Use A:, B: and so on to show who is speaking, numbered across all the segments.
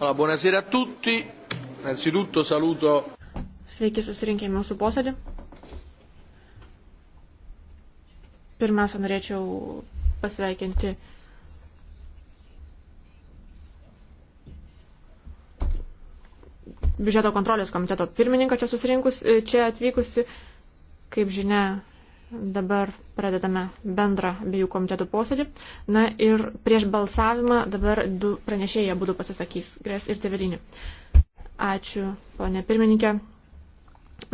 A: Allora, buonasera a tutti. Innanzitutto saluto.
B: Sveiki susirinkę į mūsų posėdį. Pirmiausia, norėčiau pasveikinti biudžeto kontrolės komiteto pirmininką čia susirinkus, čia atvykusi, kaip žinia, Dabar pradedame bendrą abiejų komitetų posėdį. Na ir prieš balsavimą dabar du pranešėjai būtų pasisakys, Gres ir Teverinį. Ačiū, ponė pirmininkė.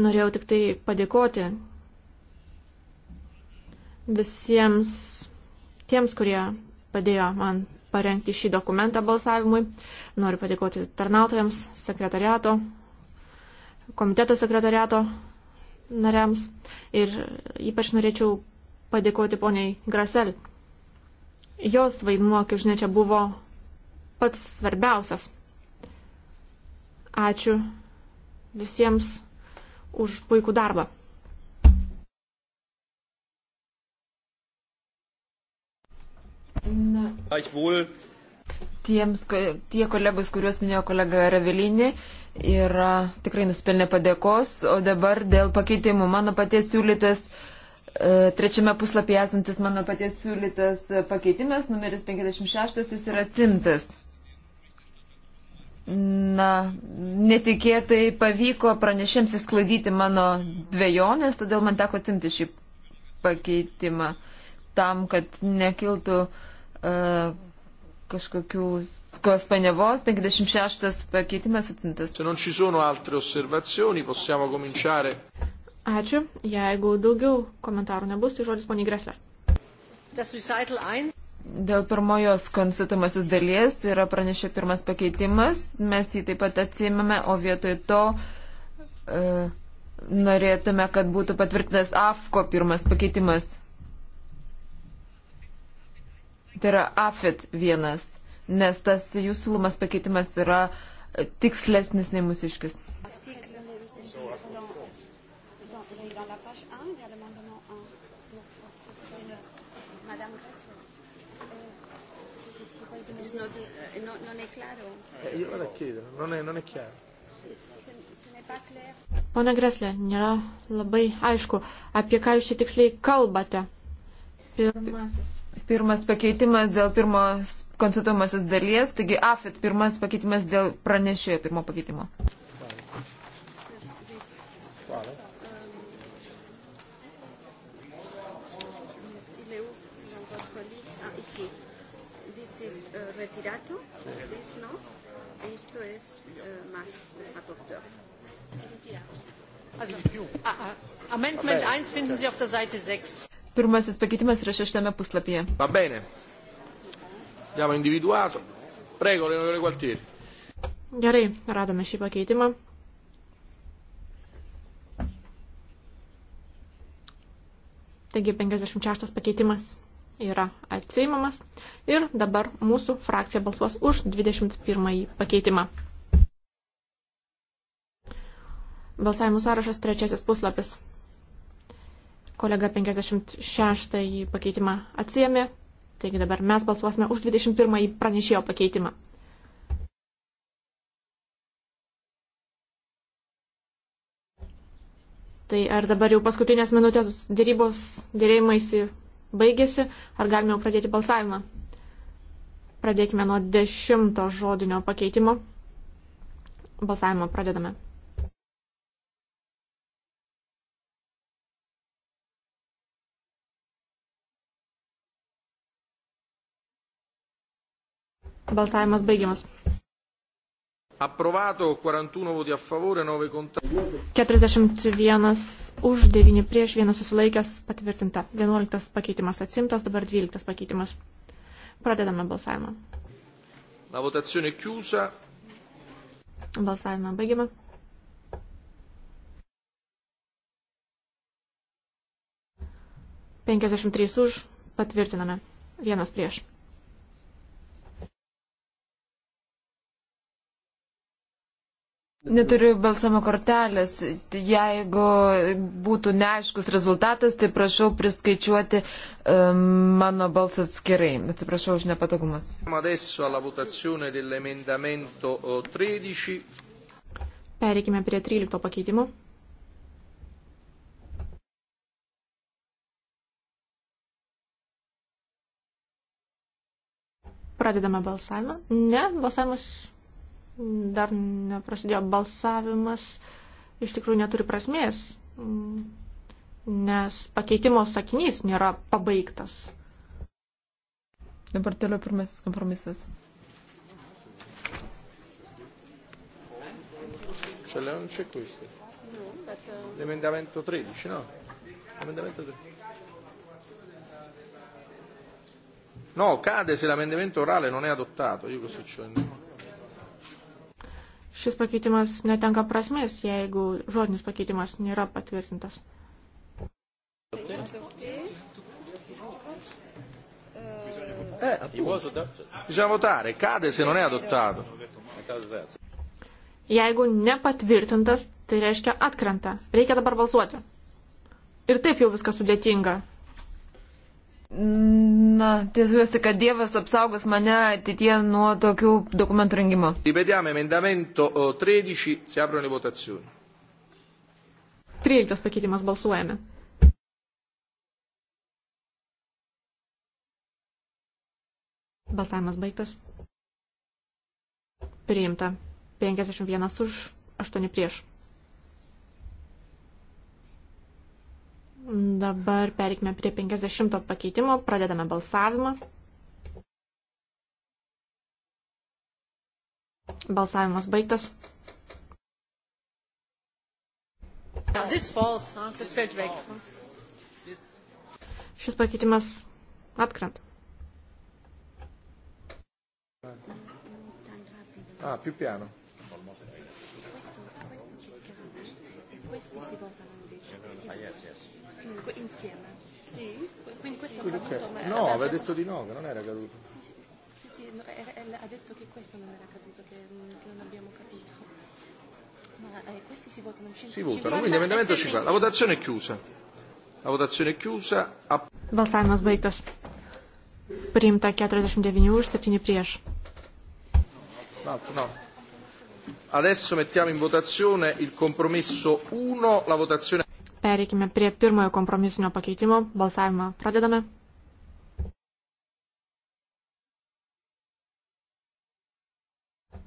B: Norėjau tik tai padėkoti visiems tiems, kurie padėjo man parengti šį dokumentą balsavimui. Noriu padėkoti tarnautojams, sekretariato, komiteto sekretariato nariams ir ypač norėčiau padėkoti poniai Grasel. Jos vaidmuo, kaip žinia, čia buvo pats svarbiausias. Ačiū visiems už puikų darbą. Na.
C: Tiems, tie kolegos, kuriuos minėjo kolega Ravelinė, yra tikrai nuspelnė padėkos, o dabar dėl pakeitimų mano paties siūlytas. E, trečiame puslapyje esantis mano paties siūlytas pakeitimas, numeris 56, jis yra atsimtas. Na, netikėtai pavyko pranešėms įsklaidyti mano dviejonės, todėl man teko atsimti šį pakeitimą tam, kad nekiltų uh, kažkokių Kokios panevos, 56 pakeitimas atsintas.
B: Ačiū. Jeigu daugiau komentarų nebus, tai žodis poniai Gresler. Dėl pirmojos
C: konstitucijos dalies yra pranešė pirmas pakeitimas, mes jį taip pat atsimame, o vietoj to e, norėtume, kad būtų patvirtintas AFKO pirmas pakeitimas. Tai yra AFIT vienas nes tas jūsų siūlomas pakeitimas yra tikslesnis nei mūsiškis.
B: Pone Greslė, nėra labai aišku, apie ką jūs čia tiksliai kalbate. Pirmasis. Pirmas pakeitimas dėl pirmos
C: konstatuojamasis dalies, taigi AFIT pirmas pakeitimas dėl pranešėjo pirmo pakeitimo.
B: retirado, es no, esto es eh, más rapporteur. Also, Amendment 1 finden Sie auf der Seite 6. Pirmasis pakeitimas yra šeštame puslapyje.
A: Va bene. Abbiamo individuato. Prego, Leonore Gualtieri.
B: Gerai, radome šį pakeitimą. Taigi 56 pakeitimas yra atseimamas ir dabar mūsų frakcija balsuos už 21 pakeitimą. Balsavimų sąrašas trečiasis puslapis. Kolega 56 pakeitimą atsijėmė, taigi dabar mes balsuosime už 21 pranešėjo pakeitimą. Tai ar dabar jau paskutinės minutės dėrybos dėrėjimaisi baigėsi, ar galime jau pradėti balsavimą? Pradėkime nuo dešimto žodinio pakeitimo. Balsavimą pradedame. Balsavimas baigiamas.
A: Approvato 41 voti a favore, 9 contro.
B: 41 už, 9 prieš, 1 susilaikęs, patvirtinta. 11 pakeitimas atsimtas, dabar 12 pakeitimas. Pradedame balsavimą.
A: La votazione è chiusa.
B: Balsavimą baigiame. Penkiasdešimt trys už, patvirtiname. Vienas prieš.
C: Neturiu balsamo kortelės. Jeigu būtų neaiškus rezultatas, tai prašau priskaičiuoti um, mano balsą atskirai. Atsiprašau už nepatogumus.
B: Pereikime prie 13 pakeitimo. Pradedame balsavimą. Ne, balsavimas dar neprasidėjo balsavimas, iš tikrųjų neturi prasmės, nes pakeitimo sakinys nėra pabaigtas.
C: Dabar toliau pirmasis
A: kompromisas. Ce l'hanno non c'è e questo. No, but, uh... L'emendamento 13, no? L'emendamento 13. No, cade se l'emendamento orale non è adottato. Io così ci ho in
B: šis pakeitimas netenka prasmės, jeigu žodinis pakeitimas nėra patvirtintas. Jeigu nepatvirtintas, tai reiškia atkrenta. Reikia dabar balsuoti. Ir taip jau viskas sudėtinga.
C: Na, tiesiuosi, kad Dievas apsaugos mane
B: ateitie nuo tokių dokumentų rengimo.
A: Ripetiamo emendamento 13, si aprono le votazioni.
B: 13 pakeitimas balsuojame. Balsavimas baigtas. Priimta. 51 už, 8 prieš. Dabar perikime prie 50 pakeitimo, pradedame balsavimą. Balsavimas baigtas. Šis pakeitimas atkrenta.
A: Ah, più piano. Questo,
B: questo ci Questi si votano invece. Ah, yes, yes comunque insieme. Sì? Quindi questo Scusi, è caduto, ma No, aveva detto di
A: no, che non era caduto.
B: Sì, sì, no, era, ha detto che questo non era caduto, che, mm, che non abbiamo capito. Ma eh, questi
A: si votano 150. Si votano, quindi emendamento 50. La votazione è chiusa. La votazione è chiusa. A...
B: Balsavimas baigtas. Priimta 49 už, 7 prieš.
A: No, no. Adesso mettiamo in votazione il compromesso 1, la votazione
B: Pereikime prie pirmojo kompromisinio pakeitimo. Balsavimą pradedame.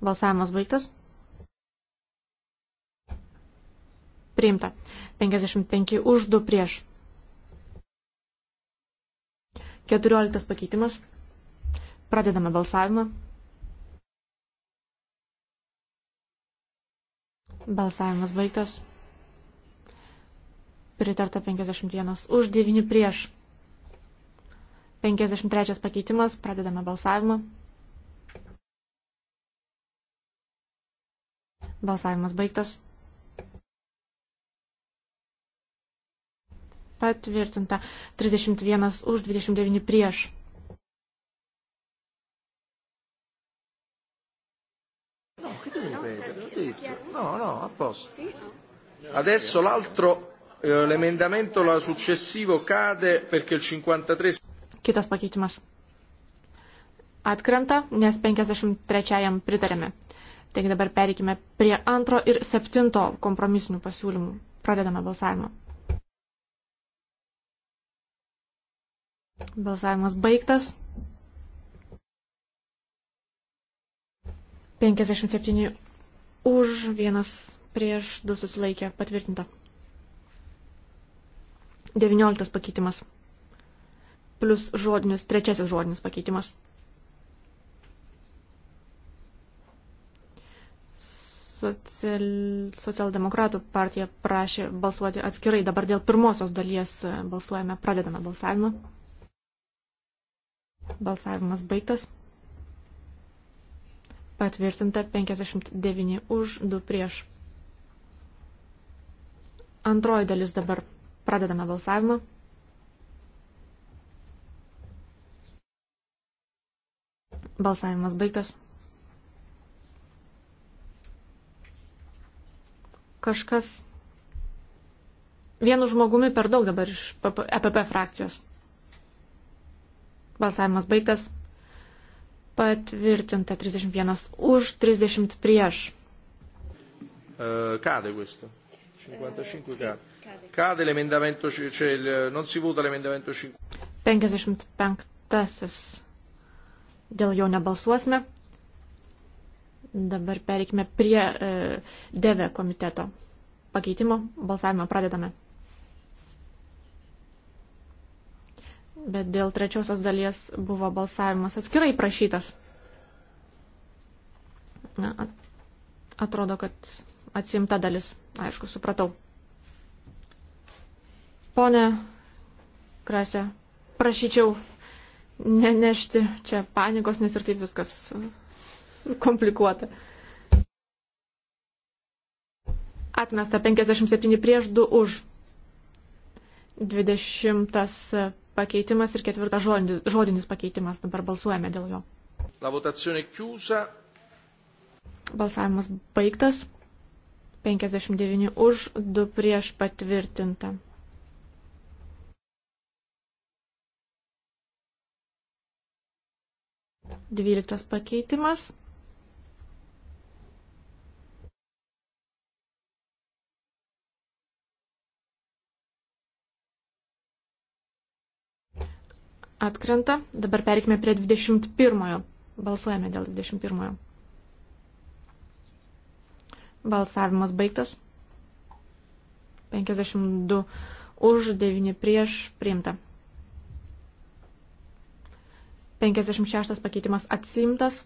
B: Balsavimas baigtas. Priimta. 55 už 2 prieš. 14 pakeitimas. Pradedame balsavimą. Balsavimas baigtas pritarta 51 už, 9 prieš. 53 pakeitimas, pradedame balsavimą. Balsavimas baigtas. Patvirtinta 31 už 29 prieš.
D: No, che dovete? No, no, a
A: posto. Adesso l'altro eh, l'emendamento la successivo cade perché il 53.
B: Kitas pakeitimas. Atkrenta, nes 53-ajam pritarėme. Taigi dabar pereikime prie antro ir septinto kompromisinių pasiūlymų. Pradedame balsavimą. Balsavimas baigtas. 57 už, vienas prieš, du susilaikė, patvirtinta. 19 pakeitimas. Plus žodinis, trečiasis žodinis pakeitimas. Social, socialdemokratų partija prašė balsuoti atskirai. Dabar dėl pirmosios dalies e, balsuojame, pradedame balsavimą. Balsavimas baigtas. Patvirtinta 59 už, 2 prieš. Antroji dalis dabar Pradedame balsavimą. Balsavimas baigtas. Kažkas vienu žmogumi per daug dabar iš EPP e frakcijos. Balsavimas baigtas. Patvirtinta 31 už 30 prieš.
D: Uh,
A: cade questo. 55 eh, cade. cade. Cade l'emendamento, cioè il, non si vota l'emendamento 55.
B: 55. Dėl jo nebalsuosime. Dabar pereikime prie e, DV komiteto pakeitimo. Balsavimą pradedame. Bet dėl trečiosios dalies buvo balsavimas atskirai prašytas. Na, atrodo, kad atsimta dalis. Aišku, supratau. Pone Krasė, prašyčiau nenešti čia panikos, nes ir taip viskas komplikuota. Atmesta 57 prieš 2 už. 20 pakeitimas ir ketvirtas žodinis, žodinis pakeitimas. Dabar balsuojame dėl jo.
A: La votazione chiusa.
B: Balsavimas baigtas. 59 už, 2 prieš patvirtinta. Dvyliktas pakeitimas. Atkrenta. Dabar perikime prie 21. -ojo. Balsuojame dėl 21. -ojo. Balsavimas baigtas. 52 už, 9 prieš, priimta. 56 pakeitimas atsimtas.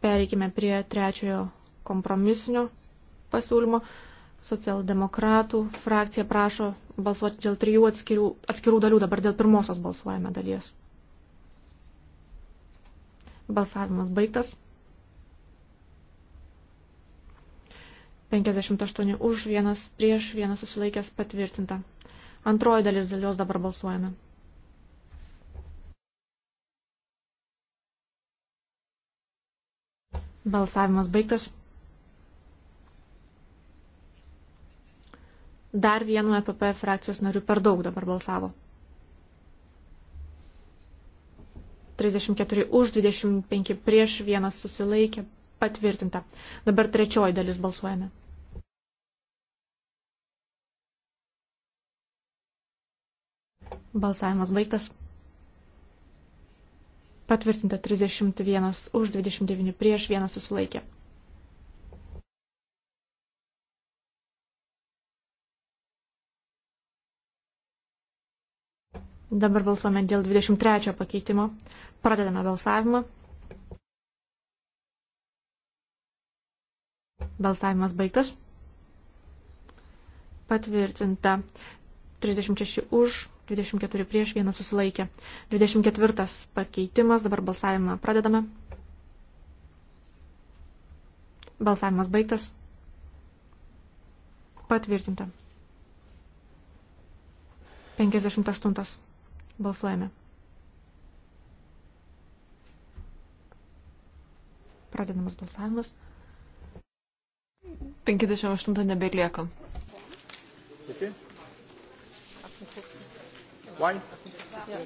B: Pereikime prie trečiojo kompromisinio pasiūlymo. Socialdemokratų frakcija prašo balsuoti dėl trijų atskirų, atskirų dalių. Dabar dėl pirmosios balsuojame dalies. Balsavimas baigtas. 58 už, vienas prieš, vienas susilaikęs patvirtinta. Antroji dalis dėl jos dabar balsuojame. Balsavimas baigtas. Dar vienu EPP frakcijos nariu per daug dabar balsavo. 34 už, 25 prieš, vienas susilaikė, patvirtinta. Dabar trečioji dalis balsuojame. Balsavimas baigtas. Patvirtinta 31 už 29 prieš 1 susilaikė. Dabar balsuome dėl 23 pakeitimo. Pradedame balsavimą. Balsavimas baigtas. Patvirtinta 36 už 24 prieš, vienas susilaikė. 24 pakeitimas, dabar balsavimą pradedame. Balsavimas baigtas. Patvirtinta. 58. Balsuojame. Pradedamas balsavimas.
C: 58 nebelieka.
A: Okay. Wine? Ja.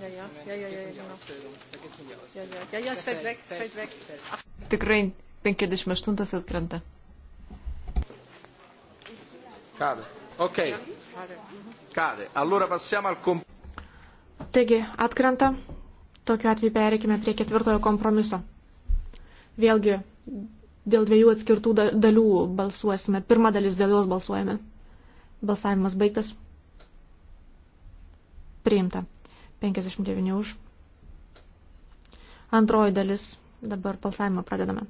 A: Ja, ja, ja, ja, ja, genau.
B: Ja, ja, ja, ja, es fällt weg, es fällt weg. Tikrai 58 atkrenta.
A: Cade. Ok. Cade. Allora passiamo al comp...
B: Taigi, atkrenta. Tokiu atveju pereikime prie ketvirtojo kompromiso. Vėlgi, dėl dviejų atskirtų dalių balsuosime. Pirma dalis dėl jos balsuojame. Balsavimas baigtas priimta. 59 už. Antroji dalis. Dabar balsavimą pradedame.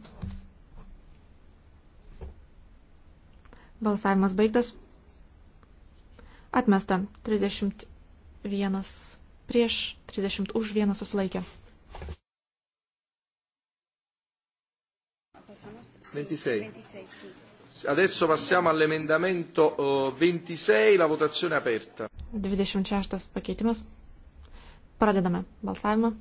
B: Balsavimas baigtas. Atmesta. 31 prieš, 30 už, vienas susilaikė.
A: 26. Adesso passiamo all'emendamento 26, eh, la votazione è aperta.
B: 26 pakeitimas. Pradedame balsavimą.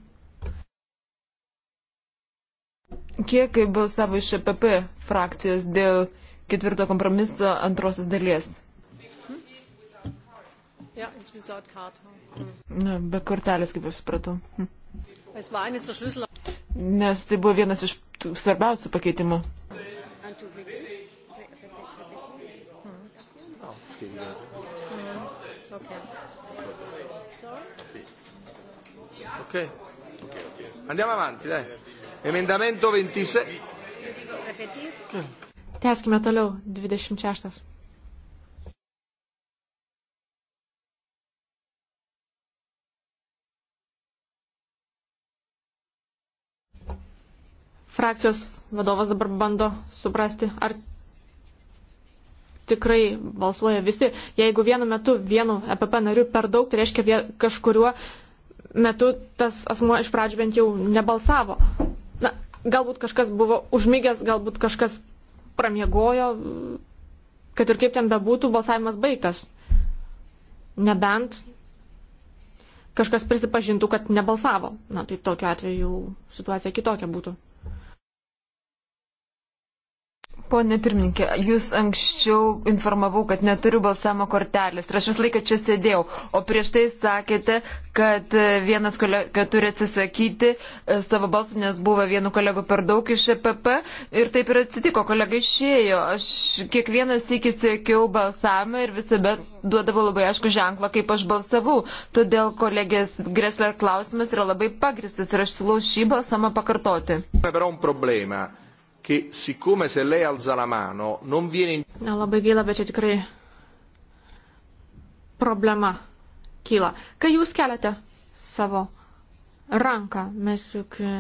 B: Kiek balsavo iš EPP
C: frakcijos dėl ketvirto kompromiso antrosios dalies? Hm? Na, be kortelės, kaip aš supratau. Hm. Nes tai buvo vienas iš svarbiausių pakeitimų.
A: Ok? Andiamo avanti, dai. Emendamento 26.
B: Tęskime toliau. 26. Frakcijos vadovas dabar bando suprasti, ar tikrai balsuoja visi. Jeigu vienu metu vienu EPP nariu per daug, tai reiškia kažkuriuo metu tas asmuo iš pradžių bent jau nebalsavo. Na, galbūt kažkas buvo užmygęs, galbūt kažkas pramiegojo, kad ir kaip ten bebūtų, balsavimas baigtas. Nebent kažkas prisipažintų, kad nebalsavo. Na, tai tokiu atveju situacija kitokia būtų.
C: Pone pirmininkė, jūs anksčiau informavau, kad neturiu balsavimo kortelės ir aš visą laiką čia sėdėjau, o prieš tai sakėte, kad vienas kolega turi atsisakyti e, savo balsų, nes buvo vienu kolegu per daug iš EPP ir taip ir atsitiko, kolega išėjo. Aš kiekvienas iki sėkiau balsavimą ir visada duodavau labai aišku ženklą, kaip aš balsavau. Todėl kolegės Gresler klausimas yra labai pagristas ir aš siūlau šį balsamą pakartoti
A: che siccome se lei alza la mano non viene in...
B: Na, labai gaila, bet čia tikrai problema kyla. Kai jūs keliate savo ranką, mes juk e,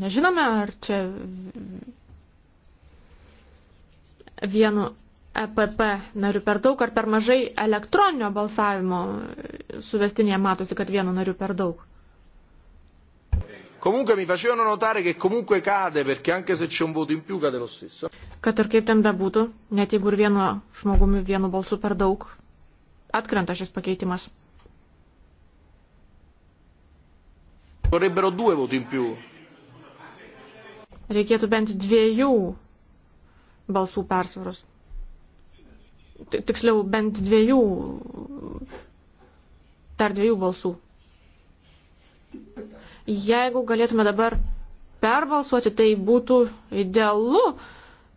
B: nežinome, ar čia vienu EPP nariu per daug ar per mažai elektroninio balsavimo suvestinėje matosi, kad vienu nariu per daug.
A: Comunque mi facevano notare che comunque cade perché anche se c'è un voto in più cade lo stesso.
B: Kad ir kaip ten bebūtų, net jeigu ir vienu žmogumi vienu balsu per daug, atkrenta šis pakeitimas.
A: Vorrebbero due voti in più.
B: Reikėtų bent dviejų balsų persvaros. Tiksliau, bent dviejų, dar dviejų balsų. Jeigu galėtume dabar perbalsuoti, tai būtų idealu,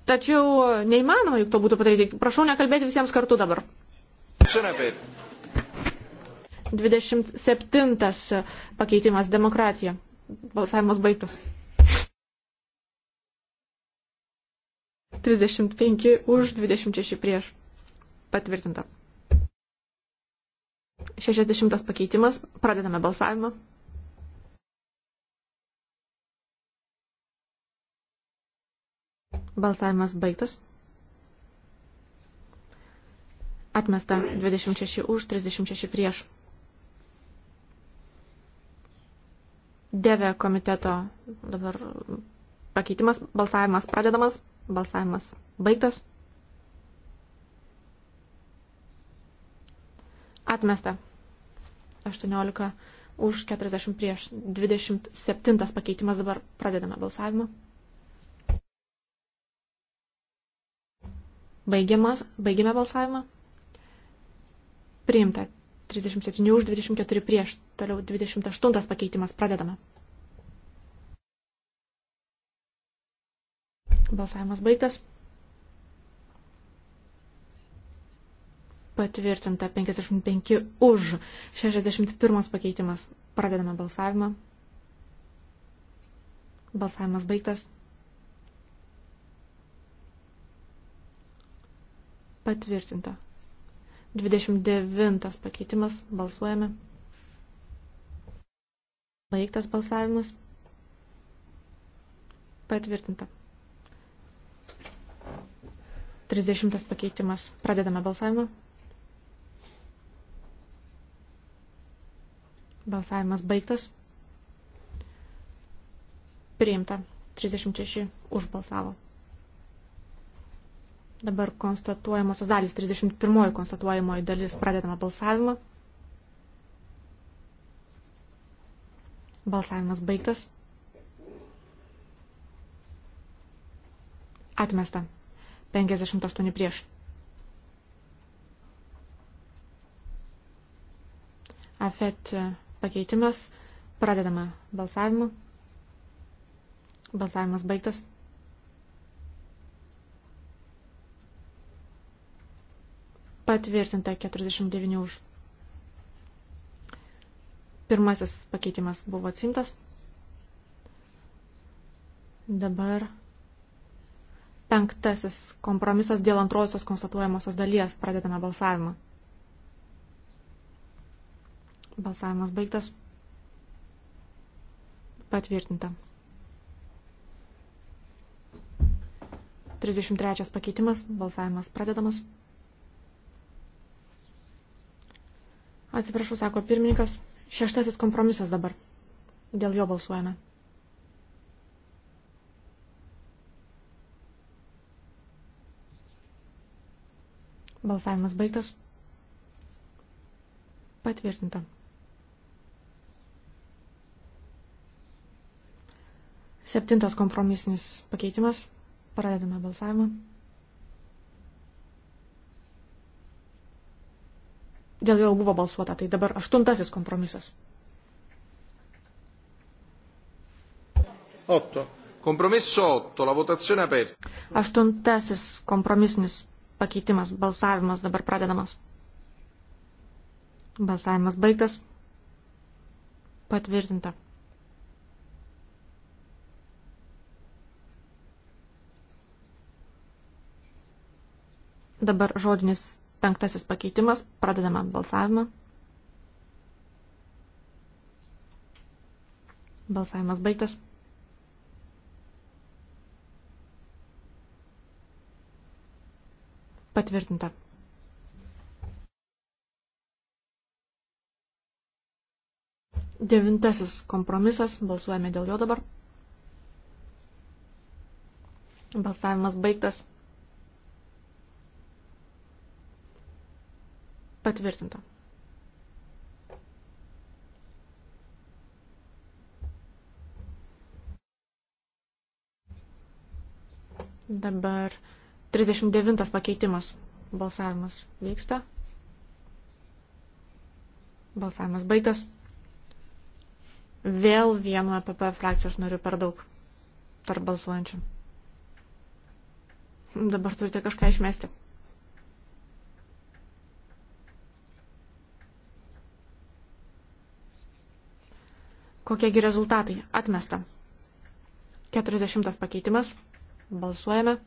B: tačiau neįmanoma juk to būtų padaryti. Prašau nekalbėti visiems kartu dabar. 27 pakeitimas demokratija. Balsavimas baigtas. 35 už 26 prieš. Patvirtinta. 60 pakeitimas. Pradedame balsavimą. Balsavimas baigtas. Atmesta 26 už, 36 prieš. Deve komiteto dabar pakeitimas, balsavimas pradedamas, balsavimas baigtas. Atmesta 18 už 40 prieš 27 pakeitimas dabar pradedame balsavimą. Baigiamas, baigime balsavimą. Priimta 37 už 24 prieš. Toliau 28 pakeitimas. Pradedame. Balsavimas baigtas. Patvirtinta 55 už 61 pakeitimas. Pradedame balsavimą. Balsavimas baigtas. Patvirtinta. 29 pakeitimas. Balsuojame. Baigtas balsavimas. Patvirtinta. 30 pakeitimas. Pradedame balsavimą. Balsavimas baigtas. Priimta. 36 užbalsavo. Dabar konstatuojamosios dalys, 31 konstatuojamoji dalis, pradedama balsavimą. Balsavimas baigtas. Atmesta. 58 prieš. Afet pakeitimas. Pradedama balsavimą. Balsavimas baigtas. Patvirtinta 49 už. Pirmasis pakeitimas buvo atsimtas. Dabar penktasis kompromisas dėl antrosios konstatuojamosios dalies. Pradedame balsavimą. Balsavimas baigtas. Patvirtinta. 33 pakeitimas. Balsavimas pradedamas. Atsiprašau, sako pirmininkas, šeštasis kompromisas dabar. Dėl jo balsuojame. Balsavimas baigtas. Patvirtinta. Septintas kompromisinis pakeitimas. Pradedame balsavimą. Dėl jo buvo balsuota, tai dabar aštuntasis kompromisas.
A: Otto. Kompromiso 8, la votazione aperta.
B: Aštuntasis kompromisinis pakeitimas, balsavimas dabar pradedamas. Balsavimas baigtas. Patvirtinta. Dabar žodinis Penktasis pakeitimas. Pradedame balsavimą. Balsavimas baigtas. Patvirtinta. Devintasis kompromisas. Balsuojame dėl jo dabar. Balsavimas baigtas. Patvirtinta. Dabar 39 pakeitimas. Balsavimas vyksta. Balsavimas baigtas. Vėl vienu EPP frakcijos noriu per daug tarp balsuojančių. Dabar turite kažką išmesti. Kokiegi rezultatai? Atmesta. 40 pakeitimas. Balsuojame.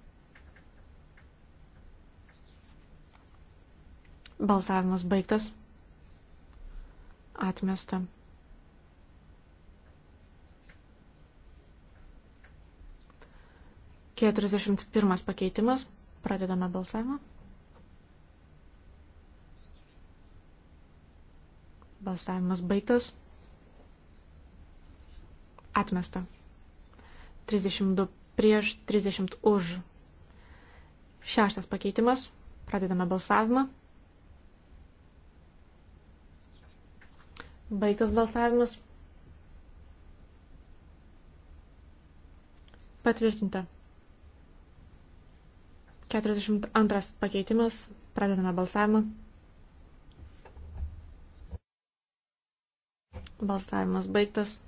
B: Balsavimas baigtas. Atmesta. Keturiasdešimt pirmas pakeitimas. Pradedame balsavimą. Balsavimas baigtas. Atmesta. 32 prieš 30 už. Šeštas pakeitimas. Pradedame balsavimą. Baigtas balsavimas. Patvirtinta. 42 pakeitimas. Pradedame balsavimą. Balsavimas baigtas.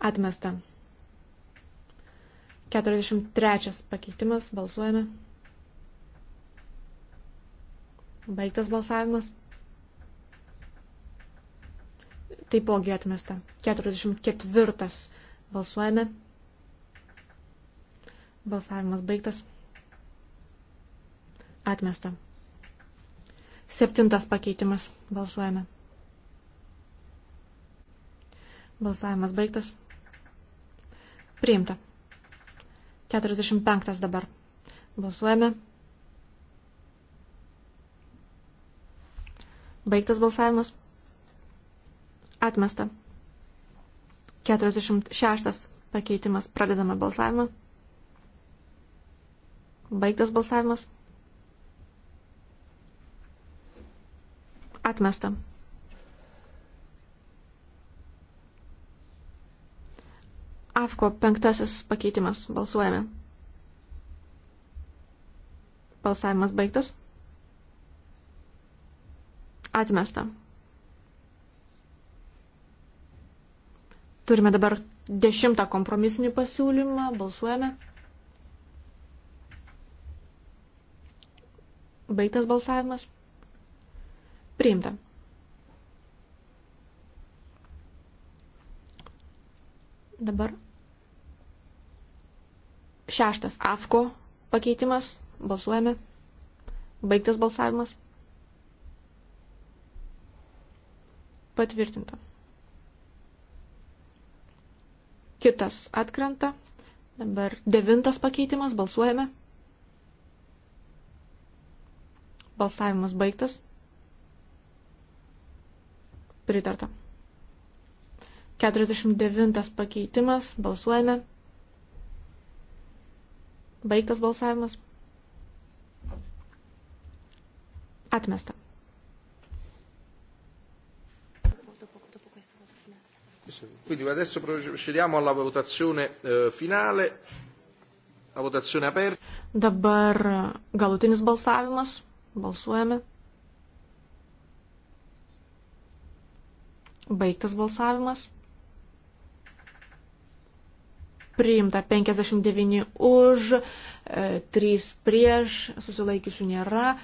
B: Atmesta. 43 pakeitimas. Balsuojame. Baigtas balsavimas. Taipogi atmesta. 44 balsuojame. Balsavimas baigtas. Atmesta. Septintas pakeitimas. Balsuojame. Balsavimas baigtas. Priimta. 45 dabar. Balsuojame. Baigtas balsavimas. Atmesta. 46 pakeitimas. Pradedame balsavimą. Baigtas balsavimas. Atmesta. AFKO penktasis pakeitimas. Balsuojame. Balsavimas baigtas. Atmesta. Turime dabar dešimtą kompromisinį pasiūlymą. Balsuojame. Baigtas balsavimas. Priimta. Dabar Šeštas AFKO pakeitimas. Balsuojame. Baigtas balsavimas. Patvirtinta. Kitas atkrenta. Dabar devintas pakeitimas. Balsuojame. Balsavimas baigtas. Pritarta. 49 pakeitimas. Balsuojame. Baigtas balsavimas. Atmesta.
A: Quindi adesso procediamo alla votazione eh, finale. La votazione aperta.
B: Dabar galutinis balsavimas. Balsuojame. Baigtas balsavimas priimta 59 už, 3 e, prieš, susilaikysiu nėra.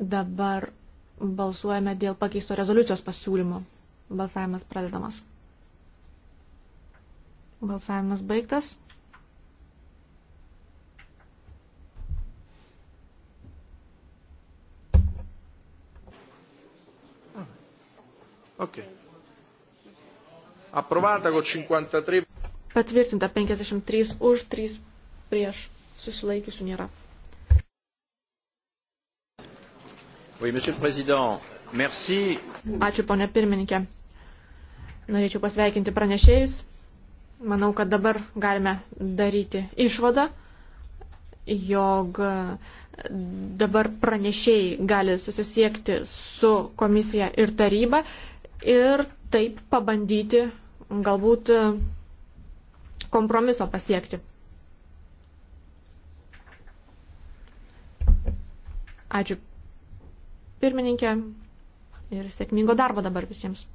B: Dabar balsuojame dėl pakeisto rezoliucijos pasiūlymo. Balsavimas pradedamas. Balsavimas baigtas.
A: Ok. Approvata con 53.
B: Patvirtinta 53 už, 3 prieš. Susilaikiusių nėra.
A: Oui, monsieur le président, merci.
B: Ačiū, ponė pirmininkė. Norėčiau pasveikinti pranešėjus. Manau, kad dabar galime daryti išvadą, jog dabar pranešėjai gali susisiekti su komisija ir taryba ir taip pabandyti galbūt kompromiso pasiekti. Ačiū pirmininkė ir sėkmingo darbo dabar visiems.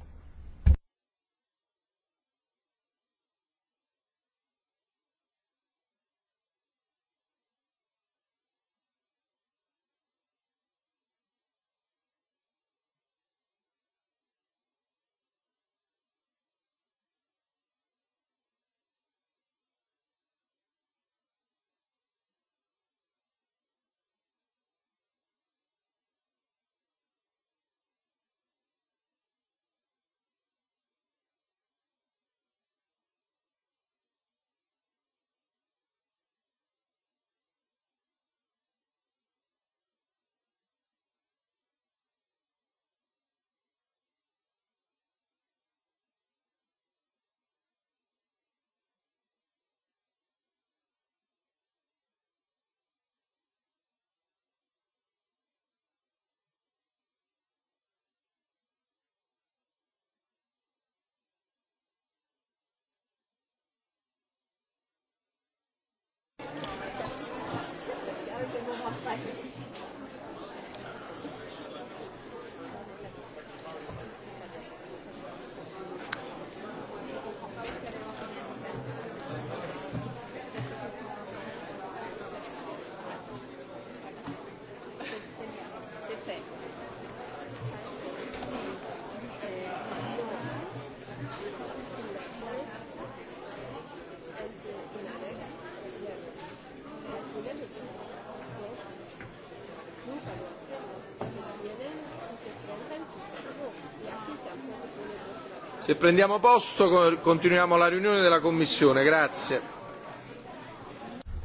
A: Se prendiamo posto continuiamo la riunione della Commissione. Grazie.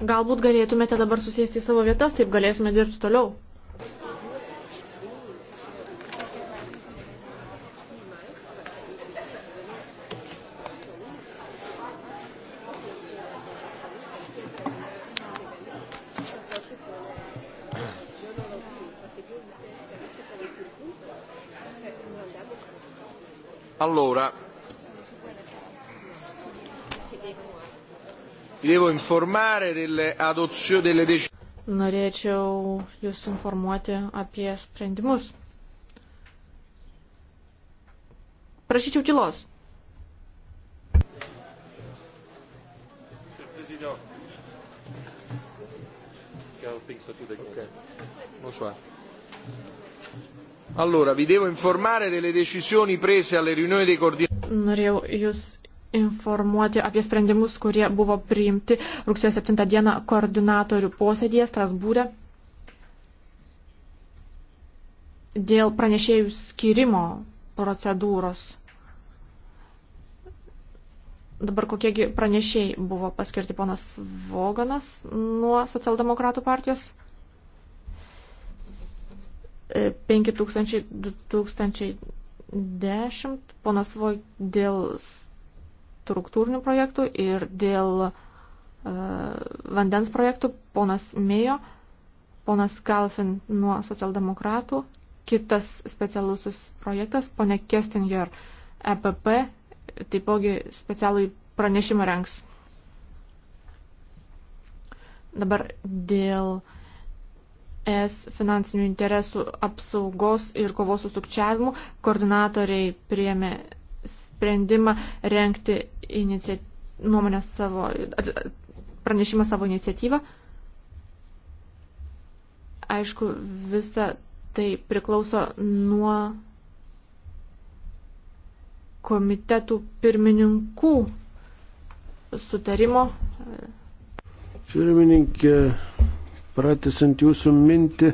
B: Galbūt galėtumėte dabar susėsti į savo vietas, taip galėsime dirbti toliau.
A: Allora, vi devo informare delle adozioni delle decisioni.
B: Norėčiau Jūs informuoti apie sprendimus. Prašyčiau tylos.
A: Okay. Bonsoir. Allora, vi devo informare delle decisioni prese alle riunioni dei coordinatori.
B: Norėjau jūs informuoti apie sprendimus, kurie buvo priimti rugsėjo 7 dieną koordinatorių posėdėje Strasbūrė dėl pranešėjų skirimo procedūros. Dabar kokiegi pranešėjai buvo paskirti ponas Voganas nuo socialdemokratų partijos. 5000-2010, ponas Voj dėl struktūrinių projektų ir dėl uh, vandens projektų, ponas Mėjo, ponas Kalfin nuo socialdemokratų, kitas specialusis projektas, ponė Kestinger EPP, taipogi specialui pranešimą rengs. Dabar dėl uh, es finansinių interesų apsaugos ir kovos su sukčiavimu koordinatoriai priėmė sprendimą renkti inicia... nuomonę savo, pranešimą savo iniciatyvą. Aišku, visa tai priklauso nuo komitetų pirmininkų sutarimo.
D: Pirmininkė pratesant jūsų mintį,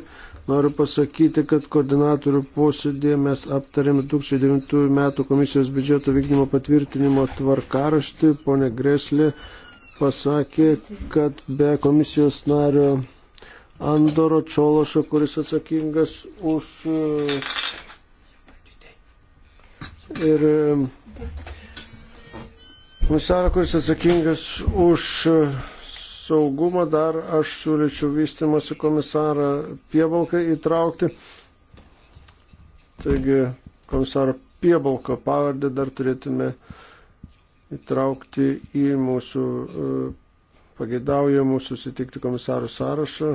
D: noriu pasakyti, kad koordinatorių posėdėje mes aptarėme 2009 metų komisijos biudžeto vykdymo patvirtinimo tvarkaraštį. Pone Greslė pasakė, kad be komisijos nario Andoro Čiološo, kuris atsakingas už. Ir komisarą, kuris atsakingas už saugumą dar aš siūlyčiau vystimosi komisarą Piebalką įtraukti. Taigi komisaro Piebalko pavardę dar turėtume įtraukti į mūsų e, pageidaujamų susitikti komisarų sąrašą.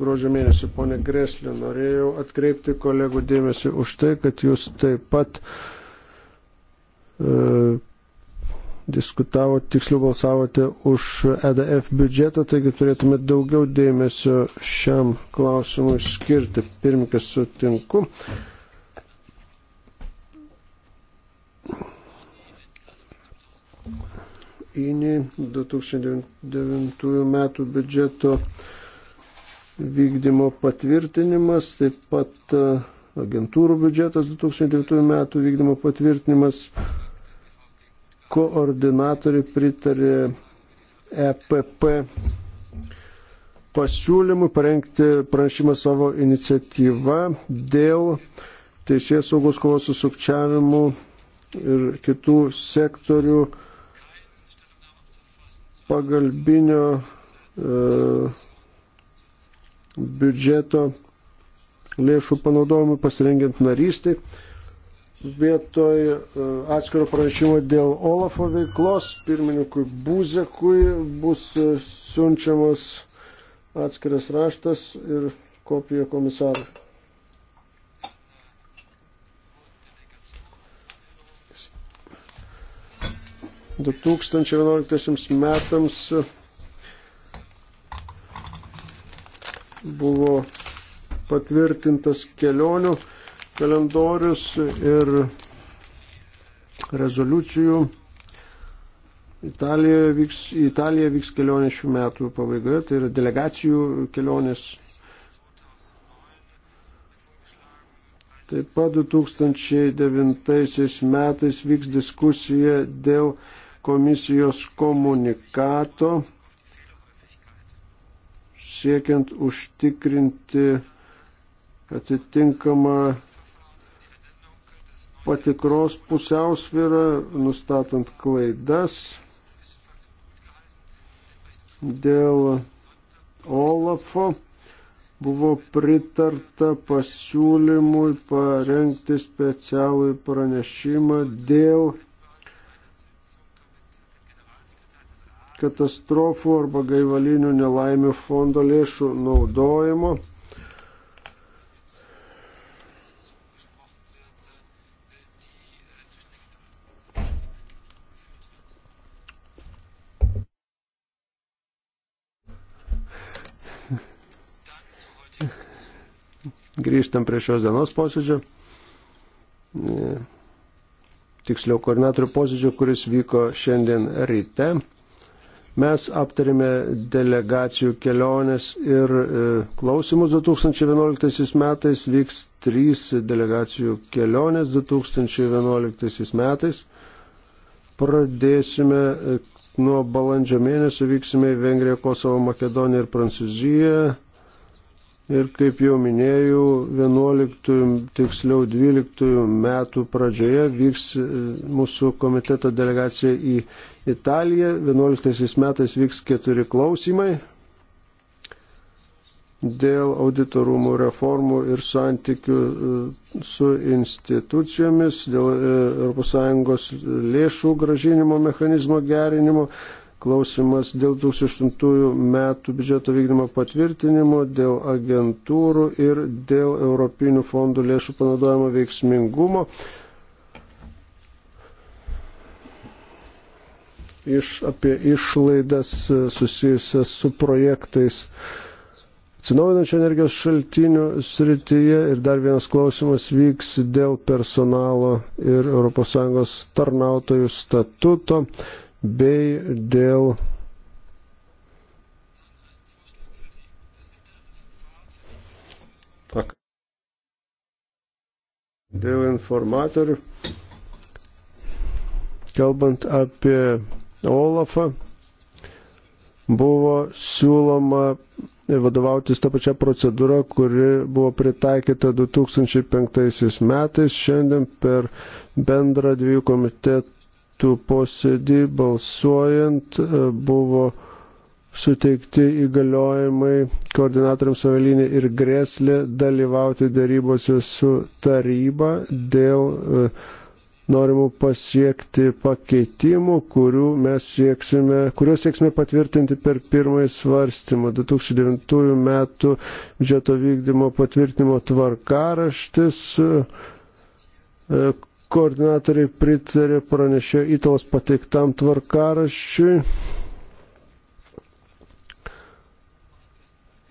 D: Gruodžio mėnesį, ponė Greslė, norėjau atkreipti kolegų dėmesį už tai, kad jūs taip pat e, diskutavote, tiksliau balsavote už EDF biudžetą, taigi turėtume daugiau dėmesio šiam klausimui skirti. Pirmininkas sutinku. Įni 2009 metų biudžeto vykdymo patvirtinimas, taip pat e, agentūrų biudžetas 2009 metų vykdymo patvirtinimas koordinatoriai pritarė EPP pasiūlymui parengti pranešimą savo iniciatyvą dėl teisės saugos kovos su sukčiavimu ir kitų sektorių pagalbinio e, biudžeto lėšų panaudojimui pasirengiant narystį. E, vietoj e, atskiro pranešimo dėl Olafo veiklos pirmininkui Būzekui bus e, siunčiamas atskiras raštas ir kopija komisarui. Du 2011 metams buvo patvirtintas kelionių kalendorius ir rezoliucijų. Italijoje vyks, Italija vyks kelionė šių metų pabaigoje, tai yra delegacijų kelionės. Taip pat 2009 metais vyks diskusija dėl komisijos komunikato siekiant užtikrinti atitinkamą patikros pusiausvyrą, nustatant klaidas dėl Olafo buvo pritarta pasiūlymui parengti specialų pranešimą dėl katastrofų arba gaivalinių nelaimių fondo lėšų naudojimo. Grįžtam prie šios dienos posėdžio. E, tiksliau, koordinatorių posėdžio, kuris vyko šiandien ryte. Mes aptarėme delegacijų keliones ir e, klausimus 2011 metais. Vyks trys delegacijų kelionės 2011 metais. Pradėsime e, nuo balandžio mėnesio vyksime į Vengriją, Kosovo, Makedoniją ir Prancūziją. Ir kaip jau minėjau, 11, tiksliau 12 metų pradžioje vyks e, mūsų komiteto delegacija į Italiją. 11 metais vyks keturi klausimai dėl auditorumų reformų ir santykių e, su institucijomis, dėl ES lėšų gražinimo mechanizmo gerinimo klausimas dėl 2008 metų biudžeto vykdymo patvirtinimo, dėl agentūrų ir dėl Europinių fondų lėšų panaudojimo veiksmingumo. Iš, apie išlaidas e, susijusias su projektais atsinaujinančio energijos šaltinių srityje ir dar vienas klausimas vyks dėl personalo ir ES tarnautojų statuto bei dėl dėl informatorių, kalbant apie Olafą, buvo siūloma vadovautis tą pačią procedūrą, kuri buvo pritaikyta 2005 metais. Šiandien per bendrą dviejų komitetų metų posėdį balsuojant e, buvo suteikti įgaliojimai koordinatoriams Avelinė ir Greslė dalyvauti darybose su taryba dėl e, norimų pasiekti pakeitimų, mes sieksime, kuriuos sieksime patvirtinti per pirmąjį svarstymą. 2009 metų biudžeto vykdymo patvirtinimo tvarkaraštis e, koordinatoriai pritarė pranešė įtalos pateiktam tvarkaraščiui.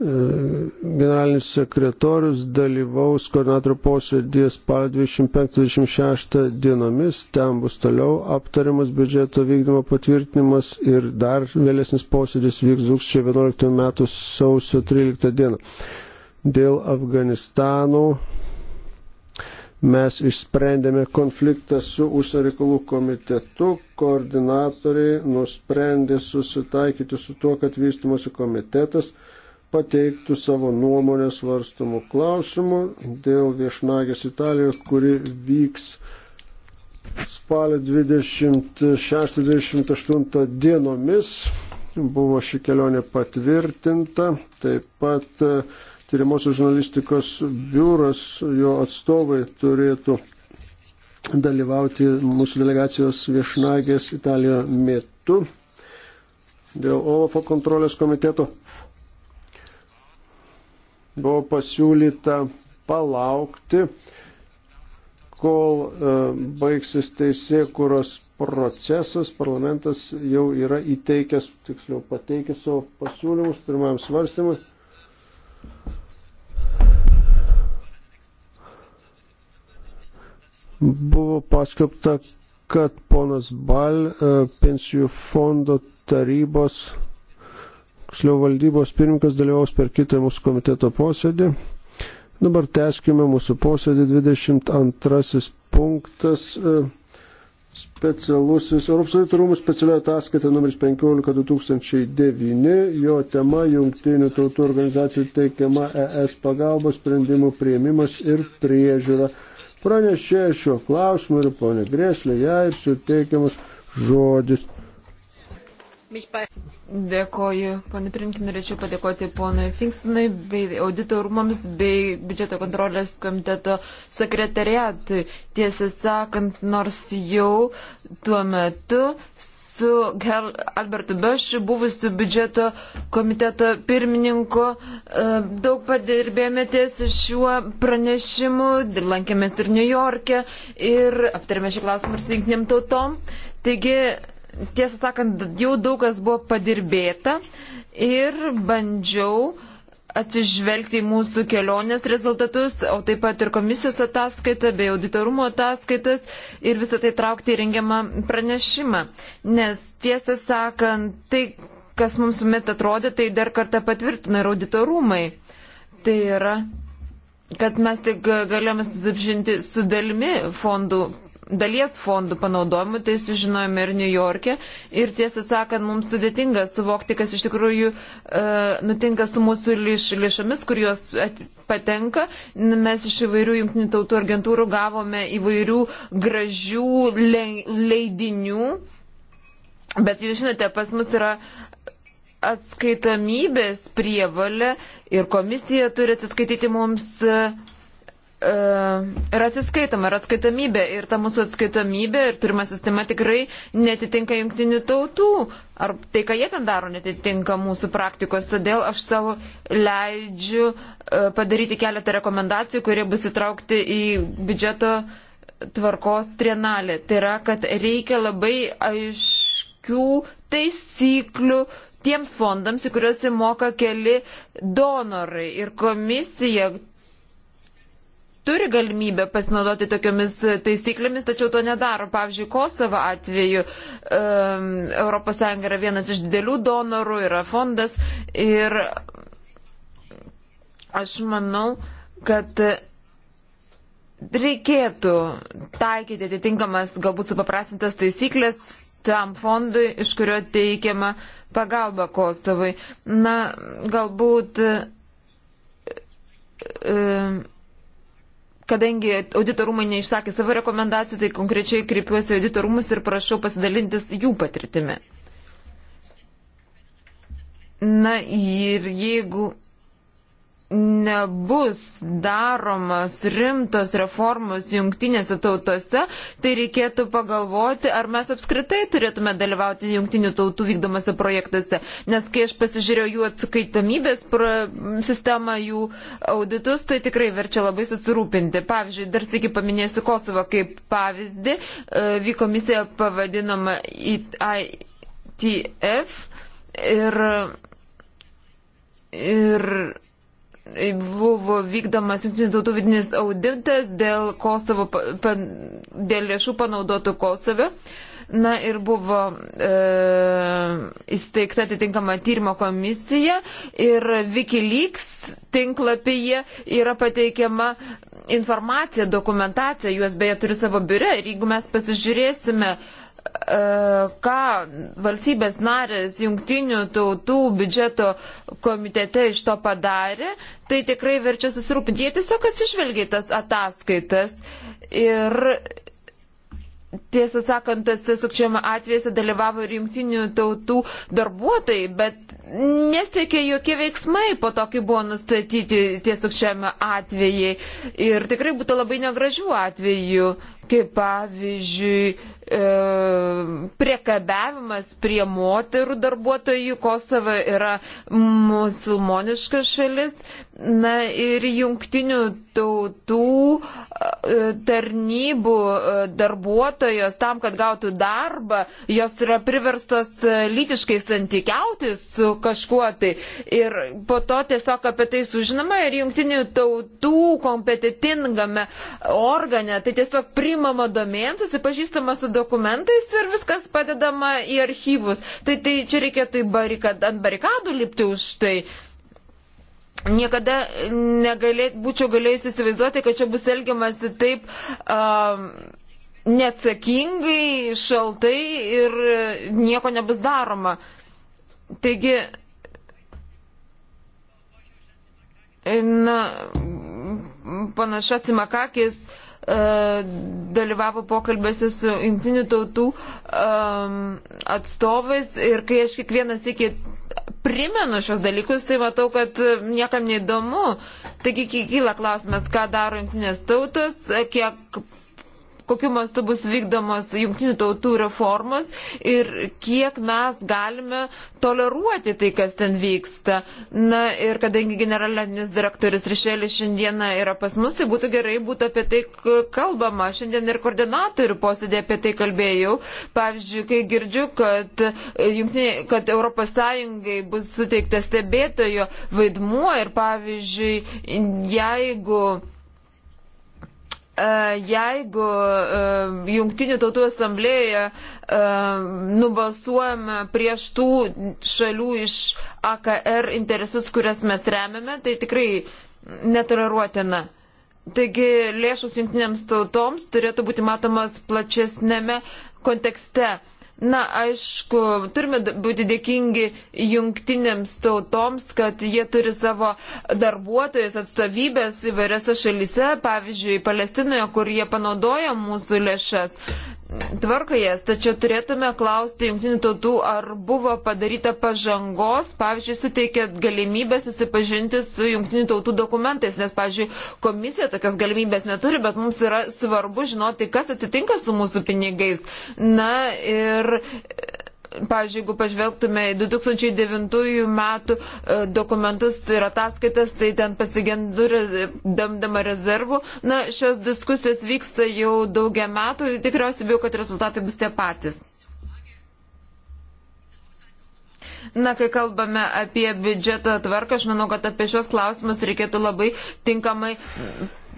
D: E, generalinis sekretorius dalyvaus koordinatorių posėdėje spalio 25-26 dienomis, ten bus toliau aptariamas biudžeto vykdymo patvirtinimas ir dar vėlesnis posėdis vyks 2011 m. sausio 13 d. Dėl Afganistano mes išsprendėme konfliktą su užsienio reikalų komitetu, koordinatoriai nusprendė susitaikyti su tuo, kad vystimosi komitetas pateiktų savo nuomonę svarstamų klausimų dėl viešnagės Italijoje, kuri vyks spalio 26-28 dienomis. Buvo ši kelionė patvirtinta. Taip pat uh, tyrimosios žurnalistikos biuras, jo atstovai turėtų dalyvauti mūsų delegacijos viešnagės Italijoje metu dėl OLAFO kontrolės komiteto. Buvo pasiūlyta palaukti, kol e, baigsis teisėkuros procesas, parlamentas jau yra įteikęs, tiksliau pateikęs savo pasiūlymus pirmam svarstymui. buvo paskelbta, kad ponas Bal e, pensijų fondo tarybos, tiksliau valdybos pirmininkas dalyvaus per kitą mūsų komiteto posėdį. Dabar teskime mūsų posėdį 22 punktas. E, specialusis Europos Sąjungos rūmų specialioje ataskaita numeris 15 2009, jo tema Jungtinių tautų organizacijų teikiama ES pagalbos sprendimų prieimimas ir priežiūra pranešė šio klausimu ir ponė Grėslė, jai suteikiamas žodis
C: Dėkoju, ponai Primkin, norėčiau padėkoti ponui Finksonai bei auditorumams bei biudžeto kontrolės komiteto sekretariatui. Tiesą sakant, nors jau tuo metu su Hel Albertu Bešu, buvusiu biudžeto komiteto pirmininku, e, daug padirbėjome ties šiuo pranešimu, lankėmės ir New York'e ir aptarėme šį klausimą ir su jungtinėm tautom. Taigi, tiesą sakant, jau daug kas buvo padirbėta ir bandžiau atsižvelgti į mūsų kelionės rezultatus, o taip pat ir komisijos ataskaitą bei auditorumo ataskaitas ir visą tai traukti į rengiamą pranešimą. Nes tiesą sakant, tai, kas mums met atrodė, tai dar kartą patvirtina ir auditorumai. Tai yra, kad mes tik galėjome susipažinti su dalimi fondų dalies fondų panaudojimu, tai sužinojome ir New York'e. Ir tiesą sakant, mums sudėtinga suvokti, kas iš tikrųjų e, nutinka su mūsų liš, lišomis, kur jos patenka. Mes iš įvairių jungtinių tautų agentūrų gavome įvairių gražių le, leidinių. Bet jūs žinote, pas mus yra atskaitomybės prievalė ir komisija turi atsiskaityti mums. E, yra e, atsiskaitama, yra atskaitomybė ir ta mūsų atskaitomybė ir turima sistema tikrai netitinka jungtinių tautų. Ar tai, ką jie ten daro, netitinka mūsų praktikos. Todėl aš savo leidžiu e, padaryti keletą rekomendacijų, kurie bus įtraukti į biudžeto tvarkos trienalį. Tai yra, kad reikia labai aiškių taisyklių tiems fondams, į kuriuos įmoka keli donorai. Ir komisija turi galimybę pasinaudoti tokiamis taisyklėmis, tačiau to nedaro. Pavyzdžiui, Kosovo atveju um, ES yra vienas iš didelių donorų, yra fondas ir aš manau, kad reikėtų taikyti atitinkamas, galbūt supaprastintas taisyklės tam fondui, iš kurio teikiama pagalba Kosovai. Na, galbūt. Um, kadangi auditorumai neišsakė savo rekomendacijų, tai konkrečiai kreipiuosi auditorumus ir prašau pasidalintis jų patirtimi. Na ir jeigu nebus daromas rimtos reformos jungtinėse tautose, tai reikėtų pagalvoti, ar mes apskritai turėtume dalyvauti jungtinių tautų vykdomose projektuose. Nes kai aš pasižiūrėjau jų atskaitomybės sistemą, jų auditus, tai tikrai verčia labai susirūpinti. Pavyzdžiui, dar sėki paminėsiu Kosovą kaip pavyzdį. E, Vyko misija pavadinama ITF ir. Ir buvo vykdomas jungtinių tautų vidinis auditas dėl, Kosovo, pa, dėl lėšų panaudotų Kosove. Na ir buvo e, įsteigta atitinkama tyrimo komisija ir Wikileaks tinklapyje yra pateikiama informacija, dokumentacija, juos beje turi savo biure ir jeigu mes pasižiūrėsime e, E, ką valstybės narės jungtinių tautų biudžeto komitete iš to padarė, tai tikrai verčia susirūpinti. Jie tiesiog atsižvelgia į tas ataskaitas ir Tiesą sakant, tose sukčiavimo atvejose dalyvavo ir jungtinių tautų darbuotojai, bet nesiekė jokie veiksmai po to, kai buvo nustatyti tie sukčiavimo atvejai. Ir tikrai būtų labai negražių atvejų, kaip pavyzdžiui, e, priekabiavimas prie moterų darbuotojų. Kosova yra musulmoniška šalis Na ir jungtinių tautų e, tarnybų e, darbuotojos tam, kad gautų darbą, jos yra priverstos e, lytiškai santykiauti su kažkuo tai. Ir po to tiesiog apie tai sužinoma ir jungtinių tautų kompetitingame organe. Tai tiesiog primama domėn, susipažįstama su dokumentais ir viskas padedama į archyvus. Tai, tai čia reikėtų barik ant barikadų lipti už tai. Niekada negalė, būčiau galėjusi įsivaizduoti, kad čia bus elgiamasi taip um, neatsakingai, šaltai ir nieko nebus daroma. Taigi, na, panaša Cimakakis e, dalyvavo pokalbėse su jungtinių tautų um, atstovais ir kai aš kiekvienas iki primenu šios dalykus, tai matau, kad e, niekam neįdomu. Taigi kyla klausimas, ką daro jungtinės tautos, kiek kokiu mastu bus vykdomos jungtinių tautų reformos ir kiek mes galime toleruoti tai, kas ten vyksta. Na ir kadangi generalinis direktorius Rišelis šiandieną yra pas mus, tai būtų gerai būtų apie tai kalbama. Šiandien ir koordinatorių posėdė apie tai kalbėjau. Pavyzdžiui, kai girdžiu, kad, e, jungtinė, kad Europos Sąjungai bus suteiktas stebėtojo vaidmuo ir pavyzdžiui, jeigu E, jeigu e, jungtinių tautų asamblėje e, nubalsuojame prieš tų šalių iš AKR interesus, kurias mes remiame, tai tikrai netoleruotina. Taigi lėšos jungtinėms tautoms turėtų būti matomas plačesnėme kontekste. Na, aišku, turime būti dėkingi jungtinėms tautoms, kad jie turi savo darbuotojus atstovybės įvairiose šalyse, pavyzdžiui, Palestinoje, kur jie panaudoja mūsų lėšas tvarko jas, tačiau turėtume klausti jungtinių tautų, ar buvo padaryta pažangos, pavyzdžiui, suteikėt galimybę susipažinti su jungtinių tautų dokumentais, nes, pavyzdžiui, komisija tokios galimybės neturi, bet mums yra svarbu žinoti, kas atsitinka su mūsų pinigais. Na ir pavyzdžiui, jeigu pažvelgtume į 2009 metų e, dokumentus ir ataskaitas, tai ten pasigendu damdama rezervų. Na, šios diskusijos vyksta jau daugia metų ir tikriausiai bijau, kad rezultatai bus tie patys. Na, kai kalbame apie biudžeto tvarką, aš manau, kad apie šios klausimus reikėtų labai tinkamai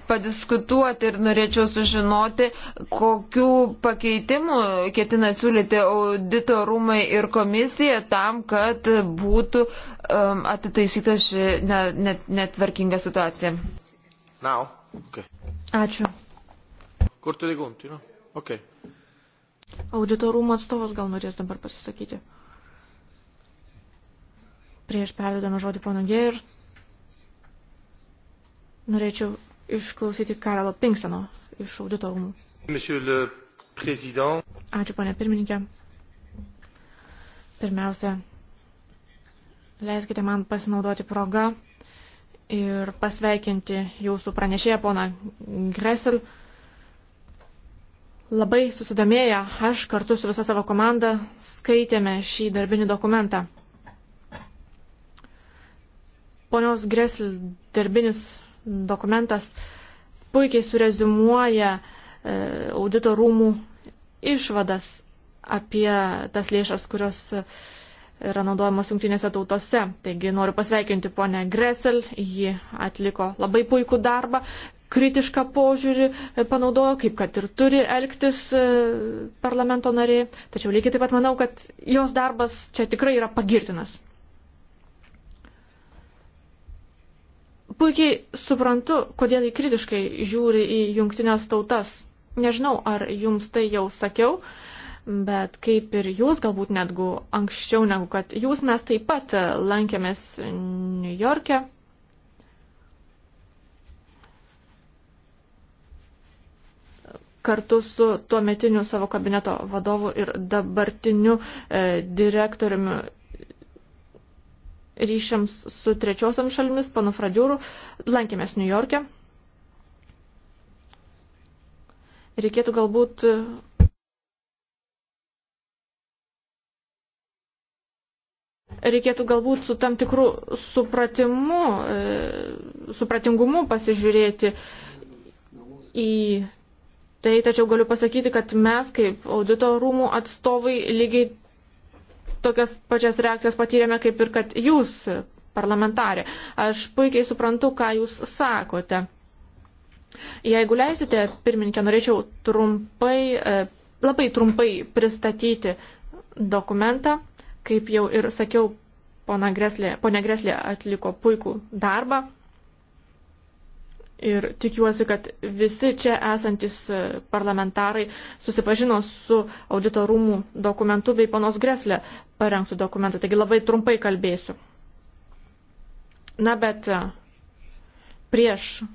C: padiskutuoti ir norėčiau sužinoti, kokiu pakeitimu ketina siūlyti audito rūmai ir komisija tam, kad būtų um, atitaisyta ši ne, net, netvarkinga
B: situacija.
A: Now. Okay. Ačiū. Kur turi gunti, nu? Okay.
B: Audito rūmų atstovas gal norės dabar pasisakyti. Prieš pervedamą žodį ponagė ir norėčiau išklausyti Karelo Pinksteno iš audito rūmų. Ačiū, ponė pirmininkė. Pirmiausia, leiskite man pasinaudoti progą ir pasveikinti jūsų pranešėją, poną Gresel. Labai susidomėję, aš kartu su visa savo komanda skaitėme šį darbinį dokumentą. Ponios Gresel darbinis dokumentas puikiai surezumuoja e, audito rūmų išvadas apie tas lėšas, kurios yra naudojamos jungtinėse tautose. Taigi noriu pasveikinti ponę Gresel, ji atliko labai puikų darbą, kritišką požiūrį panaudojo, kaip kad ir turi elgtis e, parlamento nariai. Tačiau lygiai taip pat manau, kad jos darbas čia tikrai yra pagirtinas. Puikiai suprantu, kodėl jį kritiškai žiūri į jungtinės tautas. Nežinau, ar jums tai jau sakiau, bet kaip ir jūs, galbūt netgi anksčiau negu kad jūs, mes taip pat lankėmės New York'e. kartu su tuometiniu savo kabineto vadovu ir dabartiniu e, direktoriumi ryšiams su trečiosiam šalimis, panu Fradiūru, lankėmės New York'e. Reikėtų galbūt reikėtų galbūt su tam tikru supratimu, e, supratingumu pasižiūrėti į tai, tačiau galiu pasakyti, kad mes kaip audito rūmų atstovai lygiai tokias pačias reakcijas patyrėme kaip ir kad jūs, parlamentarė. Aš puikiai suprantu, ką jūs sakote. Jeigu leisite, pirmininkė, norėčiau trumpai, e, labai trumpai pristatyti dokumentą. Kaip jau ir sakiau, ponia Greslė, ponia Greslė atliko puikų darbą. Ir tikiuosi, kad visi čia esantis e, parlamentarai susipažino su audito rūmų dokumentu bei panos Greslė parengtų dokumentu. Taigi labai trumpai kalbėsiu. Na bet e, prieš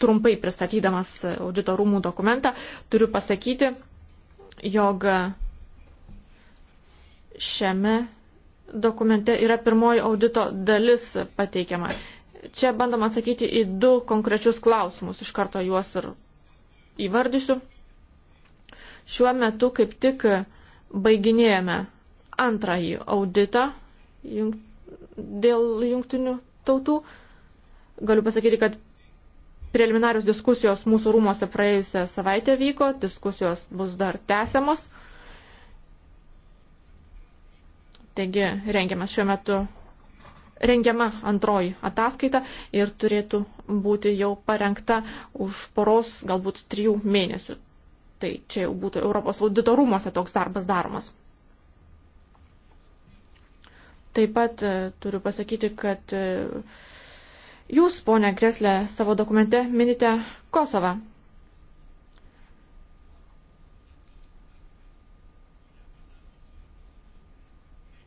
B: trumpai pristatydamas audito rūmų dokumentą turiu pasakyti, jog šiame dokumente yra pirmoji audito dalis pateikiama. Čia bandom atsakyti į du konkrečius klausimus, iš karto juos ir įvardysiu. Šiuo metu kaip tik baiginėjame antrąjį auditą jung, dėl jungtinių tautų. Galiu pasakyti, kad preliminarius diskusijos mūsų rūmose praėjusią savaitę vyko, diskusijos bus dar tęsiamos. Taigi rengiamas šiuo metu rengiama antroji ataskaita ir turėtų būti jau parengta už poros, galbūt trijų mėnesių. Tai čia jau būtų Europos audito rūmose toks darbas daromas. Taip pat e, turiu pasakyti, kad e, jūs, ponė Greslė, savo dokumente minite Kosovą.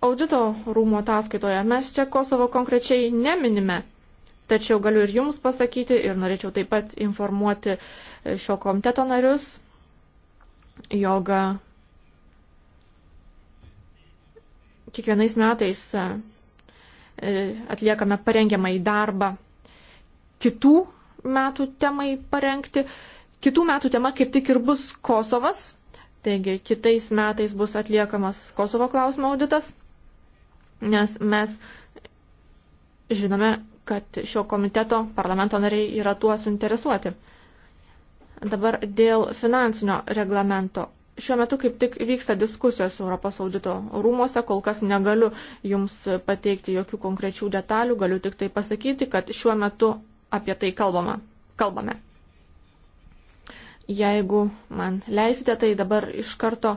B: audito rūmų ataskaitoje. Mes čia Kosovo konkrečiai neminime. Tačiau galiu ir jums pasakyti ir norėčiau taip pat informuoti e, šio komiteto narius, jog e, kiekvienais metais e, atliekame parengiamą į darbą kitų metų temai parengti. Kitų metų tema kaip tik ir bus Kosovas, taigi kitais metais bus atliekamas Kosovo klausimo auditas nes mes žinome, kad šio komiteto parlamento nariai yra tuo suinteresuoti. Dabar dėl finansinio reglamento. Šiuo metu kaip tik vyksta diskusijos Europos audito rūmose, kol kas negaliu jums pateikti jokių konkrečių detalių, galiu tik tai pasakyti, kad šiuo metu apie tai kalbama, kalbame. Jeigu man leisite, tai dabar iš karto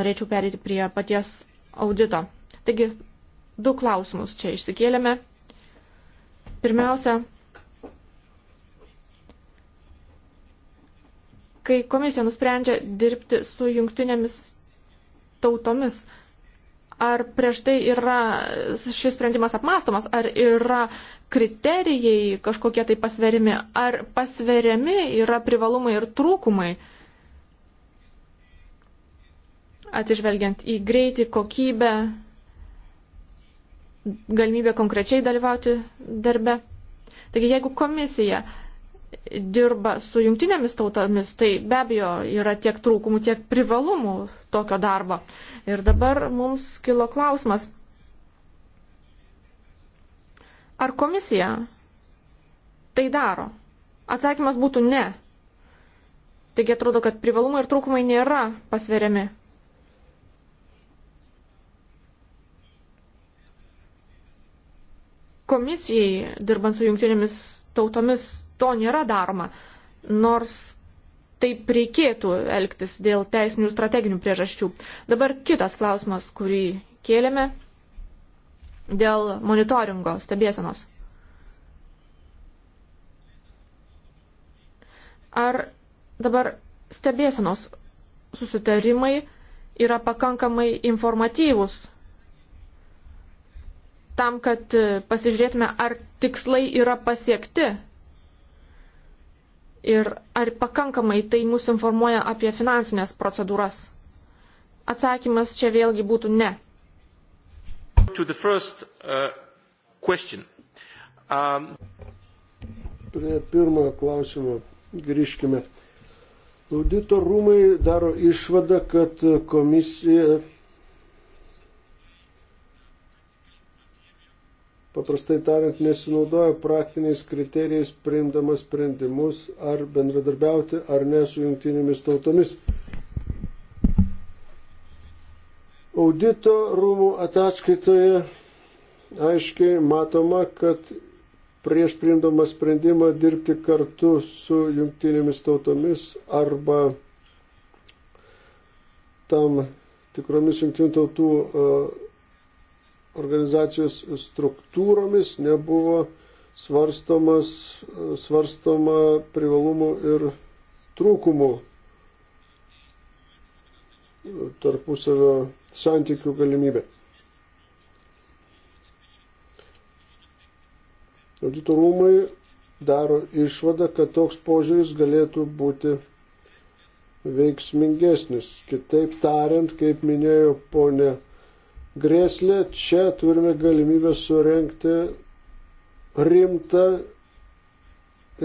B: norėčiau perėti prie paties audito. Taigi Du klausimus čia išsikėlėme. Pirmiausia, kai komisija nusprendžia dirbti su jungtinėmis tautomis, ar prieš tai yra šis sprendimas apmastomas, ar yra kriterijai kažkokie tai pasverimi, ar pasveriami yra privalumai ir trūkumai, atsižvelgiant į greitį, kokybę galimybė konkrečiai dalyvauti darbe. Taigi jeigu komisija dirba su jungtinėmis tautomis, tai be abejo yra tiek trūkumų, tiek privalumų tokio darbo. Ir dabar mums kilo klausimas, ar komisija tai daro? Atsakymas būtų ne. Taigi atrodo, kad privalumai ir trūkumai nėra pasveriami komisijai, dirbant su jungtinėmis tautomis, to nėra daroma, nors taip reikėtų elgtis dėl teisinių ir strateginių priežasčių. Dabar kitas klausimas, kurį kėlėme dėl monitoringo stebėsenos. Ar dabar stebėsenos susitarimai yra pakankamai informatyvus tam, kad e, pasižiūrėtume, ar tikslai yra pasiekti ir ar pakankamai tai mus informuoja apie finansinės procedūras. Atsakymas čia vėlgi būtų ne.
A: First, uh, um...
D: Prie pirmojo klausimo grįžkime. Audito rūmai daro išvadą, kad komisija paprastai tariant, nesinaudoja praktiniais kriterijais priimdamas sprendimus ar bendradarbiauti ar ne su jungtinėmis tautomis. Audito rūmų ataskaitoje aiškiai matoma, kad prieš priimdamą sprendimą dirbti kartu su jungtinėmis tautomis arba tam tikromis jungtinių tautų uh, organizacijos struktūromis nebuvo svarstomas, svarstoma privalumų ir trūkumų tarpusavio santykių galimybė. Auditorumai daro išvadą, kad toks požiūris galėtų būti veiksmingesnis. Kitaip tariant, kaip minėjo ponė grėslė. Čia turime galimybę surenkti rimtą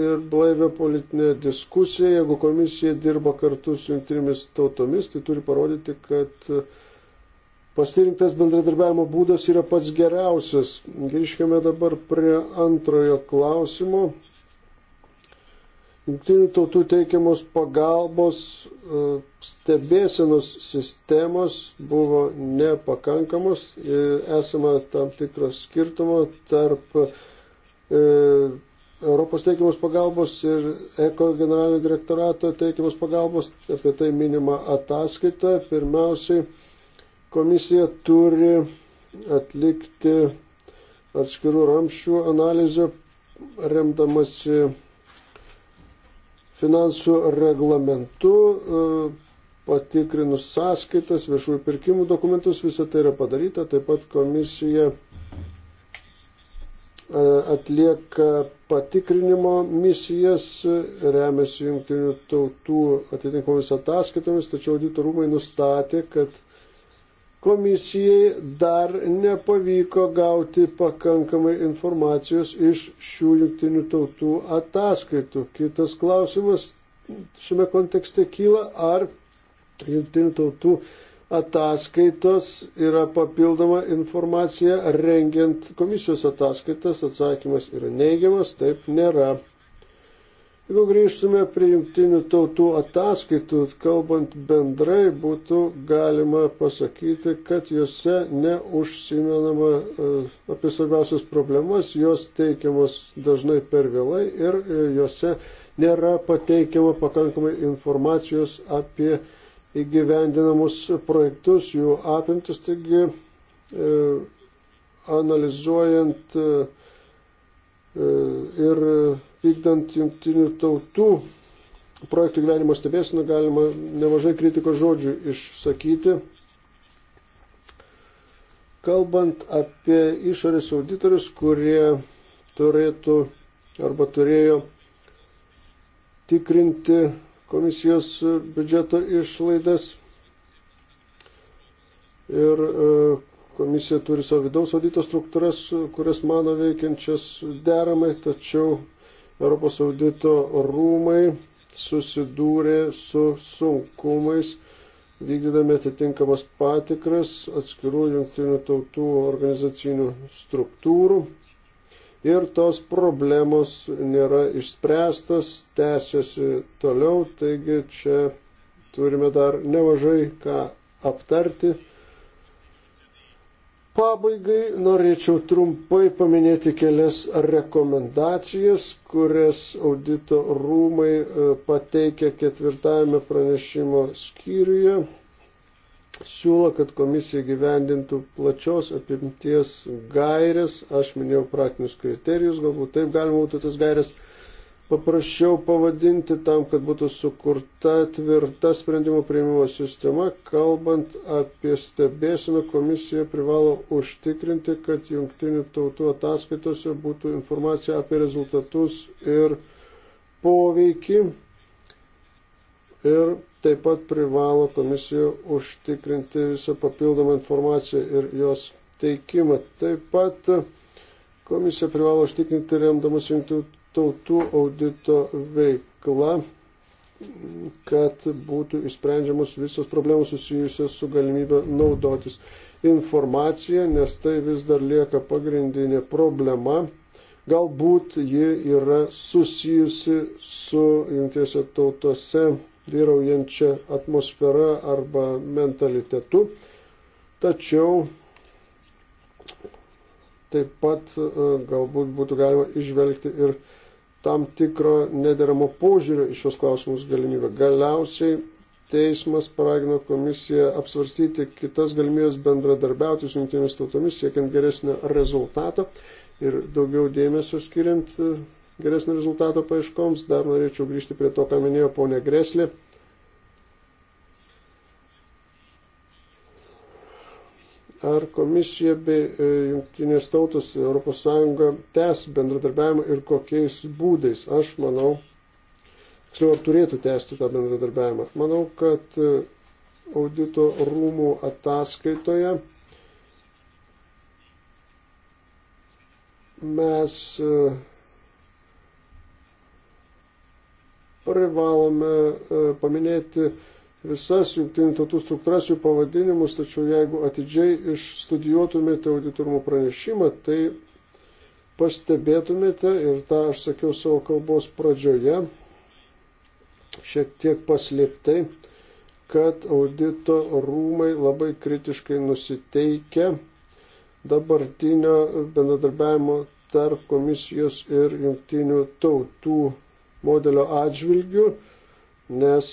D: ir blaivę politinę diskusiją. Jeigu komisija dirba kartu su jungtinėmis tautomis, tai turi parodyti, kad pasirinktas bendradarbiavimo būdas yra pats geriausias. Grįžkime dabar prie antrojo klausimo. Junktinių tautų teikiamos pagalbos e, stebėsenos sistemos buvo nepakankamos ir e, esama tam tikro skirtumo tarp e, Europos teikiamos pagalbos ir ECO generalinio direktorato teikiamos pagalbos. Apie tai minima ataskaita. Pirmiausiai komisija turi atlikti atskirų ramščių analizę remdamasi finansų reglamentu, e, patikrinus sąskaitas, viešųjų pirkimų dokumentus, visa tai yra padaryta. Taip pat komisija e, atlieka patikrinimo misijas, remiasi jungtinių tautų atitinkomis ataskaitomis, tačiau auditorumai nustatė, kad komisijai dar nepavyko gauti pakankamai informacijos iš šių jungtinių tautų ataskaitų. Kitas klausimas šiame kontekste kyla, ar jungtinių tautų ataskaitos yra papildoma informacija rengiant komisijos ataskaitas. Atsakymas yra neigiamas, taip nėra. Jeigu grįžtume prie jungtinių tautų ataskaitų, kalbant bendrai, būtų galima pasakyti, kad juose neužsimenama e, apie svarbiausias problemas, jos teikiamos dažnai per vėlai ir e, juose nėra pateikiama pakankamai informacijos apie įgyvendinamus projektus, jų apimtis, taigi e, analizuojant ir vykdant jungtinių tautų projektų gyvenimo stebėsiną galima nemažai kritikos žodžių išsakyti. Kalbant apie išorės auditorius, kurie turėtų arba turėjo tikrinti komisijos biudžeto išlaidas ir e, komisija turi savo vidaus audito struktūras, kurias mano veikiančias deramai, tačiau Europos audito rūmai susidūrė su sunkumais vykdydami atitinkamas patikras atskirų jungtinių tautų organizacinių struktūrų. Ir tos problemos nėra išspręstos, tęsiasi toliau, taigi čia turime dar nemažai ką aptarti. Pabaigai norėčiau trumpai paminėti kelias rekomendacijas, kurias audito rūmai e, pateikė ketvirtajame pranešimo skyriuje. Siūlo, kad komisija gyvendintų plačios apimties gairės. Aš minėjau praktinius kriterijus, galbūt taip galima būtų tas gairės paprasčiau pavadinti tam, kad būtų sukurta tvirta sprendimų prieimimo sistema. Kalbant apie stebėsiną, komisija privalo užtikrinti, kad jungtinių tautų ataskaitose būtų informacija apie rezultatus ir poveikį. Ir taip pat privalo komisija užtikrinti visą papildomą informaciją ir jos teikimą. Taip pat e, komisija privalo užtikrinti remdamas jungtinių tautų audito veikla, kad būtų išsprendžiamos visos problemos susijusios su galimybė naudotis informacija, nes tai vis dar lieka pagrindinė problema. Galbūt ji yra susijusi su jungtiese tautose vyraujančia atmosfera arba mentalitetu, tačiau taip pat e, galbūt būtų galima išvelgti ir tam tikro nederamo požiūrio iš šios klausimus galimybę. Galiausiai teismas paragino komisiją apsvarstyti kitas galimybės bendradarbiauti su jungtinėmis tautomis, siekiant geresnio rezultato ir daugiau dėmesio skiriant e, geresnio rezultato paaiškoms. Dar norėčiau grįžti prie to, ką minėjo ponė Greslė. Ar komisija bei e, jungtinės tautos ES tęs bendradarbiavimą ir kokiais būdais? Aš manau, tiksliau, ar turėtų tęsti tą bendradarbiavimą. Manau, kad e, audito rūmų ataskaitoje mes e, privalome paminėti visas jungtinių tautų struktūras, jų pavadinimus, tačiau jeigu atidžiai išstudijuotumėte auditorumų pranešimą, tai pastebėtumėte, ir tą aš sakiau savo kalbos pradžioje, šiek tiek paslėptai, kad audito rūmai labai kritiškai nusiteikia dabartinio bendradarbiavimo tarp komisijos ir jungtinių tautų modelio atžvilgių nes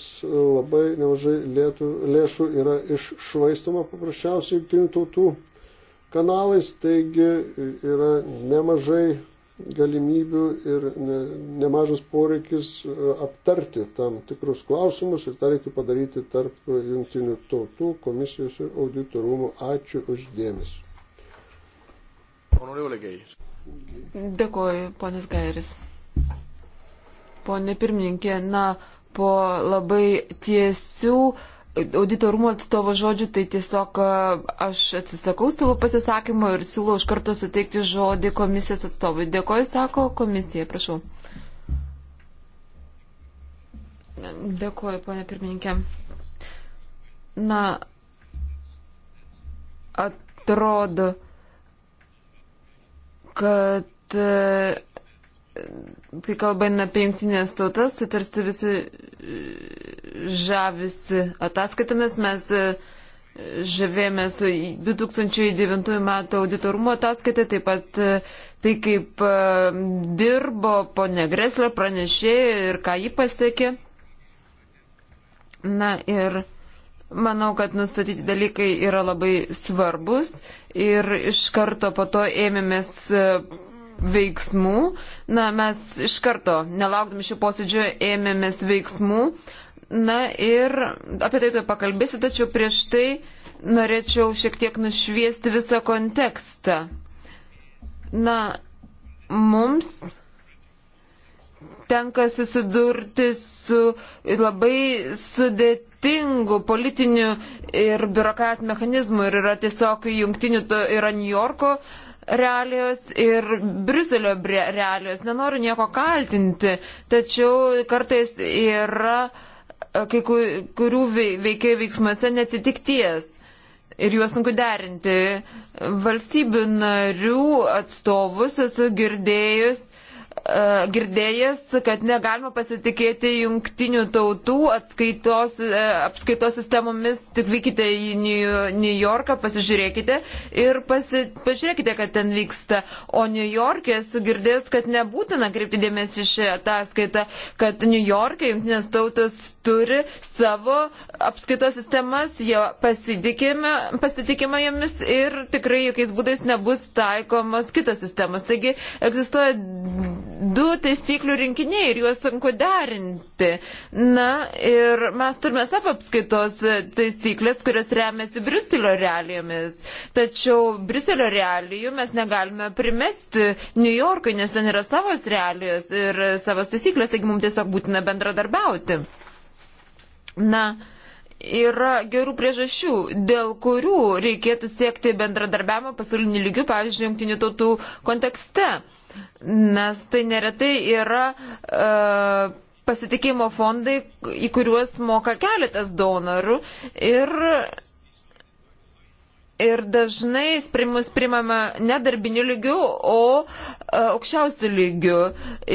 D: labai nemažai lėtų, lėšų yra iššvaistoma paprasčiausiai jungtinių tautų kanalais, taigi yra nemažai galimybių ir ne, nemažas poreikis e, aptarti tam tikrus klausimus ir tą reiktų padaryti tarp jungtinių tautų komisijos ir auditorumų. Ačiū uždėmesi.
C: Dėkuoju, ponas Gairis. Pone pirmininkė, na, po labai tiesių auditorumo atstovo žodžių, tai tiesiog aš atsisakau savo pasisakymą ir siūlau iš karto suteikti žodį komisijos atstovui. Dėkoju, sako komisija, prašau. Dėkoju, ponė pirmininkė. Na, atrodo, kad kai kalbame apie jungtinės tautas, tai tarsi visi e, žavisi ataskaitomis. Mes e, žavėjomės 2009 metų auditorumo ataskaitą, taip pat e, tai, kaip dirbo ponė Greslė pranešė ir ką jį pasiekė. Na ir manau, kad nustatyti dalykai yra labai svarbus ir iš karto po to ėmėmės veiksmų. Na, mes iš karto, nelaukdami šio posėdžio, ėmėmės veiksmų. Na ir apie tai tu pakalbėsiu, tačiau prieš tai norėčiau šiek tiek nušviesti visą kontekstą. Na,
B: mums
C: tenka susidurti su labai sudėtingu politiniu ir biurokratiniu mechanizmu ir yra tiesiog jungtinių, yra New Yorko realijos ir Briuselio realijos. Nenoriu nieko kaltinti, tačiau kartais yra e, kai kurių veikėjų veiksmuose netitikties. Ir juos sunku derinti. Valstybių narių atstovus esu girdėjus E, girdėjęs, kad negalima pasitikėti jungtinių tautų atskaitos, e, apskaitos sistemomis, tik vykite į New Yorką, pasižiūrėkite ir pasi, pažiūrėkite, kad ten vyksta. O New York'e esu girdėjęs, kad nebūtina kreipti dėmesį šią ataskaitą, kad New York'e jungtinės tautos turi savo apskaitos sistemas, jo pasitikima jomis ir tikrai jokiais būdais nebus taikomos kitos sistemos. Taigi egzistuoja du taisyklių rinkiniai ir juos sunku derinti. Na ir mes turime savo apskaitos taisyklės, kurios remiasi Briuselio realijomis. Tačiau Briuselio realijų mes negalime primesti New Yorkui, nes ten yra savos realijos ir savos taisyklės, taigi mums tiesiog būtina bendradarbiauti. Na, yra gerų priežasčių, dėl kurių reikėtų siekti bendradarbiavimo pasaulinį lygių, pavyzdžiui, jungtinių tautų kontekste. Nes tai neretai yra. Uh, e, pasitikėjimo fondai, į kuriuos moka keletas donorų ir Ir dažnai sprendimus primama ne darbiniu lygiu, o e, aukščiausių lygių.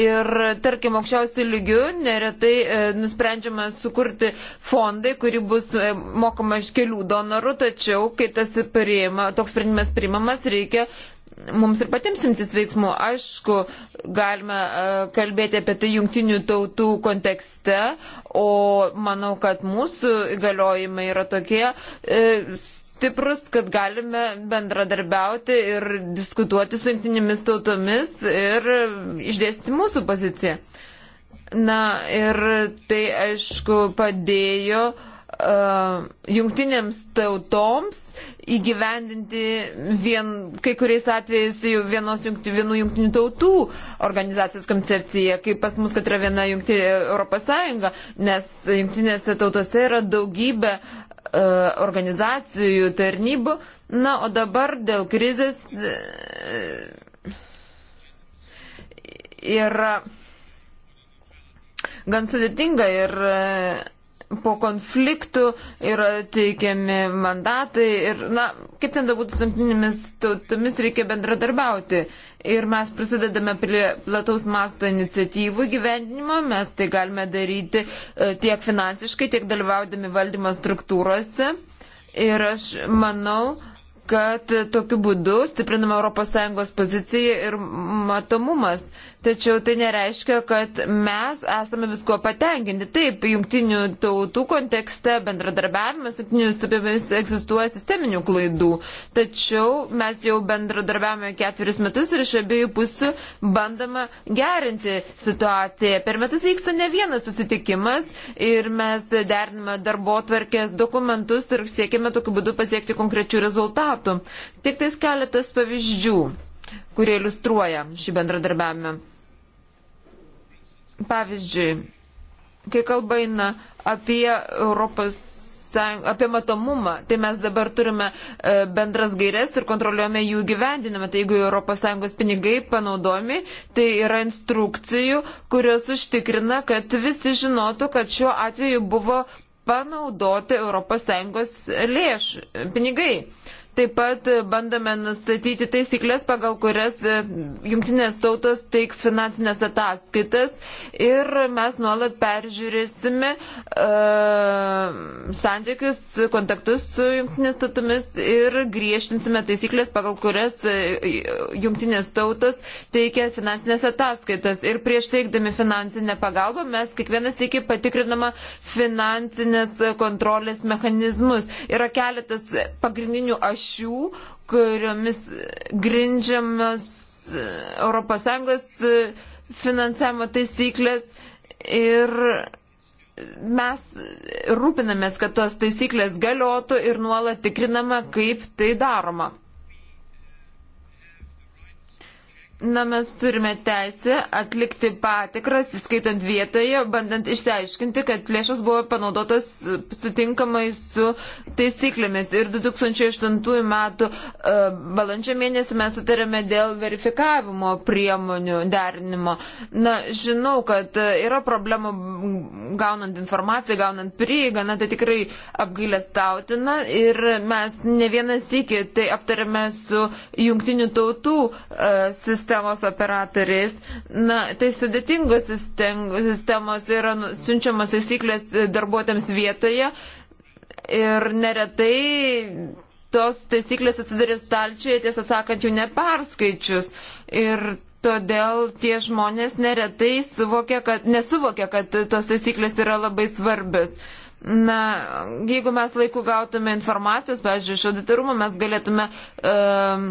C: Ir tarkim, aukščiausių lygių neretai e, nusprendžiama sukurti fondai, kuri bus e, mokama iš kelių donorų, tačiau, kai tas priima, toks sprendimas priimamas, reikia mums ir patiems imtis veiksmų. Aišku, galime kalbėti apie tai jungtinių tautų kontekste, o manau, kad mūsų įgaliojimai yra tokie stiprus, kad galime bendradarbiauti ir diskutuoti su jungtinėmis tautomis ir išdėsti mūsų poziciją. Na ir tai aišku padėjo uh, jungtinėms tautoms įgyvendinti vien, kai kuriais atvejais vienos jungti, vienų jungtinių tautų organizacijos koncepciją, kaip pas mus, kad yra viena jungtinė Europos Sąjunga, nes jungtinėse tautose yra daugybė uh, E, organizacijų, tarnybų. Na, o dabar dėl krizės e, yra gan sudėtinga ir e, po konfliktų yra teikiami mandatai ir, na, kaip ten būtų su jungtinėmis tautomis, reikia bendradarbiauti. Ir mes prisidedame prie plataus masto iniciatyvų gyvendinimo, mes tai galime daryti e, tiek finansiškai, tiek dalyvaudami valdymo struktūrose. Ir aš manau, kad tokiu būdu stiprinama ES pozicija ir matomumas. Tačiau tai nereiškia, kad mes esame viskuo patenkinti. Taip, jungtinių tautų kontekste bendradarbiavimas jungtinius apimis egzistuoja sisteminių klaidų. Tačiau mes jau bendradarbiavame ketveris metus ir iš abiejų pusių bandoma gerinti situaciją. Per metus vyksta ne vienas susitikimas ir mes deriname darbo tvarkės dokumentus ir siekime tokiu būdu pasiekti konkrečių rezultatų. Tik tais keletas pavyzdžių kurie iliustruoja šį bendradarbiavimą. Pavyzdžiui, kai kalba eina apie Europos apie matomumą. Tai mes dabar turime e, bendras gairias ir kontroliuojame jų gyvendinimą. Tai jeigu ES pinigai panaudomi, tai yra instrukcijų, kurios užtikrina, kad visi žinotų, kad šiuo atveju buvo panaudoti ES lėšų pinigai taip pat e, bandome nustatyti taisyklės, pagal kurias e, jungtinės tautos teiks finansinės ataskaitas ir mes nuolat peržiūrėsime uh, santykius, kontaktus su jungtinės tautomis ir griežtinsime taisyklės, pagal kurias jungtinės tautos teikia finansinės ataskaitas. Ir prieš teikdami finansinę pagalbą mes kiekvienas iki patikrinama finansinės kontrolės mechanizmus. Yra keletas pagrindinių aš priežasčių, kuriomis grindžiamas ES e, finansavimo taisyklės ir mes rūpinamės, kad tos taisyklės galiotų ir nuolat tikriname, kaip tai daroma. Na, mes turime teisę atlikti patikras, įskaitant vietoje, bandant išsiaiškinti, kad lėšas buvo panaudotas sutinkamai su taisyklėmis. Ir 2008 metų e, balandžio mėnesį mes sutarėme dėl verifikavimo priemonių derinimo. Na, žinau, kad yra problemų gaunant informaciją, gaunant prieigą, na, tai tikrai apgailestautina. Ir mes ne vienas iki tai aptarėme su jungtinių tautų e, sistema sistemos operatoriais. Na, tai sudėtingos sistemos yra nu, siunčiamas taisyklės darbuotėms vietoje ir neretai tos taisyklės atsidarė stalčiuje, tiesą sakant, jų neperskaičius. Ir todėl tie žmonės neretai suvokia, kad, nesuvokia, kad tos taisyklės yra labai svarbios. Na, jeigu mes laiku gautume informacijos, pavyzdžiui, iš auditorumo mes galėtume um, uh,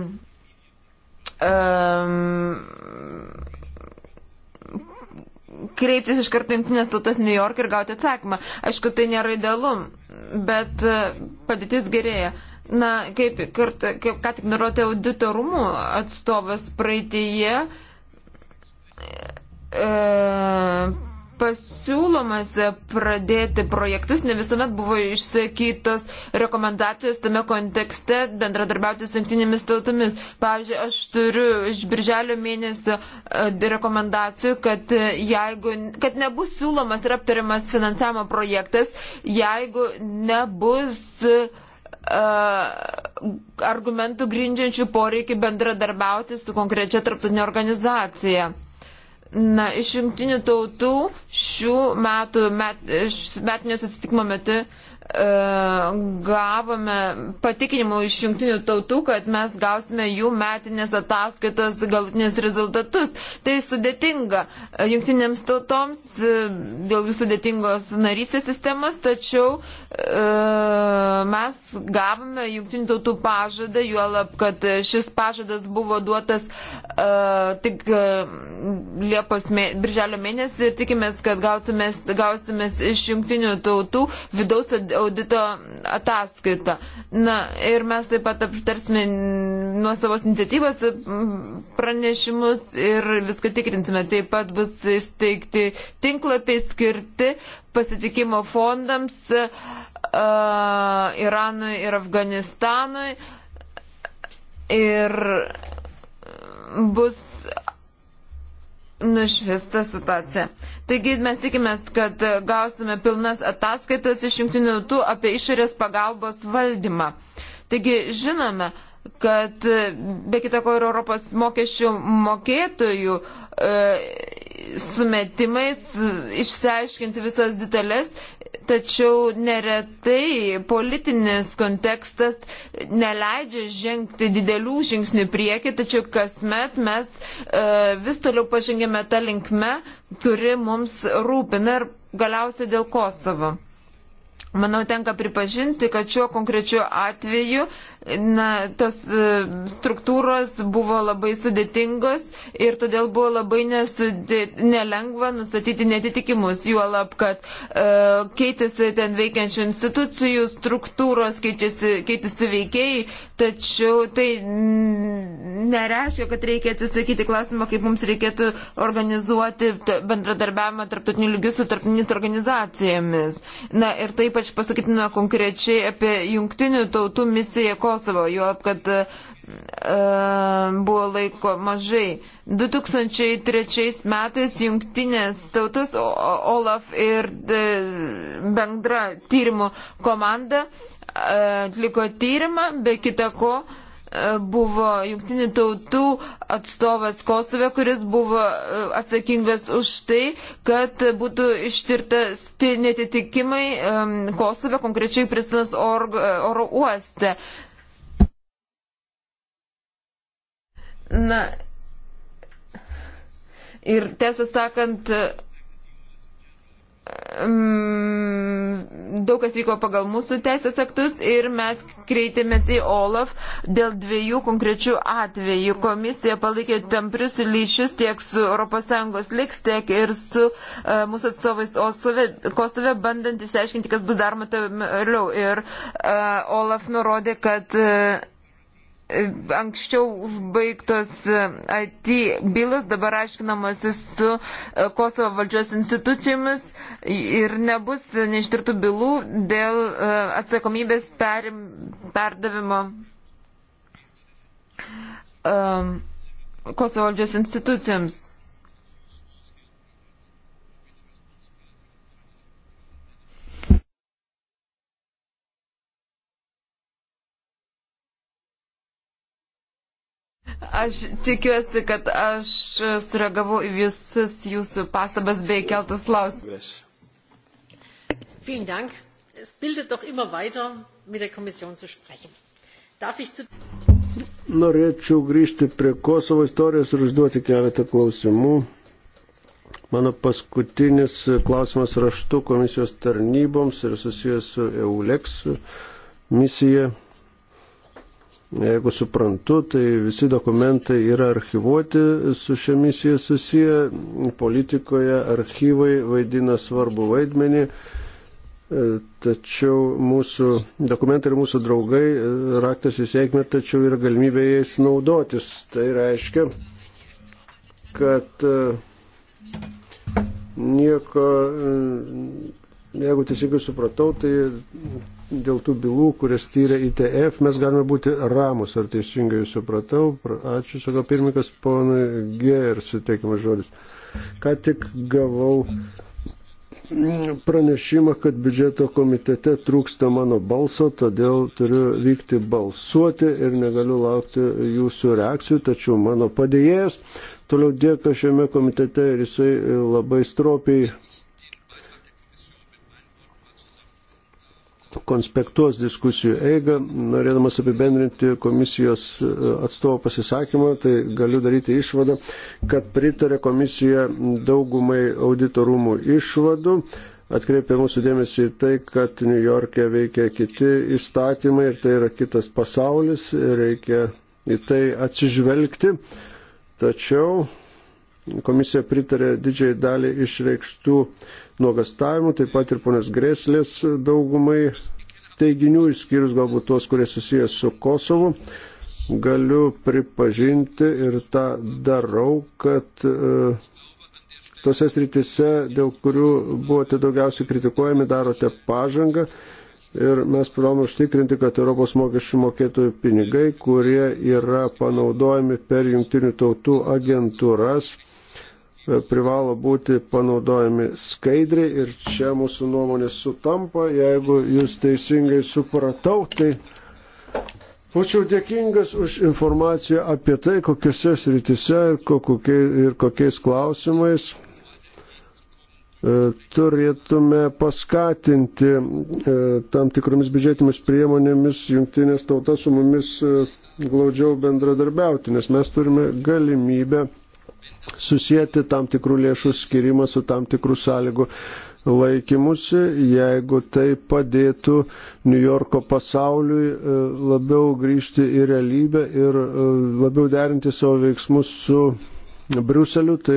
C: um, kreiptis iš karto jungtinės tautas New York ir gauti atsakymą. Aišku, tai nėra idealu, bet e, padėtis gerėja. Na, kaip, kart, kaip ką tik nurodė auditorumų atstovas praeitėje, e, pasiūlomas pradėti projektus, ne visuomet buvo išsakytos rekomendacijos tame kontekste bendradarbiauti su jungtinėmis tautomis. Pavyzdžiui, aš turiu iš birželio mėnesio e, rekomendacijų, kad, jeigu, kad nebus siūlomas ir aptariamas finansavimo projektas, jeigu nebus e, argumentų grindžiančių poreikį bendradarbiauti su konkrečia tarptautinė organizacija. Na, iš jungtinių tautų šių metų met, metinio susitikimo metu E, gavome patikinimų iš jungtinių tautų, kad mes gausime jų metinės ataskaitos galutinės rezultatus. Tai sudėtinga e, jungtinėms tautoms e, dėl jų sudėtingos narysės sistemas, tačiau mes gavome jungtinių tautų pažadą, juolab, kad šis pažadas buvo duotas tik Liepos, mė... Birželio mėnesį ir tikimės, kad gausimės, gausimės iš jungtinių tautų vidaus audito ataskaitą. Na ir mes taip pat aptarsime nuo savos iniciatyvos pranešimus ir viską tikrinsime. Taip pat bus įsteigti tinklapiai skirti pasitikimo fondams uh, Iranui ir Afganistanui. Ir bus nušvista situacija. Taigi mes tikimės, kad gausime pilnas ataskaitas iš jungtinių tų apie išorės pagalbos valdymą. Taigi žinome, kad be kitako ir Europos mokesčių mokėtojų e, sumetimais išsiaiškinti visas detalės tačiau neretai politinis kontekstas neleidžia žengti didelių žingsnių prieki, tačiau kasmet mes e, vis toliau pažengėme tą linkmę, kuri mums rūpina ir galiausiai dėl Kosovo. Manau, tenka pripažinti, kad šiuo konkrečiu atveju na, tos e, struktūros buvo labai sudėtingos ir todėl buvo labai nesudė, nelengva nustatyti netitikimus, juolab, kad e, keitėsi ten veikiančių institucijų struktūros, keitėsi, keitėsi veikėjai, tačiau tai nereiškia, kad reikia atsisakyti klausimą, kaip mums reikėtų organizuoti bendradarbiavimą tarptautiniu lygiu su tarptautinis organizacijomis. Na ir taip aš pasakytume konkrečiai apie jungtinių tautų misiją, ko Kosovo, jo kad e, buvo laiko mažai. 2003 metais jungtinės tautas Olaf ir e, bendra tyrimų komanda e, atliko tyrimą, be kita ko e, buvo jungtinių tautų atstovas Kosove, kuris buvo e, atsakingas už tai, kad būtų ištirtas netitikimai Kosove, konkrečiai Pristinas oro uoste. Na, ir tiesą sakant, mm, daug kas vyko pagal mūsų teisės aktus ir mes kreitėmės į OLAF dėl dviejų konkrečių atvejų. Komisija palaikė tamprius lyšius tiek su ES liks, tiek ir su uh, mūsų atstovais Kosove, bandant išsiaiškinti, kas bus daroma toliau. Ir uh, OLAF nurodė, kad uh, anksčiau užbaigtos e, IT bylas dabar aiškinamasi su e, Kosovo valdžios institucijomis ir nebus neištirtų bylų dėl e, atsakomybės perim, perdavimo um, Kosovo valdžios institucijoms. Aš tikiuosi, kad aš sureagavau į visus jūsų pastabas bei
D: keltus klausimus.
B: Vielen Dank. Es bildet doch immer weiter, mit der Kommission zu sprechen. Darf ich zu.
D: Norėčiau grįžti prie Kosovo istorijos ir užduoti keletą klausimų. Mano paskutinis klausimas raštu komisijos tarnyboms ir susijęs su EULEX misija. Jeigu suprantu, tai visi dokumentai yra archivuoti su šia misija susiję. Politikoje archyvai vaidina svarbu vaidmenį, e, tačiau mūsų dokumentai ir mūsų draugai e, raktas į sėkmę, tačiau yra galimybė jais naudotis. Tai reiškia, kad e, nieko Jeigu teisingai supratau, tai dėl tų bylų, kurias tyrė ITF, mes galime būti ramus, ar teisingai supratau. Ačiū, sako pirmininkas, ponui G ir suteikimas žodis. Ką tik gavau pranešimą, kad biudžeto komitete trūksta mano balso, todėl turiu vykti balsuoti ir negaliu laukti jūsų reakcijų, tačiau mano padėjėjas toliau dėka šiame komitete ir jisai labai stropiai konspektuos diskusijų eigą, norėdamas apibendrinti komisijos e, atstovo pasisakymą, tai galiu daryti išvadą, kad pritarė komisija daugumai auditorumų išvadų. Atkreipia mūsų dėmesį į tai, kad New York'e veikia kiti įstatymai ir tai yra kitas pasaulis, reikia į tai atsižvelgti. Tačiau komisija pritarė didžiai dalį išreikštų uh, nuogastavimų, taip pat ir ponios Greslės daugumai teiginių, išskyrus galbūt tuos, kurie susijęs su Kosovu. Galiu pripažinti ir tą darau, kad e, tose sritise, dėl kurių buvote daugiausiai kritikuojami, darote pažangą. Ir mes privalome užtikrinti, kad Europos mokesčių mokėtojų pinigai, kurie yra panaudojami per jungtinių tautų agentūras, privalo būti panaudojami skaidriai ir čia mūsų nuomonės sutampa. Jeigu jūs teisingai supratau, tai būčiau dėkingas už informaciją apie tai, kokiuose srityse ir, kokie, ir kokiais klausimais e, turėtume paskatinti e, tam tikromis biudžetimis priemonėmis jungtinės tautas su mumis e, glaudžiau bendradarbiauti, nes mes turime galimybę susijęti tam tikrų lėšų skirimą su tam tikrų sąlygų laikymusi, jeigu tai padėtų New Yorko pasauliui e, labiau grįžti į realybę ir e, labiau derinti savo veiksmus su Briuseliu, tai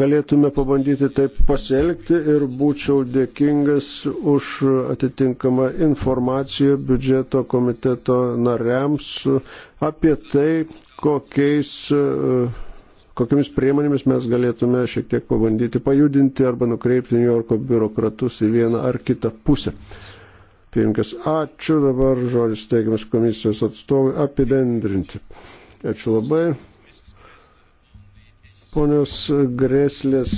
D: galėtume pabandyti taip pasielgti ir būčiau dėkingas už atitinkamą informaciją biudžeto komiteto nariams apie tai, kokiais e, kokiamis priemonėmis mes galėtume šiek tiek pabandyti pajudinti arba nukreipti New Yorko biurokratus į vieną ar kitą pusę. Pirmkas, ačiū dabar žodis teikiamas komisijos atstovui apibendrinti. Ačiū labai. Ponios Greslės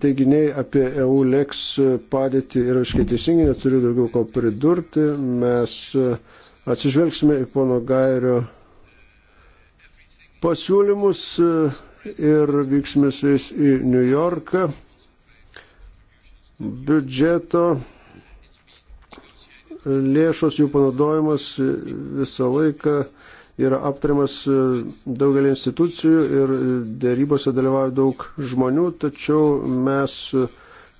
D: teiginiai apie EULEX padėtį yra iškai teisingi, neturiu daugiau ko pridurti. Mes atsižvelgsime į pono Gairio pasiūlymus e, ir vyksime su jais į New Yorką. Biudžeto lėšos jų panaudojimas visą laiką yra aptariamas e, daugelį institucijų ir dėrybose dalyvauja daug žmonių, tačiau mes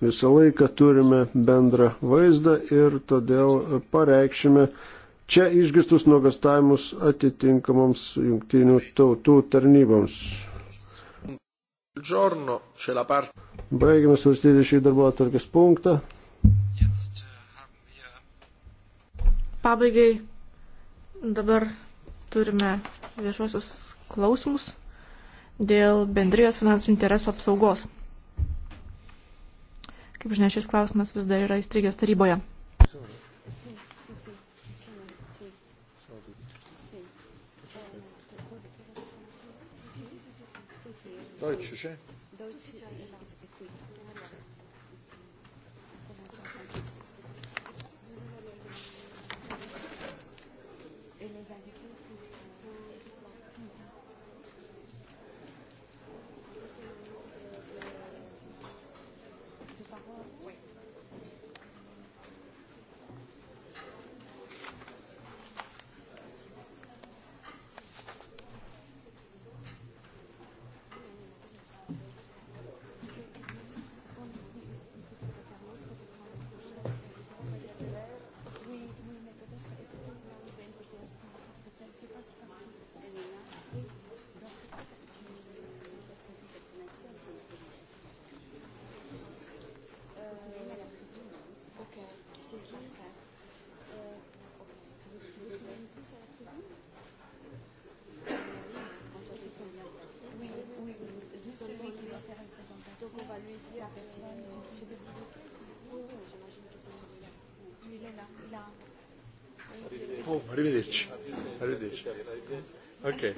D: visą laiką turime bendrą vaizdą ir todėl pareikšime, čia išgirstus nuogastavimus atitinkamoms jungtinių tautų tarnyboms. Baigime svarstyti šį darbo atvarkės punktą. Uh,
A: uh, Pabaigai dabar
B: turime viešuosius klausimus dėl bendrijos finansinių interesų apsaugos. Kaip žinia, šis klausimas vis dar yra įstrigęs taryboje.
A: Deutsche.
D: Okay.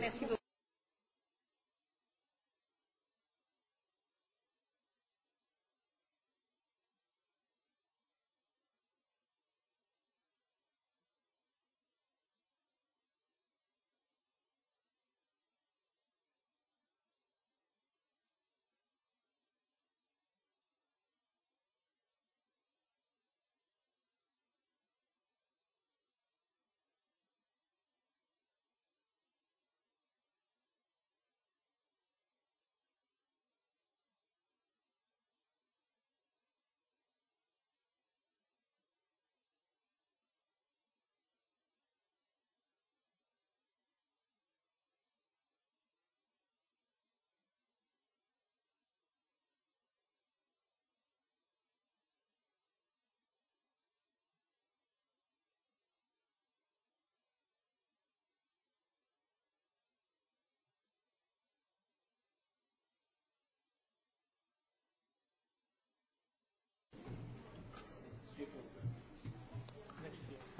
D: Merci beaucoup.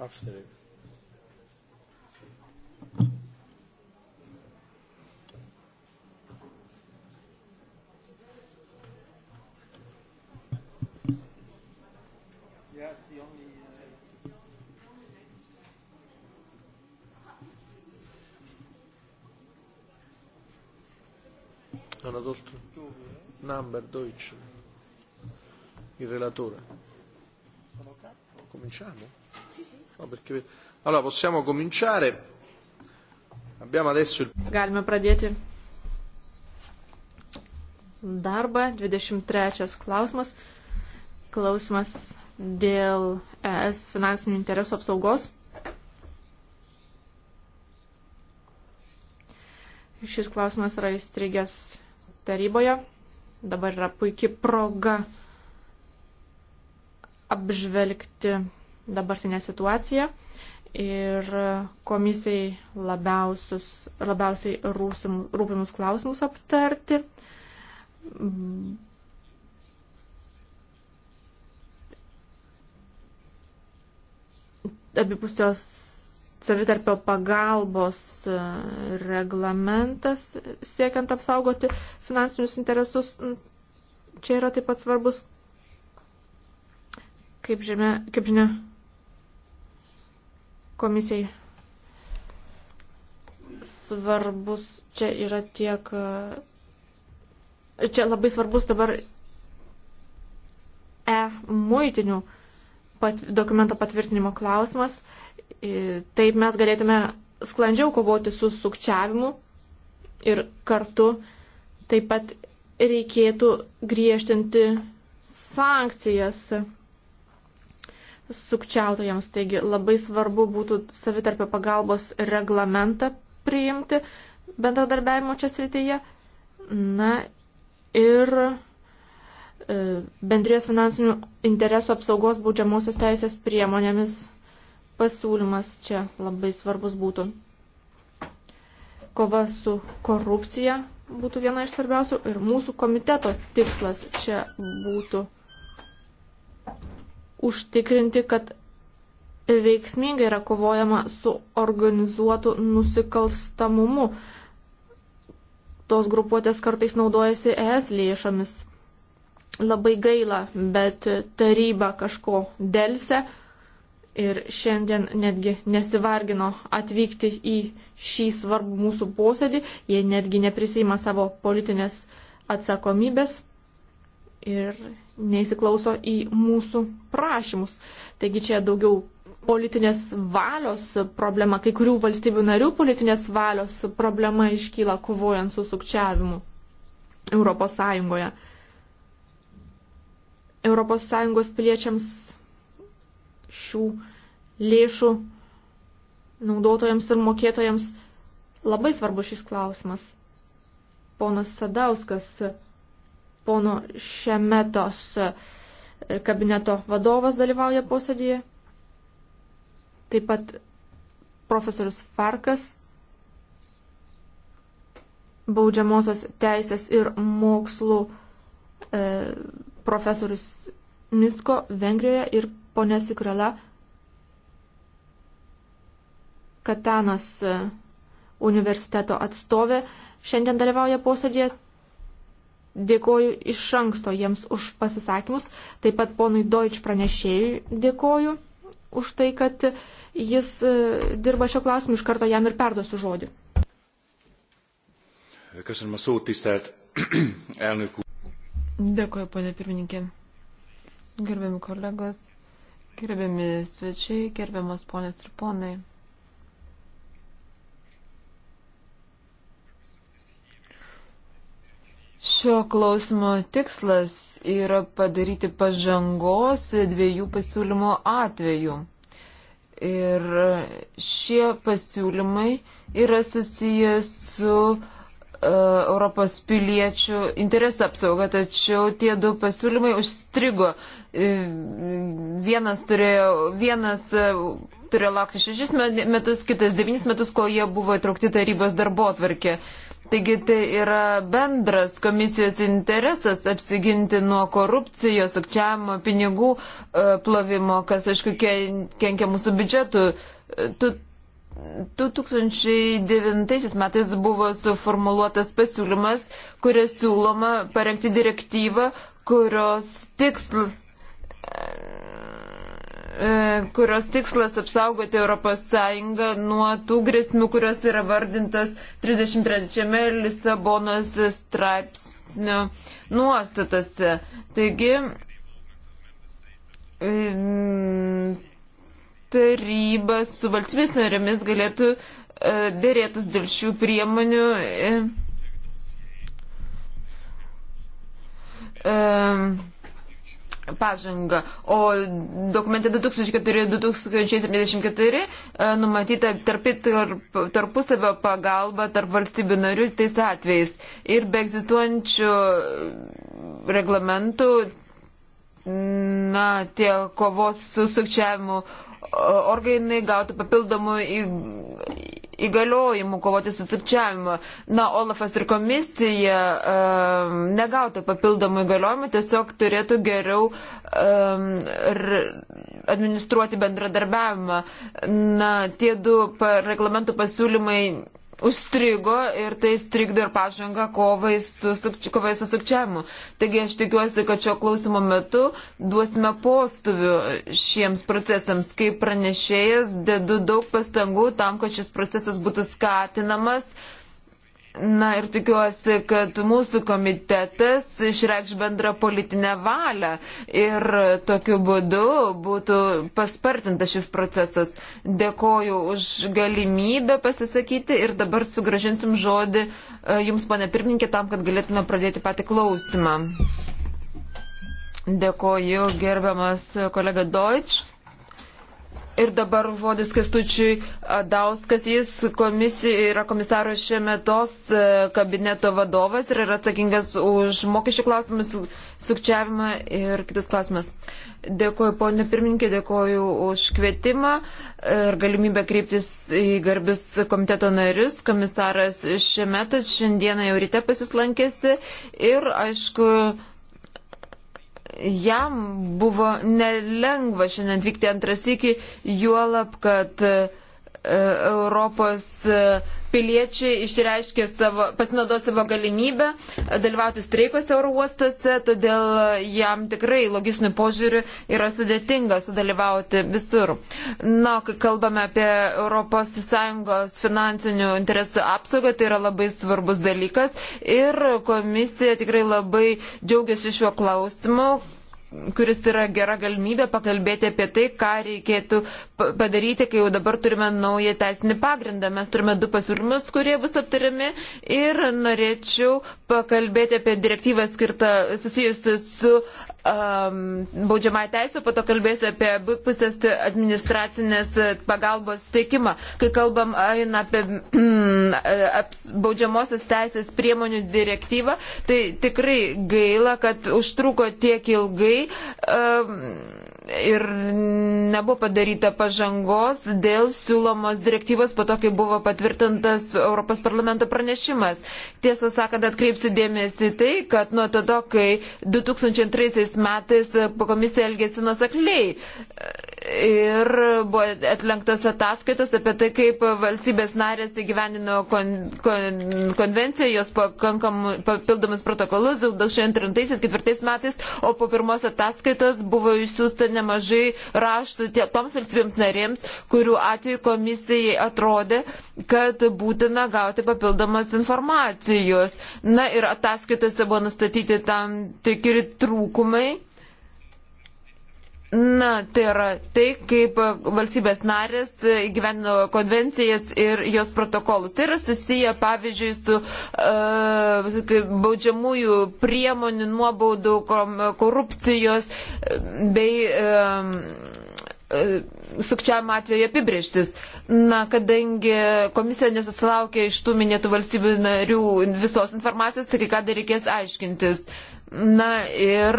D: Afstarek.
A: Yeah, it's the only. Uh... Hanno tolto number Deutsch, il relatore. Cominciamo? No, perché... Allora, possiamo cominciare. Abbiamo adesso il... Galime
B: pradėti darbą. 23 klausimas. Klausimas dėl ES finansinių interesų apsaugos. Šis klausimas yra įstrigęs taryboje. Dabar yra puikia proga apžvelgti dabartinę situaciją ir komisijai labiausiai rūpimus klausimus aptarti. Abipusios savitarpio pagalbos e, reglamentas siekiant apsaugoti finansinius interesus čia yra taip pat svarbus. Kaip žinia, kaip žinia komisijai svarbus čia yra tiek. Čia labai svarbus dabar e-muitinių pat, dokumento patvirtinimo klausimas. Taip mes galėtume sklandžiau kovoti su sukčiavimu ir kartu taip pat reikėtų griežtinti sankcijas sukčiautojams. Taigi labai svarbu būtų savitarpio pagalbos reglamentą priimti bendradarbiavimo čia srityje. Na ir e, bendrijos finansinių interesų apsaugos baudžiamosios teisės priemonėmis pasiūlymas čia labai svarbus būtų. Kova su korupcija būtų viena iš svarbiausių ir mūsų komiteto tikslas čia būtų užtikrinti, kad veiksmingai yra kovojama su organizuotu nusikalstamumu. Tos grupuotės kartais naudojasi ES lėšomis. Labai gaila, bet taryba kažko dėlse ir šiandien netgi nesivargino atvykti į šį svarbų mūsų posėdį, jie netgi neprisima savo politinės atsakomybės ir neįsiklauso į mūsų prašymus. Taigi čia daugiau politinės valios problema, kai kurių valstybių narių politinės valios problema iškyla kovojant su sukčiavimu Europos Sąjungoje. Europos Sąjungos piliečiams šių lėšų naudotojams ir mokėtojams labai svarbu šis klausimas. Ponas Sadauskas pono Šemetos e, kabineto vadovas dalyvauja posėdėje. Taip pat profesorius Farkas, baudžiamosios teisės ir mokslų e, profesorius Misko Vengrijoje ir ponė Sikrela Katanos e, universiteto atstovė šiandien dalyvauja posėdėje Dėkoju iš anksto jiems už pasisakymus. Taip pat ponui Deutsch pranešėjui dėkoju už tai, kad jis e, dirba šio klausimu. Iš karto jam ir perduosiu žodį.
A: Köszönöm a szót, tisztelt elnök úr.
B: Dėkoju, ponė pirmininkė.
C: Gerbiami kolegos, gerbiami svečiai, gerbiamas ponės ir ponai. Šio klausimo tikslas yra padaryti pažangos dviejų pasiūlymų atveju. Ir šie pasiūlymai yra susijęs su uh, Europos piliečių interesų apsauga, tačiau tie du pasiūlymai užstrigo. E, vienas turėjo, vienas e, turėjo laukti šešis metus, kitas devynis metus, kol jie buvo įtraukti tarybos darbo atvarkė. Uh, Taigi tai yra bendras komisijos interesas apsiginti nuo korupcijos, apčiavimo, pinigų e, plovimo, kas aišku kenkia mūsų biudžetų. 2009 e, metais buvo suformuluotas pasiūlymas, kuria siūloma parengti direktyvą, kurios tiksl E, kurios tikslas apsaugoti ES nuo tų grėsmių, kurios yra vardintas 33 Lisabonos straipsnio nuostatose. Taigi, e, taryba su valstybės narėmis galėtų e, dėrėtus dėl šių priemonių. Um, pažangą, o dokumente 2004-2074 e, numatyta tarp, tarp, tarpusavio pagalba tarp valstybių narių tais atvejais ir be egzistuojančių reglamentų na, tie kovos su sukčiavimu organai gauti papildomų įgaliojimų kovoti su sukčiavimu. Na, Olafas ir komisija um, negautų papildomų įgaliojimų, tiesiog turėtų geriau um, administruoti bendradarbiavimą. Na, tie du pa, reglamentų pasiūlymai užstrigo ir tai strikdo ir pažanga kovai su, kovai su sukčiavimu. Taigi aš tikiuosi, kad šio klausimo metu duosime postuvių šiems procesams. Kaip pranešėjas, dedu daug pastangų tam, kad šis procesas būtų skatinamas. Uh, Na ir tikiuosi, kad mūsų komitetas išreikš bendrą politinę valią ir tokiu būdu būtų paspartintas šis procesas. Dėkoju už galimybę pasisakyti ir dabar sugražinsim žodį e, Jums, ponė pirmininkė, tam, kad galėtume pradėti patį klausimą. Dėkoju, gerbiamas kolega Deutsch. Ir dabar žodis Kestučiui Dauskas, jis komisijai yra komisaro Šemetos e, kabineto vadovas ir yra atsakingas už mokesčių klausimus, sukčiavimą ir kitus klausimus. Dėkuoju, ponė pirmininkė, dėkuoju už kvietimą ir galimybę kreiptis į garbis komiteto narius. Komisaras Šemetas šiandieną jau ryte pasislankėsi ir, aišku, jam buvo nelengva šiandien atvykti antras iki, juolab, kad uh, E, Europos e, piliečiai išreiškė savo, pasinaudos savo galimybę dalyvauti streikose oro uostuose, todėl jam tikrai logistiniu požiūriu yra sudėtinga sudalyvauti visur. Na, kai kalbame apie ES finansinių interesų apsaugą, tai yra labai svarbus dalykas ir komisija tikrai labai džiaugiasi šiuo klausimu kuris yra gera galimybė pakalbėti apie tai, ką reikėtų padaryti, kai jau dabar turime naują teisinį pagrindą. Mes turime du pasiūlymus, kurie bus aptariami ir norėčiau pakalbėti apie direktyvą skirtą susijusi su um, baudžiamą teisę, po to kalbėsiu apie abipusės tai administracinės e, pagalbos teikimą. Kai kalbam eina apie mm, baudžiamosios teisės priemonių direktyvą, tai tikrai gaila, kad užtruko tiek ilgai. Um, ir nebuvo padaryta pažangos dėl siūlomos direktyvos po to, kai buvo patvirtintas Europos parlamento pranešimas. Tiesą sakant, atkreipsiu dėmesį tai, kad nuo tada, kai 2002 metais komisija elgėsi nusekliai ir buvo atlenktas ataskaitos apie tai, kaip valstybės narės įgyvenino kon, kon, konvenciją, jos papildomus protokolus 2003-2004 metais, o po pirmos ataskaitos buvo išsiųsta nemažai raštų tie, toms valstybėms narėms, kurių atveju komisijai atrodė, kad būtina gauti papildomas informacijos. Na ir ataskaitose buvo nustatyti tam tikri trūkumai Na, tai yra tai, kaip valstybės narės gyveno konvencijas ir jos protokolus. Tai yra susiję, pavyzdžiui, su uh, baudžiamųjų priemonių, nuobaudų, korupcijos bei um, sukčiavimo atveju apibrieštis. Na, kadangi komisija nesusilaukė iš tų minėtų valstybių narių visos informacijos, tai kai kada reikės aiškintis. Uh, Na ir,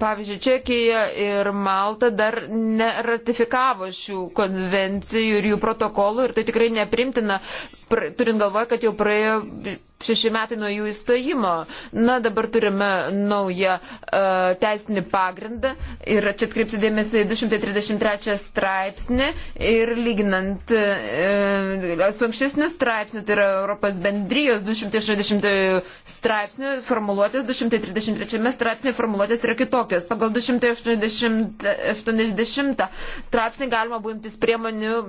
C: pavyzdžiui, Čekija ir Malta dar neratifikavo šių konvencijų ir jų protokolų ir tai tikrai neprimtina, turint galvoje, kad jau praėjo šeši metai nuo jų įstojimo. Na, dabar turime naują uh, teisinį pagrindą ir čia atkreipsiu dėmesį į 233 straipsnį ir lyginant uh, su ankstesniu straipsniu, tai yra Europos bendrijos 260 straipsnių formuluotės, 233 straipsnį formuluotės yra kitokios. Pagal 280 80 straipsnį galima būimtis priemonių,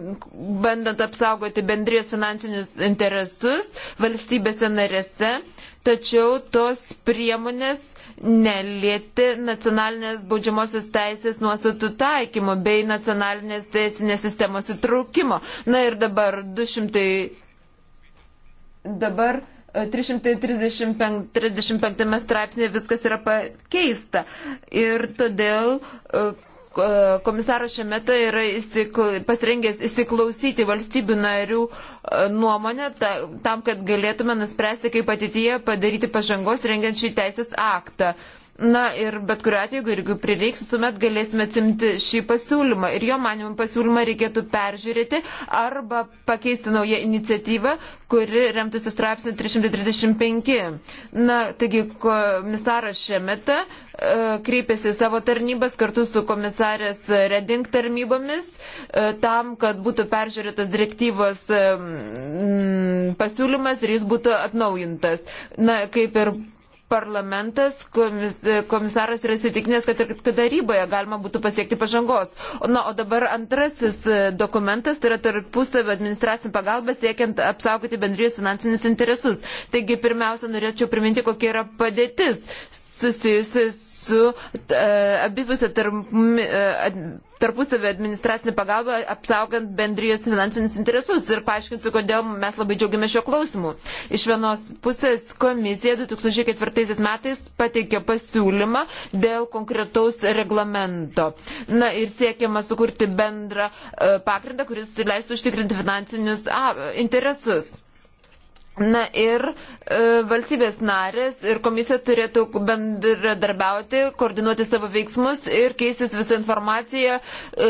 C: bandant apsaugoti bendrijos finansinius interesus valstybėse narėse, tačiau tos priemonės nelieti nacionalinės baudžiamosios teisės nuostatų taikymo bei nacionalinės teisinės sistemos įtraukimo. Na ir dabar 200. Dabar 335 e, straipsnė viskas yra pakeista. Ir todėl e, komisaras Šemeta yra įsikl... pasirengęs įsiklausyti valstybių narių e, nuomonę ta, tam, kad galėtume nuspręsti, kaip ateityje padaryti pažangos rengiant šį teisės aktą. Uh, Na ir bet kuriu atveju, jeigu prireiks, visuomet galėsime atsimti šį pasiūlymą. Ir jo manimum pasiūlymą reikėtų peržiūrėti arba pakeisti naują iniciatyvą, kuri remtųsi straipsniu 335. Na, taigi komisaras Šemeta e, kreipėsi savo tarnybas kartu su komisarės Reding tarnybomis e, tam, kad būtų peržiūrėtas direktyvos e, pasiūlymas ir jis būtų atnaujintas. Na, kaip ir parlamentas, komis, komisaras yra įsitikinęs, kad ir taryboje galima būtų pasiekti pažangos. Na, o dabar antrasis e, dokumentas, tai yra tarpusavio administracinė pagalba siekiant apsaugoti bendrijos finansinius interesus. Taigi, pirmiausia, norėčiau priminti, kokia yra padėtis susijusi su e, abipusė e, tarpusavio administracinė pagalba apsaugant bendrijos finansinius interesus ir paaiškinsiu, kodėl mes labai džiaugiamės šio klausimu. Iš vienos pusės komisija 2004 metais pateikė pasiūlymą dėl konkretaus reglamento. Na ir siekiama sukurti bendrą e, pagrindą, kuris leistų užtikrinti finansinius interesus. Na ir e, valstybės narės ir komisija turėtų bendradarbiauti, koordinuoti savo veiksmus ir keistis visą informaciją e,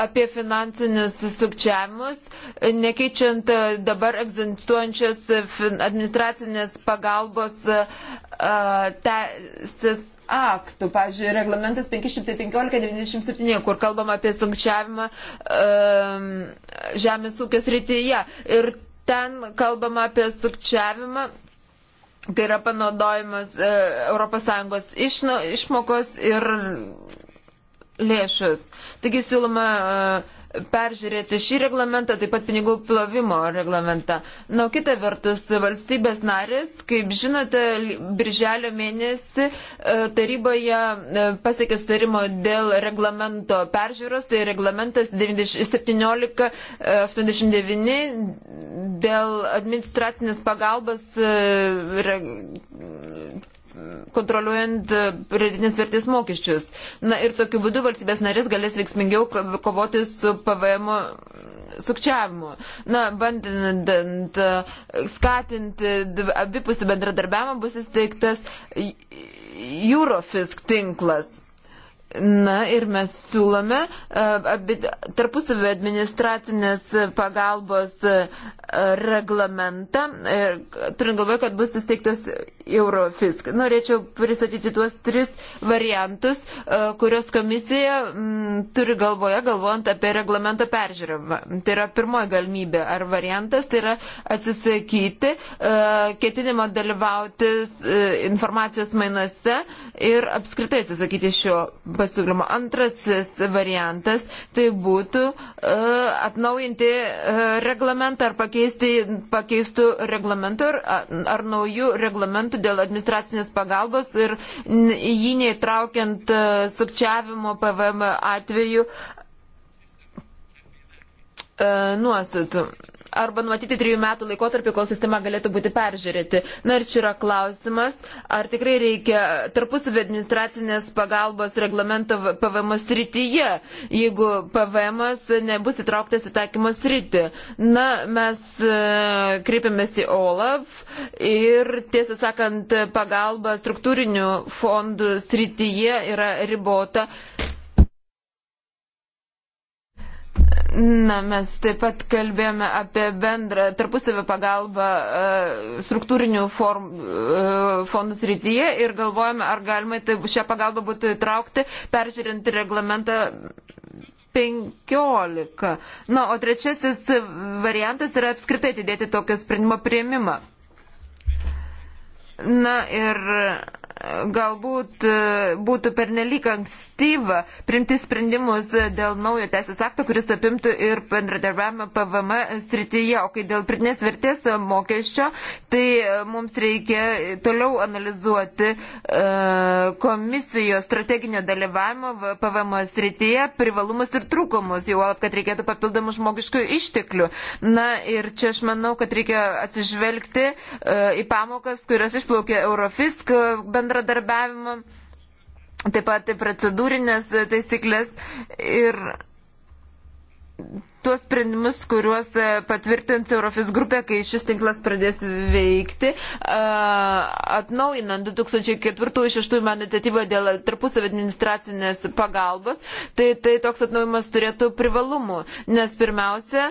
C: apie finansinius sukčiavimus, e, nekeičiant e, dabar egzistuojančias administracinės pagalbos e, teisės aktų, pavyzdžiui, reglamentas 515-97, kur kalbama apie sunkčiavimą um, e, žemės ūkio srityje. Ir Ten kalbama apie sukčiavimą, kai yra panaudojimas e, ES išmokos ir lėšus. Taigi siūloma uh, peržiūrėti šį reglamentą, taip pat pinigų plovimo reglamentą. Na, kita vertus, valstybės narės, kaip žinote, birželio mėnesį e, taryboje e, pasiekė starimo dėl reglamento peržiūros, tai reglamentas 1789 e, dėl administracinės pagalbos kontroliuojant e, pridėtinės vertės mokesčius. Na ir tokiu būdu valstybės narės galės veiksmingiau kovoti su PVM sukčiavimu. Na, bandant e, skatinti abipusį bendradarbiavimą bus įsteigtas Eurofisk tinklas. Na ir mes siūlome e, tarpusavio administracinės pagalbos e, reglamentą, e, turint galvoje, kad bus susteiktas Eurofisk. Norėčiau pristatyti tuos tris variantus, kurios komisija m, mm, turi galvoje, galvojant apie reglamento peržiūrimą. Tai yra pirmoji galimybė ar variantas, tai yra atsisakyti ketinimo dalyvauti informacijos mainuose ir apskritai atsisakyti šio pasiūlymo pasiūlymo. Antrasis variantas tai būtų uh, atnaujinti uh, reglamentą ar pakeisti pakeistų reglamentų ar, ar naujų reglamentų dėl administracinės pagalbos ir jį neįtraukiant uh, sukčiavimo PVM atveju uh, nuostatų arba numatyti trijų metų laikotarpį, kol sistema galėtų būti peržiūrėti. Na ir čia yra klausimas, ar tikrai reikia tarpusavį administracinės pagalbos reglamento PVM srityje, jeigu PVM nebus įtrauktas į taikymo sritį. Na, mes e, kreipiamės į OLAF ir tiesą sakant, pagalba struktūrinių fondų srityje yra ribota Na, mes taip pat kalbėjome apie bendrą tarpusavę pagalbą e, struktūrinių form, e, fondų srityje ir galvojame, ar galima tai, šią pagalbą būtų įtraukti, peržiūrint reglamentą 15. Na, o trečiasis variantas yra apskritai atidėti tokio sprendimo prieimimą. Na ir galbūt e, būtų pernelyg ankstyva primti sprendimus dėl naujo teisės akto, kuris apimtų ir bendradarbiavimą PVM srityje. O kai dėl pritinės vertės mokesčio, tai e, mums reikia toliau analizuoti e, komisijos strateginio dalyvavimo PVM srityje privalumus ir trūkumus, jau kad reikėtų papildomų žmogiškų išteklių. Na ir čia aš manau, kad reikia atsižvelgti į pamokas, kurios išplaukė Eurofisk bendra bendradarbiavimą, taip pat tai procedūrinės taisyklės ir tuos sprendimus, kuriuos patvirtins Eurofis grupė, kai šis tinklas pradės veikti, atnaujinant 2004-2006 metų iniciatyvą dėl tarpusavio administracinės pagalbos, tai, tai toks atnaujimas turėtų privalumų, nes pirmiausia,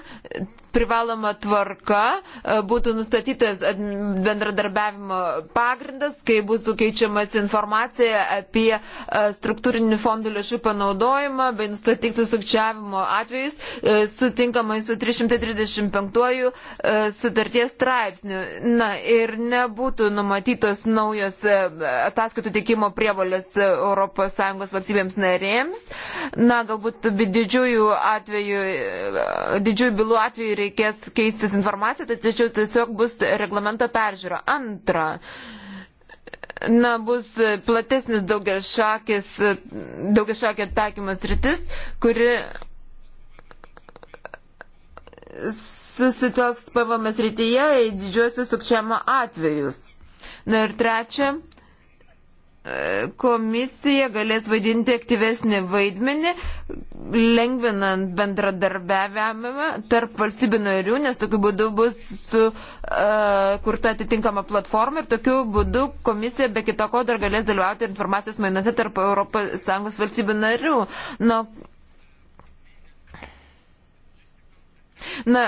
C: privaloma tvarka e, būtų nustatytas bendradarbiavimo pagrindas, kai bus keičiamas informacija apie e, struktūrinių fondų lėšų panaudojimą bei nustatyti sukčiavimo atvejus e, sutinkamai su 335 sutarties straipsniu. Na ir nebūtų numatytos naujos ataskaitų teikimo prievalės ES valstybėms narėms. Na, galbūt didžiųjų atvejų, didžiųjų bylų atveju reikia reikės keistis informaciją, tai tačiau tiesiog bus reglamento peržiūra. Antra, na, bus platesnis daugiašakė taikymas rytis, kuri susitelks PVM srityje į didžiuosius sukčiamo atvejus. Na ir trečia, komisija galės vaidinti aktyvesnį vaidmenį, lengvinant bendradarbiavimą tarp valstybių narių, nes tokiu būdu bus sukurta e, uh, atitinkama platforma ir tokiu būdu komisija be kita ko dar galės dalyvauti informacijos mainuose tarp ES valstybių narių. Nu, na,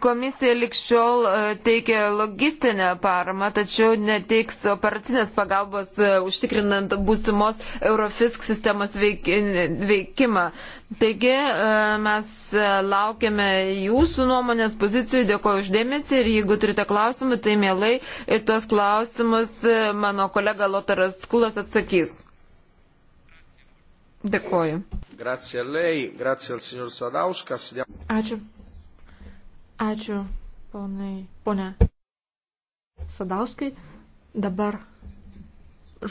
C: Komisija likščiol e, teikia logistinę paramą, tačiau neteiks operacinės pagalbos e, užtikrinant būsimos Eurofisk sistemos veikimą. Taigi e, mes laukiame jūsų nuomonės pozicijų, dėkoju uždėmesi ir jeigu turite klausimų, tai mielai tuos klausimus mano kolega Lotaras Kulas atsakys.
B: Dėkoju.
A: Grazie lei, grazie al signor Sadauskas.
B: Ačiū. Ačiū, ponai, ponė Sadauskai. Dabar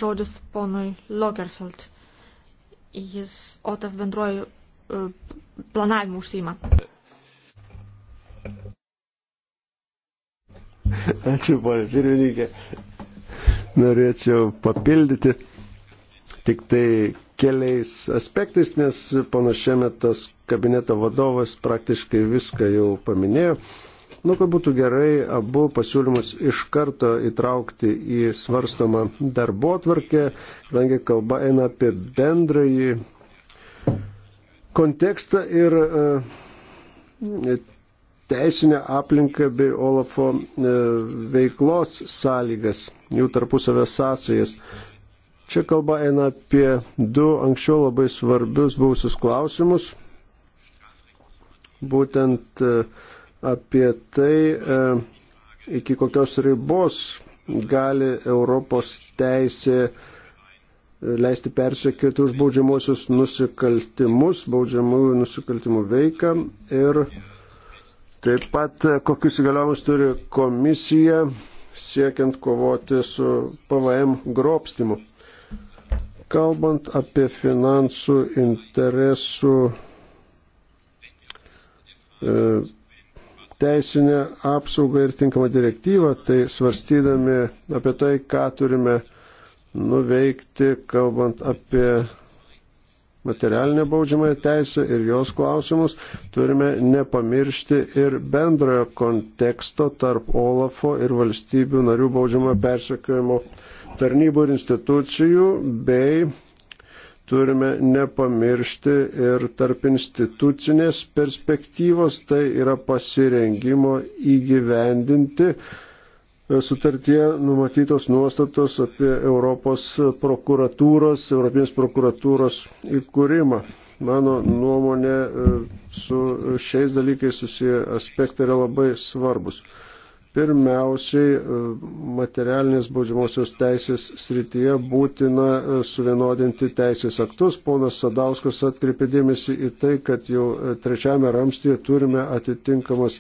B: žodis ponui Logerfeld. Jis OTAF bendruoju e, planavimu užsima.
D: Ačiū, ponė pirmininkė. Norėčiau papildyti tik tai keliais aspektais, nes panašiame tas kabineto vadovas praktiškai viską jau paminėjo. Nu, kad būtų gerai abu pasiūlymus iš karto įtraukti į svarstomą darbo tvarkę, kadangi kalba eina apie bendrąjį kontekstą ir e, teisinę aplinką bei Olafo e, veiklos sąlygas, jų tarpusavio sąsajas. Čia kalba eina apie du anksčiau labai svarbius buvusius klausimus būtent e, apie tai, e, iki kokios ribos gali Europos teisė e, leisti persekioti už baudžiamosius nusikaltimus, baudžiamųjų nusikaltimų veiką ir taip pat kokius įgaliojimus turi komisija siekiant kovoti su PVM grobstimu. Kalbant apie finansų interesų E, teisinę apsaugą ir tinkamą direktyvą, tai svarstydami apie tai, ką turime nuveikti, kalbant apie materialinę baudžiamąją teisę ir jos klausimus, turime nepamiršti ir bendrojo konteksto tarp OLAFO ir valstybių narių baudžiamojo persekiojimo tarnybų ir institucijų bei turime nepamiršti ir tarp institucinės perspektyvos, tai yra pasirengimo įgyvendinti e, sutartie numatytos nuostatos apie Europos prokuratūros, Europinės prokuratūros įkūrimą. Mano nuomonė e, su šiais dalykais susiję aspektai yra labai svarbus. Pirmiausiai, e, materialinės baudžiamosios teisės srityje būtina e, suvienodinti teisės aktus. Ponas Sadauskas atkreipė dėmesį į tai, kad jau e, trečiame ramstyje turime atitinkamas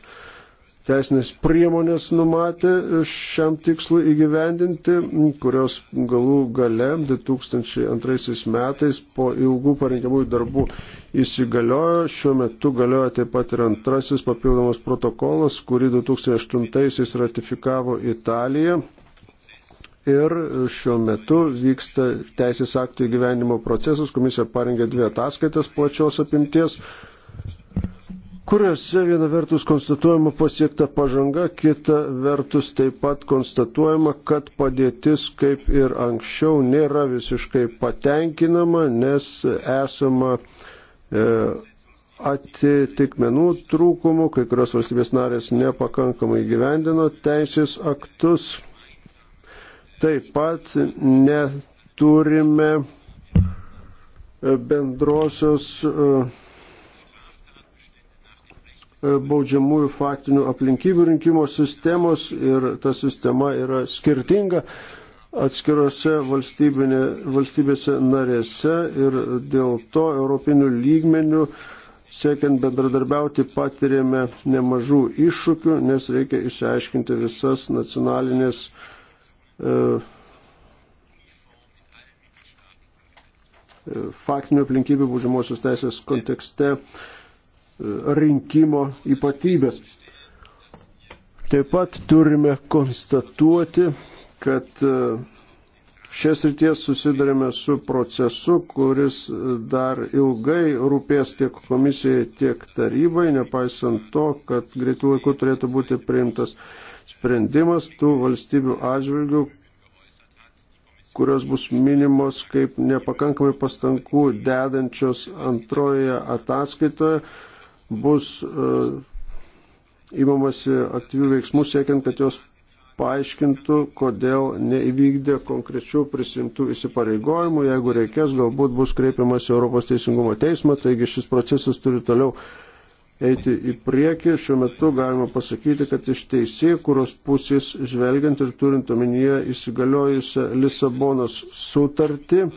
D: teisinės priemonės numatė šiam tikslui įgyvendinti, kurios galų gale 2002 metais po ilgų parengiamųjų darbų įsigaliojo. Šiuo metu galioja taip pat ir antrasis papildomas protokolas, kurį 2008 ratifikavo Italija. Ir šiuo metu vyksta teisės aktų įgyvenimo procesas. Komisija parengė dvi ataskaitas plačios apimties kuriuose viena vertus konstatuojama pasiekta pažanga, kita vertus taip pat konstatuojama, kad padėtis kaip ir anksčiau nėra visiškai patenkinama, nes esama e, atitikmenų trūkumų, kai kurios valstybės narės nepakankamai gyvendino teisės aktus. Taip pat neturime e, bendrosios e, E, baudžiamųjų faktinių aplinkybių rinkimo sistemos ir ta sistema yra skirtinga atskirose valstybėse narėse ir dėl to europinių lygmenių siekiant bendradarbiauti patirėme nemažų iššūkių, nes reikia išsiaiškinti visas nacionalinės e, e faktinių aplinkybių būdžiamosios teisės kontekste rinkimo ypatybės. Taip pat turime konstatuoti, kad e, šias ryties susidarėme su procesu, kuris dar ilgai rūpės tiek komisijai, tiek tarybai, nepaisant to, kad greitų laikų turėtų būti priimtas sprendimas tų valstybių atžvilgių, kurios bus minimos kaip nepakankamai pastangų dedančios antroje ataskaitoje, bus įmamasi e, aktyvių veiksmų siekiant, kad jos paaiškintų, kodėl neįvykdė konkrečių prisimtų įsipareigojimų. Jeigu reikės, galbūt bus kreipiamas į Europos Teisingumo teismą, taigi šis procesas turi toliau eiti į priekį. Šiuo metu galima pasakyti, kad iš teisėjų, kurios pusės žvelgiant ir turint omenyje įsigaliojusią Lisabonos sutartį,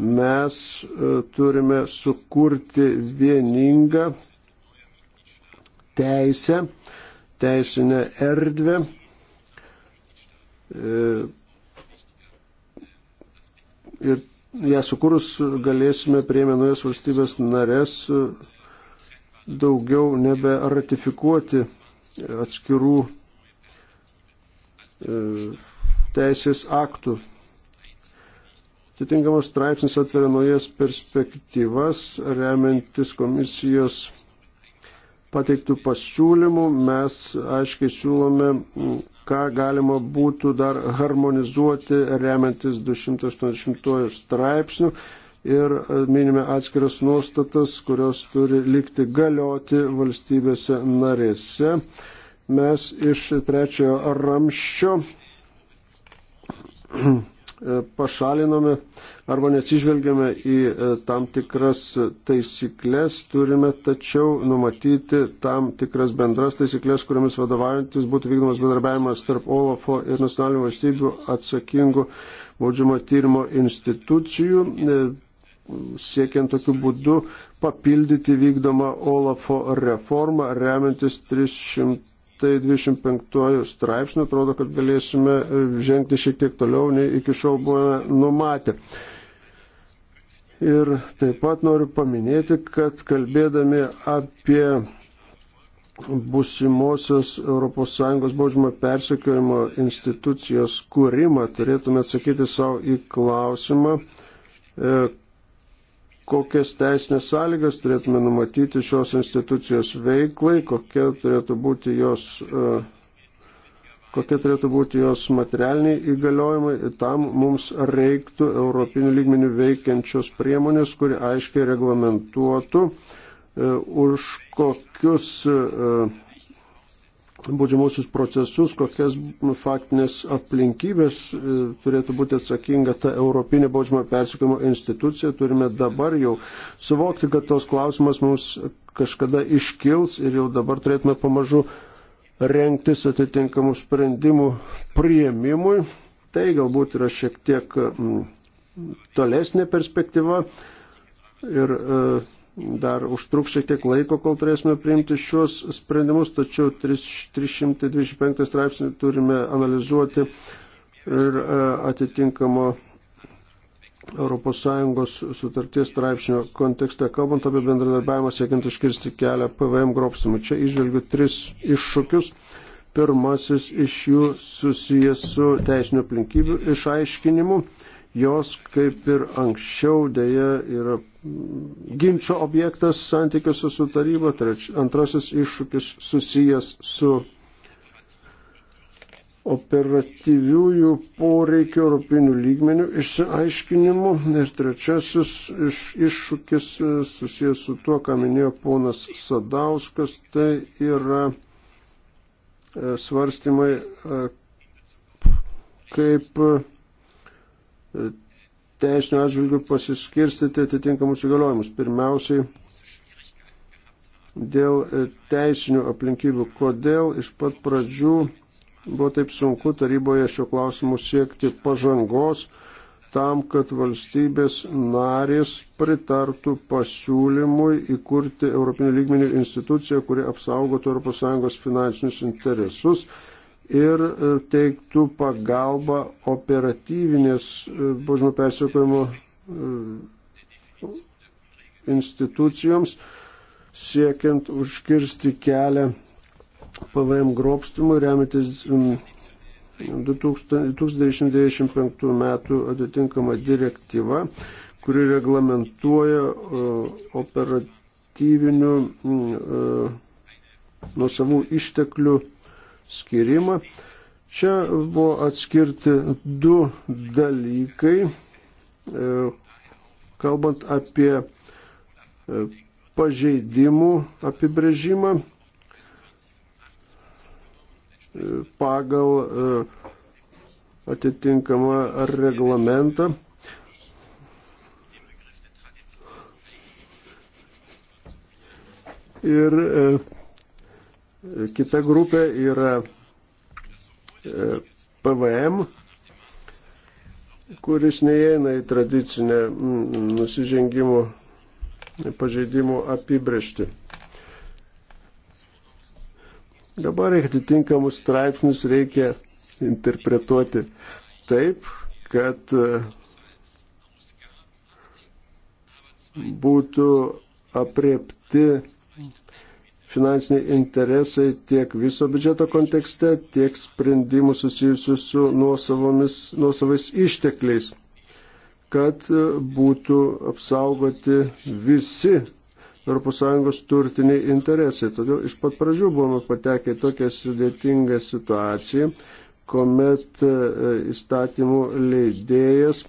D: mes e, turime sukurti vieningą teisę, teisinę erdvę. E, ir ją sukūrus galėsime prieimę naujas valstybės narės daugiau nebe ratifikuoti atskirų e, teisės aktų. Atitinkamas straipsnis atveria naujas perspektyvas, remiantis komisijos pateiktų pasiūlymų mes aiškiai siūlome, ką galima būtų dar harmonizuoti remiantis 280 straipsnių ir e, minime atskiras nuostatas, kurios turi likti galioti valstybėse narėse. Mes iš trečiojo ramščio E, pašalinome arba nesižvelgiame į e, tam tikras taisyklės, turime tačiau numatyti tam tikras bendras taisyklės, kuriamis vadovaujantis būtų vykdomas bendarbiavimas tarp OLAFO ir nacionalinių valstybių atsakingų baudžiamo tyrimo institucijų, e, siekiant tokiu būdu papildyti vykdomą OLAFO reformą, remiantis 300 tai 25 straipsnių atrodo, kad galėsime e, žengti šiek tiek toliau, nei iki šiol buvome numatę. Ir taip pat noriu paminėti, kad kalbėdami apie busimosios ES baudžiamo persekiojimo institucijos kūrimą, turėtume atsakyti savo į klausimą, e, kokias teisinės sąlygas turėtume numatyti šios institucijos veiklai, kokie turėtų būti jos, e, kokie turėtų būti jos materialiniai įgaliojimai. Tam mums reiktų Europinių lygmenių veikiančios priemonės, kuri aiškiai reglamentuotų, e, už kokius e, baudžiamusius procesus, kokias nu, faktinės aplinkybės e, turėtų būti atsakinga ta Europinė baudžiamo persikėjimo institucija. Turime dabar jau suvokti, kad tos klausimas mums kažkada iškils ir jau dabar turėtume pamažu renktis atitinkamų sprendimų prieimimui. Tai galbūt yra šiek tiek mm, tolesnė perspektyva ir e, dar užtruks šiek tiek laiko, kol turėsime priimti šios sprendimus, tačiau 325 straipsnį turime analizuoti ir e, atitinkamo ES sutarties straipsnio kontekste, kalbant apie bendradarbiavimą siekiant užkirsti kelią PVM grobstimui. Čia išvelgiu tris iššūkius. Pirmasis iš jų susijęs su teisinių aplinkybių išaiškinimu jos kaip ir anksčiau dėja yra ginčio objektas santykiuose su taryba, treč, antrasis iššūkis susijęs su operatyviųjų poreikių europinių lygmenių išsiaiškinimu ir trečiasis iš, iššūkis e, susijęs su tuo, ką minėjo ponas Sadauskas, tai yra e, svarstymai, e, kaip teisinių atžvilgių pasiskirstyti atitinkamus įgaliojimus. Pirmiausiai dėl e, teisinių aplinkybių, kodėl iš pat pradžių buvo taip sunku taryboje šio klausimu siekti pažangos tam, kad valstybės narės pritartų pasiūlymui įkurti Europinį lygmenį instituciją, kuri apsaugotų ES finansinius interesus ir e, teiktų pagalbą operatyvinės e, bažnyčių persikojimo e, institucijoms, siekiant užkirsti kelią PVM grobstimui, remiantis 1995 metų atitinkama direktyva, kuri reglamentuoja operatyvinių nuo savų išteklių skirimą. Čia buvo atskirti du dalykai, e, kalbant apie e, pažeidimų apibrėžimą e, pagal atitinkamą reglamentą. Ir e, Kita grupė yra e, PVM, kuris neįeina į tradicinę mm, nusižengimų pažeidimų apibrėžti. Dabar atitinkamus straipsnius reikia interpretuoti taip, kad e, būtų apriepti finansiniai interesai tiek viso biudžeto kontekste, tiek sprendimų susijusių su nuosavais ištekliais, kad e, būtų apsaugoti visi ES turtiniai interesai. Todėl iš pat pradžių buvome patekę į tokią sudėtingą situaciją, kuomet e, įstatymų leidėjas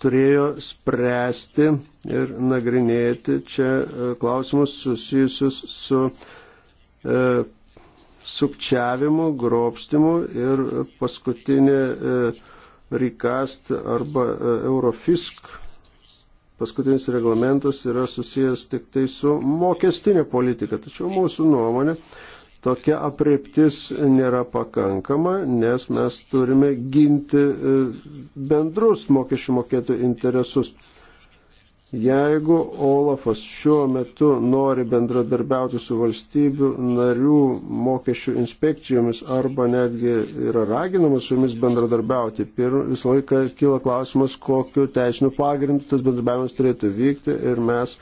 D: turėjo spręsti ir nagrinėti čia e, klausimus susijusius su e, sukčiavimu, grobstimu ir paskutinė e, Rikast arba e, Eurofisk. Paskutinis reglamentas yra susijęs tik tai su mokestinė politika, tačiau mūsų nuomonė tokia apriptis nėra pakankama, nes mes turime ginti e, bendrus mokesčių mokėtojų interesus. Jeigu Olafas šiuo metu nori bendradarbiauti su valstybių narių mokesčių inspekcijomis arba netgi yra raginamas su jomis bendradarbiauti, pir, visą laiką kyla klausimas, kokiu teisiniu pagrindu tas bendradarbiavimas turėtų vykti ir mes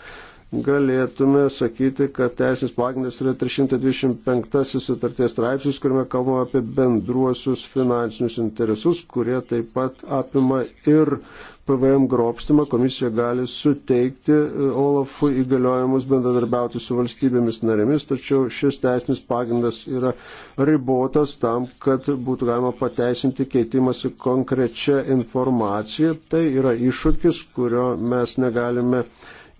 D: galėtume sakyti, kad teisinis pagrindas yra 325 sutarties straipsnis, kuriame kalbama apie bendruosius finansinius interesus, kurie taip pat apima ir PVM grobstimą. Komisija gali suteikti e, Olafui įgaliojimus bendradarbiauti su valstybėmis narėmis, tačiau šis teisinis pagrindas yra ribotas tam, kad būtų galima pateisinti keitimąsi konkrečią informaciją. Tai yra iššūkis, kurio mes negalime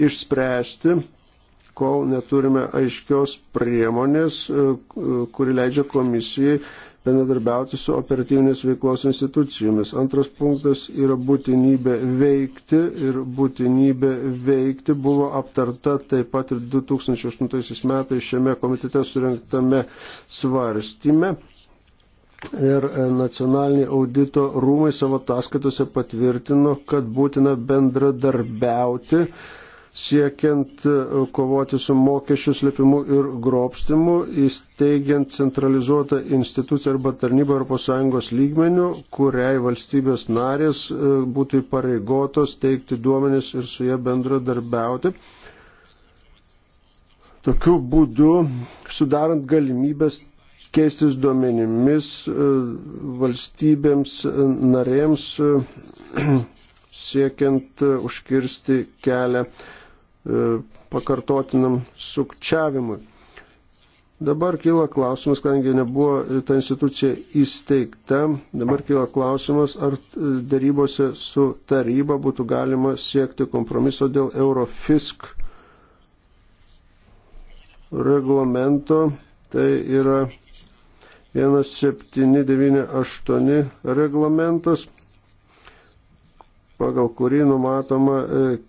D: išspręsti, kol neturime aiškios priemonės, e, kuri leidžia komisijai bendradarbiauti su operatyvinės veiklos institucijomis. Antras punktas yra būtinybė veikti ir būtinybė veikti buvo aptarta taip pat ir 2008 metais šiame komitete surinktame svarstyme. Ir e, nacionaliniai audito rūmai savo ataskaitose patvirtino, kad būtina bendradarbiauti uh, siekiant e, kovoti su mokesčių slėpimu ir grobstimu, įsteigiant centralizuotą instituciją arba tarnybą ES lygmenių, kuriai valstybės narės e, būtų įpareigotos teikti duomenis ir su jie bendradarbiauti. Tokiu būdu sudarant galimybės keistis duomenimis e, valstybėms narėms siekiant užkirsti kelią E, pakartotinam sukčiavimui. Dabar kyla klausimas, kadangi nebuvo ta institucija įsteigta, dabar kyla klausimas, ar e, darybose su taryba būtų galima siekti kompromiso dėl Eurofisk reglamento. Tai yra 1798 reglamentas, pagal kurį numatoma e,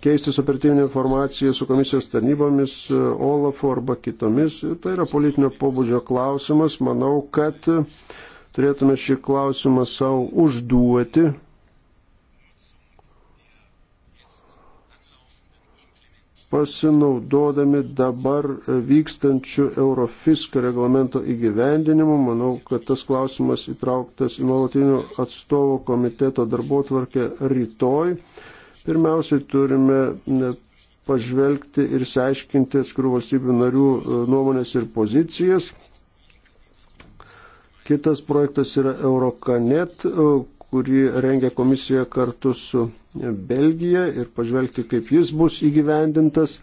D: keistis operatyvinę informaciją su komisijos tarnybomis, e, OLAFu arba kitomis. Tai yra politinio pobūdžio klausimas. Manau, kad turėtume šį klausimą savo užduoti. Pasinaudodami dabar vykstančių Eurofisko reglamento įgyvendinimu, manau, kad tas klausimas įtrauktas į nuolatinio atstovo komiteto darbo tvarkę rytoj. Pirmiausiai turime pažvelgti ir seiškinti atskirų valstybių narių e, nuomonės ir pozicijas. Kitas projektas yra Eurokanet, e, kurį rengia komisija kartu su e, Belgija ir pažvelgti, kaip jis bus įgyvendintas.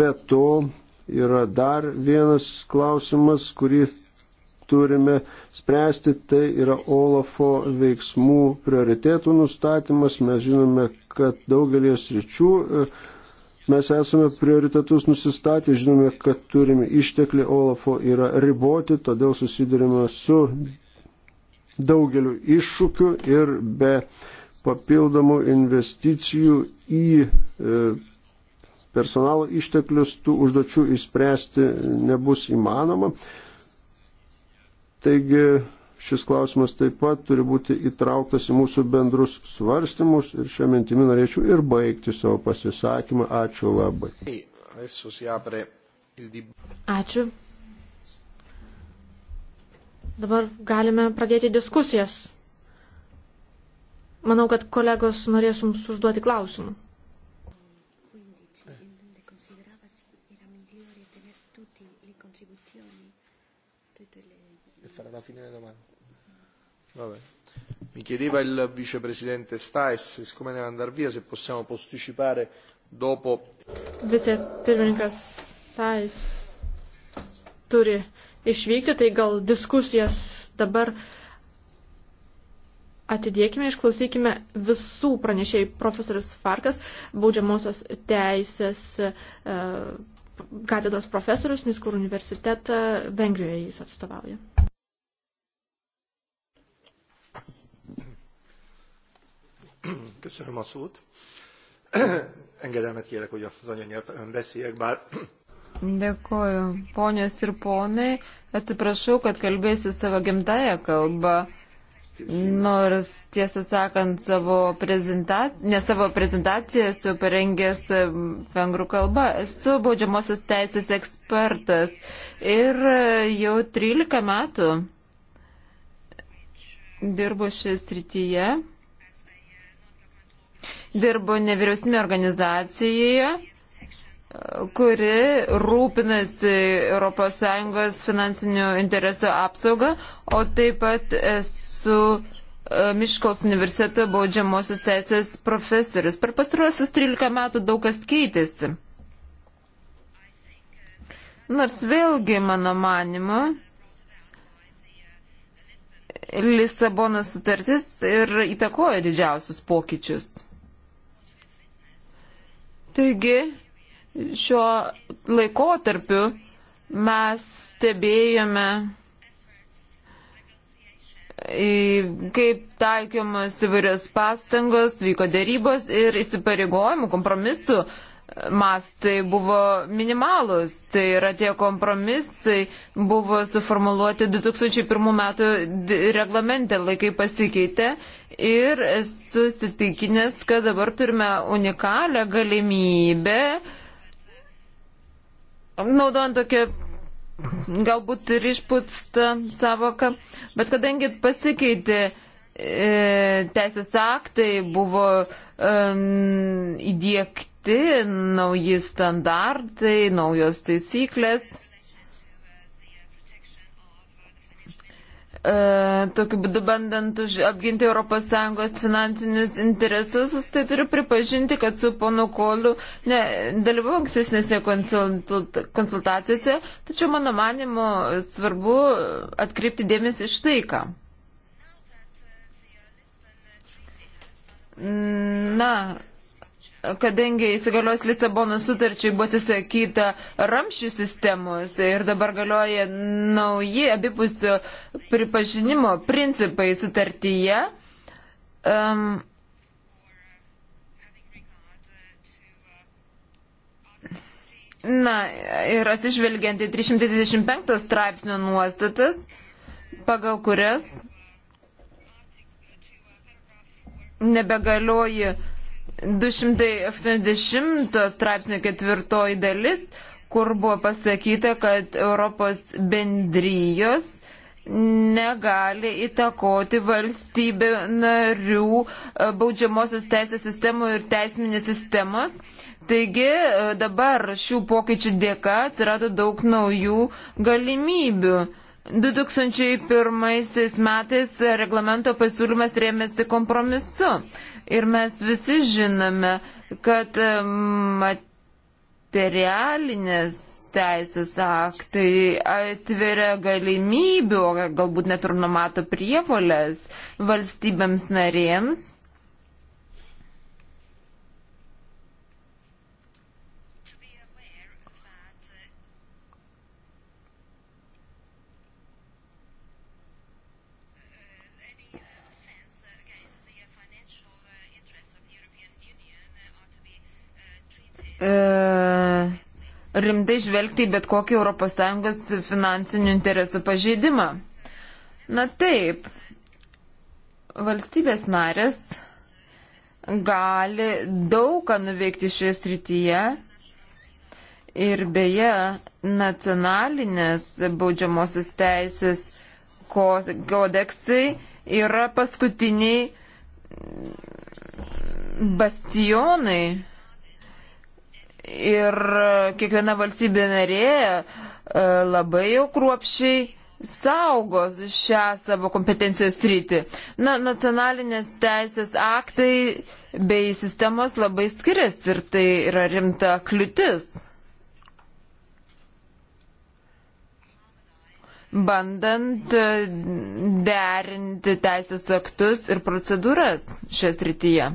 D: Be to yra dar vienas klausimas, kurį turime spręsti, tai yra Olafo veiksmų prioritėtų nustatymas. Mes žinome, kad daugelį sričių e, mes esame prioritetus nusistatę, žinome, kad turime ištekliai Olafo yra riboti, todėl susidurime su daugeliu iššūkių ir be papildomų investicijų į e, personalo išteklius tų užduočių įspręsti nebus įmanoma. Taigi šis klausimas taip pat turi būti įtrauktas į mūsų bendrus svarstymus ir šią mintimį norėčiau ir baigti savo pasisakymą. Ačiū labai.
B: Ačiū. Dabar galime pradėti diskusijas. Manau, kad kolegos norės jums užduoti klausimą.
A: alla fine delle domande. Vabbè. Mi chiedeva il vicepresidente Staes, siccome deve andare via, se possiamo posticipare dopo.
B: Vicepirmininkas Staes turi išvykti, tai gal diskusijas dabar atidėkime, išklausykime visų pranešėjų. Profesorius Farkas, baudžiamosios teisės e, katedros profesorius, Miskur universitetą, Vengrijoje jis atstovauja.
A: Köszönöm a szót. Engedelmet kérek, hogy az anyanyelven beszéljek, bár
C: Dėkuoju. Ponios ir ponai, atsiprašau, kad kalbėsiu savo gimtają kalbą. Nors tiesą sakant, savo prezentac... ne savo prezentaciją esu parengęs vengrų kalbą. Esu baudžiamosios teisės ekspertas ir e, jau 13 metų dirbu šioje srityje dirbo nevyriausybinė organizacijoje, kuri rūpinasi ES finansinių interesų apsaugą, o taip pat esu e, Miškos universiteto baudžiamosios teisės profesorius. Per pastaruosius 13 metų daug kas keitėsi. Nors vėlgi, mano manimu, Lisabonos sutartis ir įtakojo didžiausius pokyčius. Taigi, šiuo laikotarpiu mes stebėjome kaip taikiamas įvairios pastangos, vyko dėrybos ir įsipareigojimų, kompromisų mastai buvo minimalus. Tai yra tie kompromisai buvo suformuluoti 2001 metų reglamente, laikai pasikeitė Ir esu sitikinęs, kad dabar turime unikalią galimybę, naudojant tokią galbūt ir išputstą savoką, bet kadangi pasikeitė e, teisės aktai, buvo e, įdėkti nauji standartai, naujos taisyklės. E, tokiu būdu bandant už, apginti ES finansinius interesus, tai turiu pripažinti, kad su ponu Koliu dalyvau ankstesnėse konsultacijose, tačiau mano manimo svarbu atkreipti dėmesį iš tai, ką. Na, kadangi įsigalios Lisabono sutarčiai buvo atsisakyta ramšių sistemos ir dabar galioja nauji abipusio pripažinimo principai sutartyje. Um, Na, ir atsižvelgiant į 325 straipsnio nuostatas, pagal kurias nebegalioji 280 straipsnio ketvirtoji dalis, kur buvo pasakyta, kad Europos bendrijos negali įtakoti valstybių narių e, baudžiamosios teisės sistemų ir teisminės sistemos. Taigi e, dabar šių pokyčių dėka atsirado daug naujų galimybių. 2001 metais reglamento pasiūlymas rėmėsi kompromisu. Ir mes visi žinome, kad materialinės teisės aktai atveria galimybių, galbūt net ir numato prievolės valstybėms narėms E, rimtai žvelgti į bet kokį ES finansinių interesų pažeidimą. Na taip, valstybės narės gali daug ką nuveikti šioje srityje ir beje nacionalinės baudžiamosios teisės kodeksai yra paskutiniai bastionai ir e, kiekviena valstybė narė e, labai jau kruopšiai saugos šią savo kompetencijos rytį. Na, nacionalinės teisės aktai bei sistemos labai skiriasi ir tai yra rimta kliūtis. Bandant e, derinti teisės aktus ir procedūras šią srityje.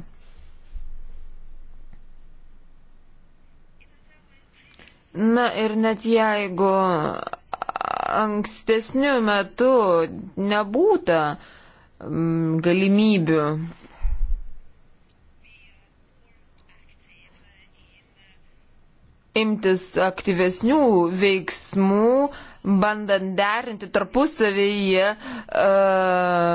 C: Na ir net jeigu ankstesniu metu nebūta mm, galimybių imtis aktyvesnių veiksmų, bandant derinti tarpusavyje uh,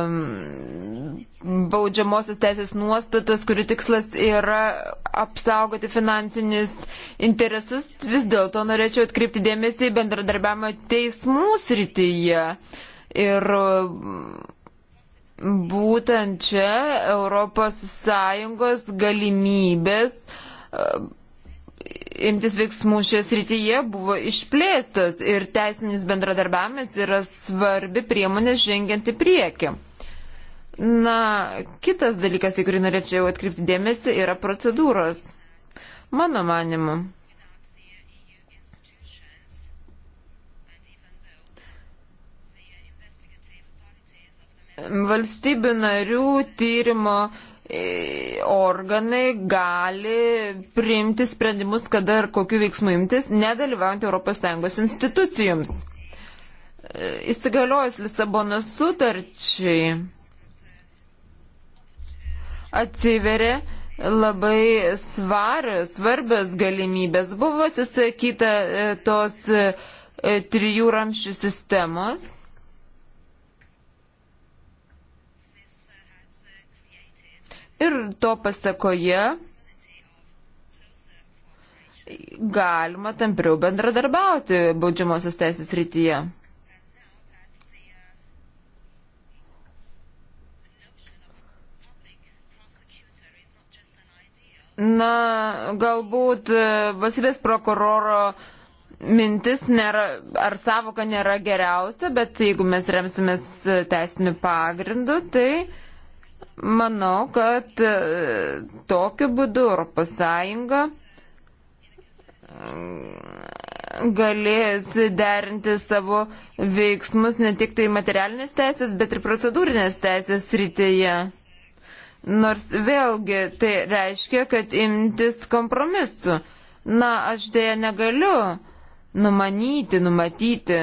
C: ehm, baudžiamosios teisės nuostatas, kurių tikslas yra apsaugoti finansinius interesus, vis dėlto norėčiau atkreipti dėmesį į bendradarbiavimą teismų srityje. Ir būtent čia Europos Sąjungos galimybės uh, imtis veiksmų šios rytyje buvo išplėstas ir teisinis bendradarbiavimas yra svarbi priemonė žengiant į priekį. Na, kitas dalykas, į kurį norėčiau atkreipti dėmesį, yra procedūros. Mano manimu. Valstybių narių tyrimo E, organai gali priimti sprendimus, kada ir kokiu veiksmu imtis, nedalyvaujant ES institucijoms. E, įsigaliojus Lisabonos sutarčiai atsiveria labai svarios, svarbios galimybės. Buvo atsisakyta e, tos trijų ramščių sistemos. Ir to pasakoje galima tampriau bendradarbiauti baudžiamosios teisės rytyje. Na, galbūt e, valstybės prokuroro mintis nėra, ar savoka nėra geriausia, bet jeigu mes remsimės e, teisiniu pagrindu, tai Manau, kad e, tokiu būdu ES e, galės derinti savo veiksmus ne tik tai materialinės teisės, bet ir procedūrinės teisės rytyje. Nors vėlgi tai reiškia, kad imtis kompromisu. Na, aš dėja negaliu numanyti, numatyti.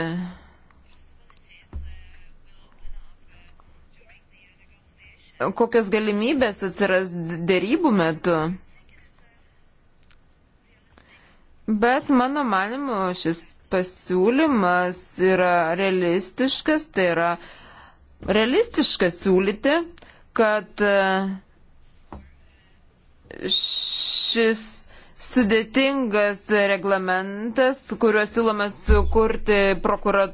C: kokios galimybės atsiras dėrybų metu. Bet mano manimu šis pasiūlymas yra realistiškas, tai yra realistiška siūlyti, kad e, šis sudėtingas reglamentas, kuriuo siūloma sukurti prokuratūrą,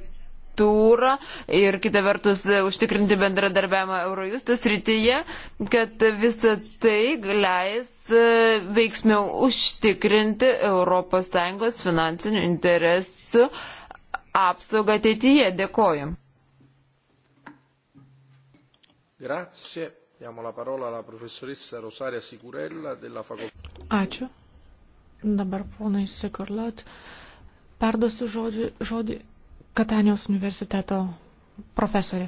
C: agentūrą ir kita vertus e, užtikrinti bendradarbiavimą Eurojustas rytyje, kad visa tai leis e, veiksmiau užtikrinti ES finansinių interesų apsaugą ateityje.
B: Dėkoju.
A: Grazie. Diamo la parola alla professoressa Rosaria Sicurella della facoltà.
B: Ačiū. Dabar ponai Sikurlat. Perduosiu žodį, žodį Katanijos universiteto profesorė.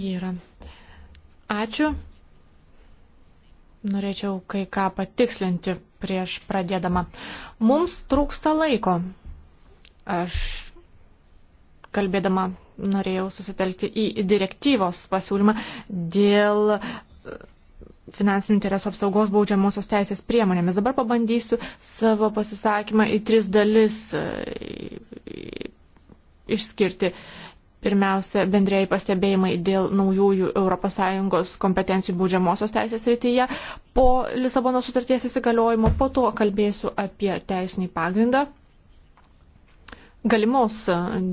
B: Ji yra. Ačiū. Norėčiau kai ką patikslinti prieš pradėdama. Mums trūksta laiko. Aš kalbėdama norėjau susitelkti į direktyvos pasiūlymą dėl finansinių interesų apsaugos baudžiamosios teisės priemonėmis. Dabar pabandysiu savo pasisakymą į tris dalis e, išskirti. Pirmiausia, bendrėjai pastebėjimai dėl naujųjų ES kompetencijų baudžiamosios teisės rytyje. Po Lisabono sutarties įsigaliojimo, po to kalbėsiu apie teisinį pagrindą. Galimos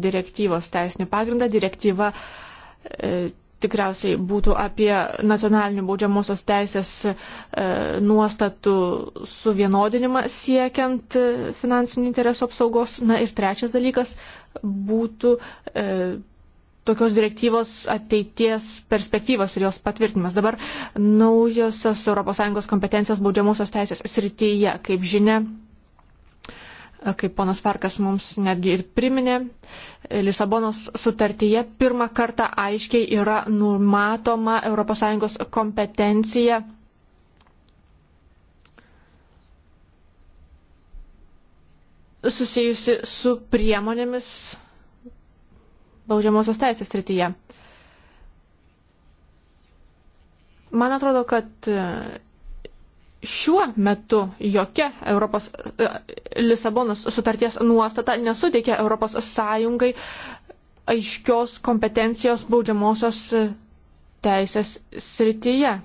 B: direktyvos teisinį pagrindą, direktyva e, tikriausiai būtų apie nacionalinių baudžiamosios teisės e, nuostatų suvienodinimą siekiant e, finansinių interesų apsaugos. Na ir trečias dalykas būtų e, tokios direktyvos ateities perspektyvos ir jos patvirtinimas. Dabar naujosios ES kompetencijos baudžiamosios teisės srityje, kaip žinia, kaip ponas Parkas mums netgi ir priminė, Lisabonos sutartyje pirmą kartą aiškiai yra numatoma ES kompetencija. susijusi su priemonėmis baudžiamosios teisės srityje. Man atrodo, kad šiuo metu jokia Europos e, Lisabonos sutarties nuostata nesuteikia Europos Sąjungai aiškios kompetencijos baudžiamosios e, teisės srityje.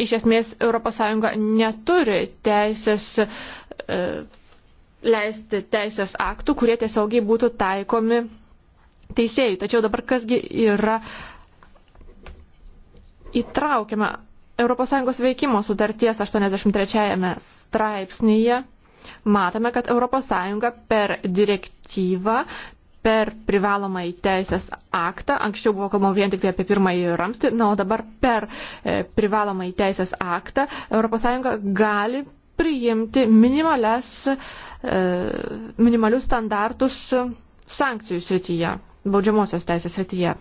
B: Iš esmės, ES neturi teisės e, leisti teisės aktų, kurie tiesiogiai būtų taikomi teisėjai. Tačiau dabar kasgi yra įtraukiama ES veikimo sutarties 83 straipsnėje. Matome, kad ES per direktyvą, per privalomąjį teisės aktą, anksčiau buvo kalbama vien tik tai apie pirmąjį ramstį, na, o dabar per e, privalomąjį teisės aktą ES gali priimti minimales, e, minimalius standartus sankcijų srityje, baudžiamosios teisės srityje.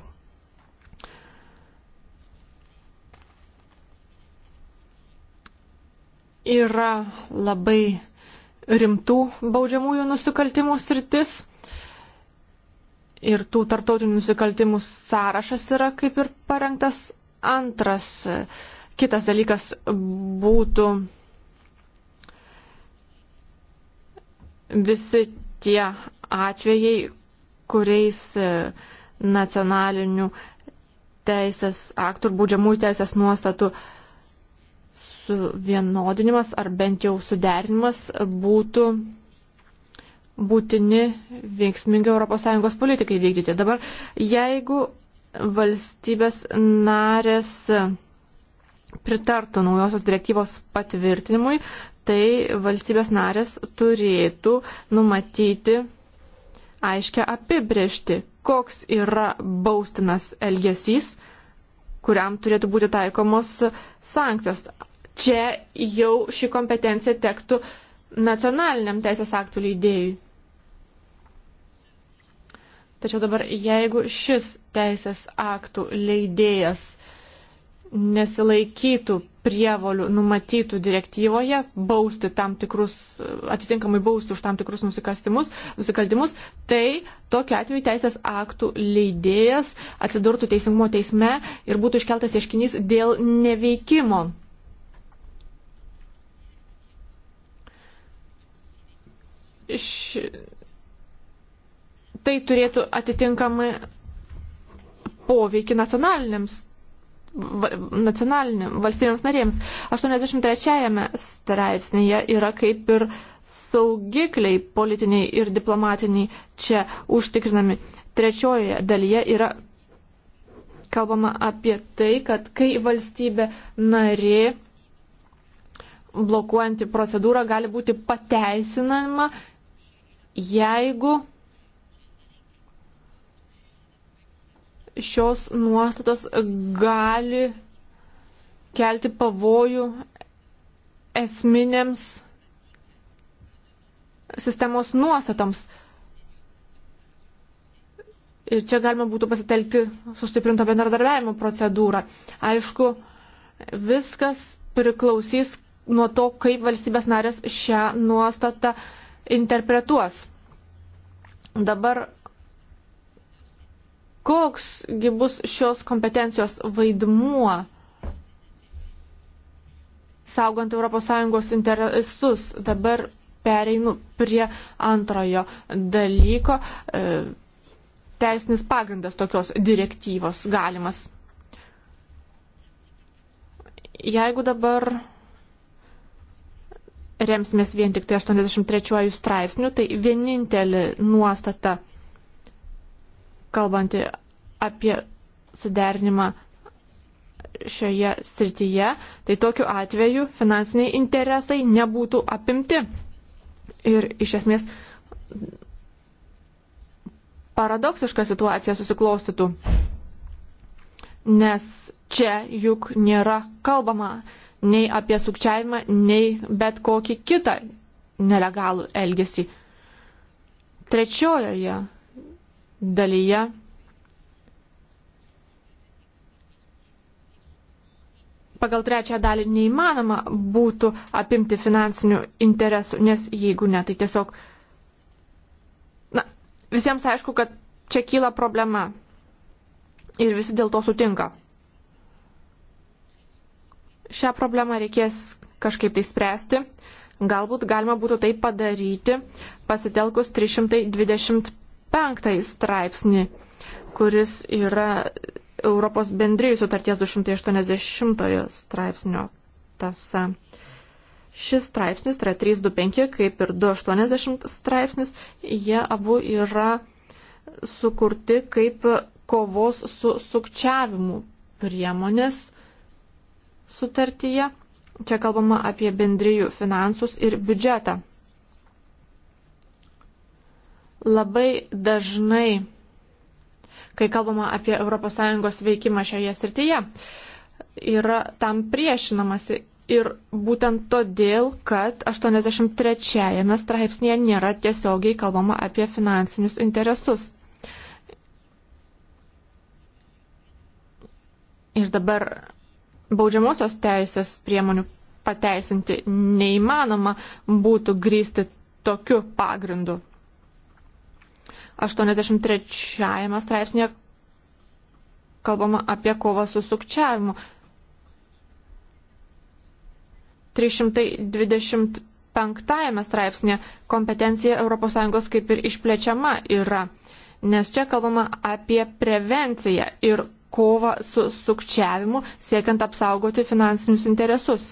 B: yra labai rimtų baudžiamųjų nusikaltimų sritis. Ir tų tartautinių nusikaltimų sąrašas yra kaip ir parengtas antras. Kitas dalykas būtų visi tie atvejai, kuriais e, nacionalinių teisės aktų ir baudžiamųjų teisės nuostatų uh, suvienodinimas ar bent jau suderinimas būtų būtini veiksmingi ES politikai vykdyti. Dabar, jeigu valstybės narės pritartų naujosios direktyvos patvirtinimui, tai valstybės narės turėtų numatyti aiškę apibriežti, koks yra baustinas elgesys, kuriam turėtų būti taikomos sankcijos čia jau ši kompetencija tektų nacionaliniam teisės aktų leidėjui. Tačiau dabar, jeigu šis teisės aktų leidėjas nesilaikytų prievolių numatytų direktyvoje, bausti tam tikrus, atitinkamai bausti už tam tikrus nusikaltimus, tai tokiu atveju teisės aktų leidėjas atsidurtų teisingumo teisme ir būtų iškeltas ieškinys dėl neveikimo. š... tai turėtų atitinkamai poveikį nacionaliniams nacionaliniam valstybėms narėms. 83 straipsnėje yra kaip ir saugikliai politiniai ir diplomatiniai čia užtikrinami. Trečiojoje dalyje yra kalbama apie tai, kad kai valstybė narė blokuojanti procedūra gali būti pateisinama jeigu šios nuostatos gali kelti pavojų esminėms sistemos nuostatoms. Ir čia galima būtų pasitelkti sustiprinto bendradarbiavimo procedūrą. Aišku, viskas priklausys nuo to, kaip valstybės narės šią nuostatą uh, interpretuos. Dabar koksgi bus šios kompetencijos vaidmuo saugant ES interesus. Dabar pereinu prie antrojo dalyko. E, teisinis pagrindas tokios direktyvos galimas. Jeigu dabar remsimės vien tik tai 83 straipsnių, tai vienintelė nuostata, kalbanti apie suderinimą šioje srityje, tai tokiu atveju finansiniai interesai nebūtų apimti. Ir iš esmės paradoksiška situacija susiklostytų, nes čia juk nėra kalbama nei apie sukčiavimą, nei bet kokį kitą nelegalų elgesį. Trečiojoje dalyje pagal trečią dalį neįmanoma būtų apimti finansinių interesų, nes jeigu ne, tai tiesiog. Na, visiems aišku, kad čia kyla problema. Ir visi dėl to sutinka šią problemą reikės kažkaip tai spręsti. Galbūt galima būtų tai padaryti pasitelkus 325 straipsnį, kuris yra Europos bendrijų sutarties 280 straipsnio tasa. Šis straipsnis, tai yra 325, kaip ir 280 straipsnis, jie abu yra sukurti kaip kovos su sukčiavimu priemonės sutartyje. Čia kalbama apie bendrijų finansus ir biudžetą. Labai dažnai, kai kalbama apie ES veikimą šioje srityje, yra tam priešinamasi ir būtent todėl, kad 83 straipsnėje nėra tiesiogiai kalbama apie finansinius interesus. Ir dabar baudžiamosios teisės priemonių pateisinti neįmanoma būtų grįsti tokiu pagrindu. 83 straipsnėje kalbama apie kovą su sukčiavimu. 325 straipsnėje kompetencija ES kaip ir išplečiama yra, nes čia kalbama apie prevenciją ir kovą su sukčiavimu, siekiant apsaugoti finansinius interesus.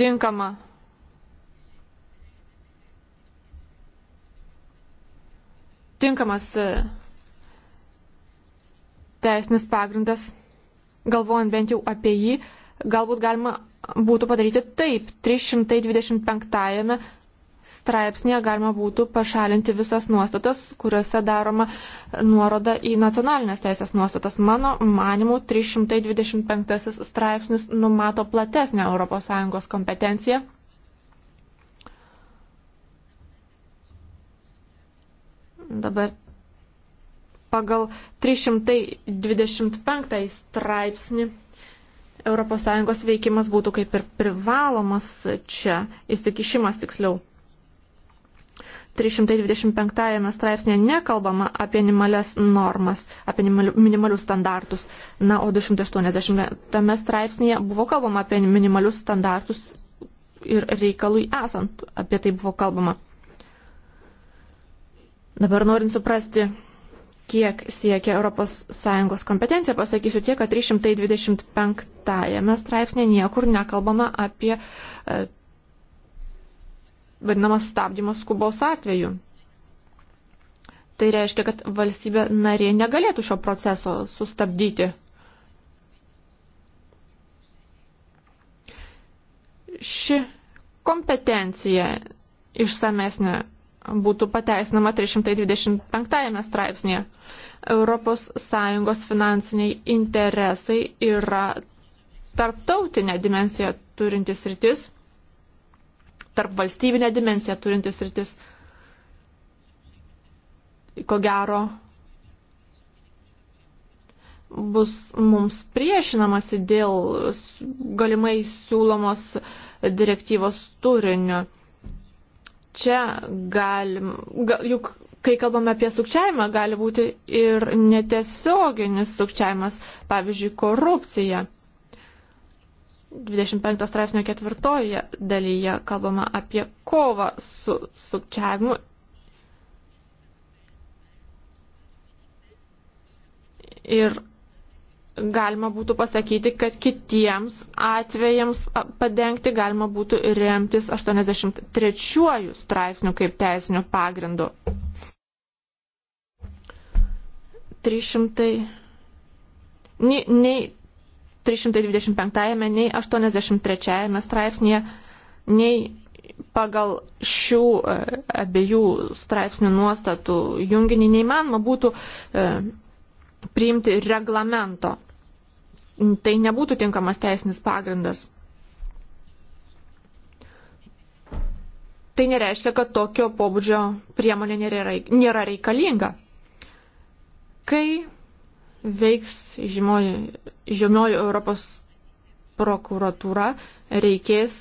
B: Tinkama tinkamas e, teisinis pagrindas, galvojant bent jau apie jį, galbūt galima būtų padaryti taip. 325 straipsnėje galima būtų pašalinti visas nuostatas, kuriuose daroma nuoroda į nacionalinės teisės nuostatas. Mano manimu, 325 straipsnis numato platesnę ES kompetenciją. Dabar pagal 325 straipsnį ES veikimas būtų kaip ir privalomas čia, įsikišimas tiksliau. 325 straipsnėje nekalbama apie minimales normas, apie minimalius standartus. Na, o 280 straipsnėje buvo kalbama apie minimalius standartus ir reikalui esant apie tai buvo kalbama. Dabar norint suprasti, kiek siekia ES kompetencija, pasakysiu tiek, kad 325 straipsnėje niekur nekalbama apie e, vadinamas stabdymas skubos atveju. Tai reiškia, kad valstybė narė negalėtų šio proceso sustabdyti. Ši kompetencija išsamesnė būtų pateisinama 325 straipsnėje. ES finansiniai interesai yra tarptautinė dimensija turintis rytis tarp valstybinę dimenciją turintis rytis. Ko gero, bus mums priešinamasi dėl galimai siūlomos direktyvos turinio. Čia galim, ga, juk kai kalbame apie sukčiavimą, gali būti ir netiesioginis sukčiavimas, pavyzdžiui, korupcija. 25 straipsnio ketvirtoje dalyje kalbama apie kovą su sukčiavimu. Ir galima būtų pasakyti, kad kitiems atvejams padengti galima būtų remtis 83 straipsnių kaip teisinių pagrindų. 300. Nei, nei 325 nei 83 straipsnėje, nei pagal šių e, abiejų straipsnių nuostatų junginį neįmanoma būtų e, priimti reglamento. Tai nebūtų tinkamas teisinis pagrindas. Tai nereiškia, kad tokio pobūdžio priemonė nėra reikalinga. Kai veiks žemioji Europos prokuratūra, reikės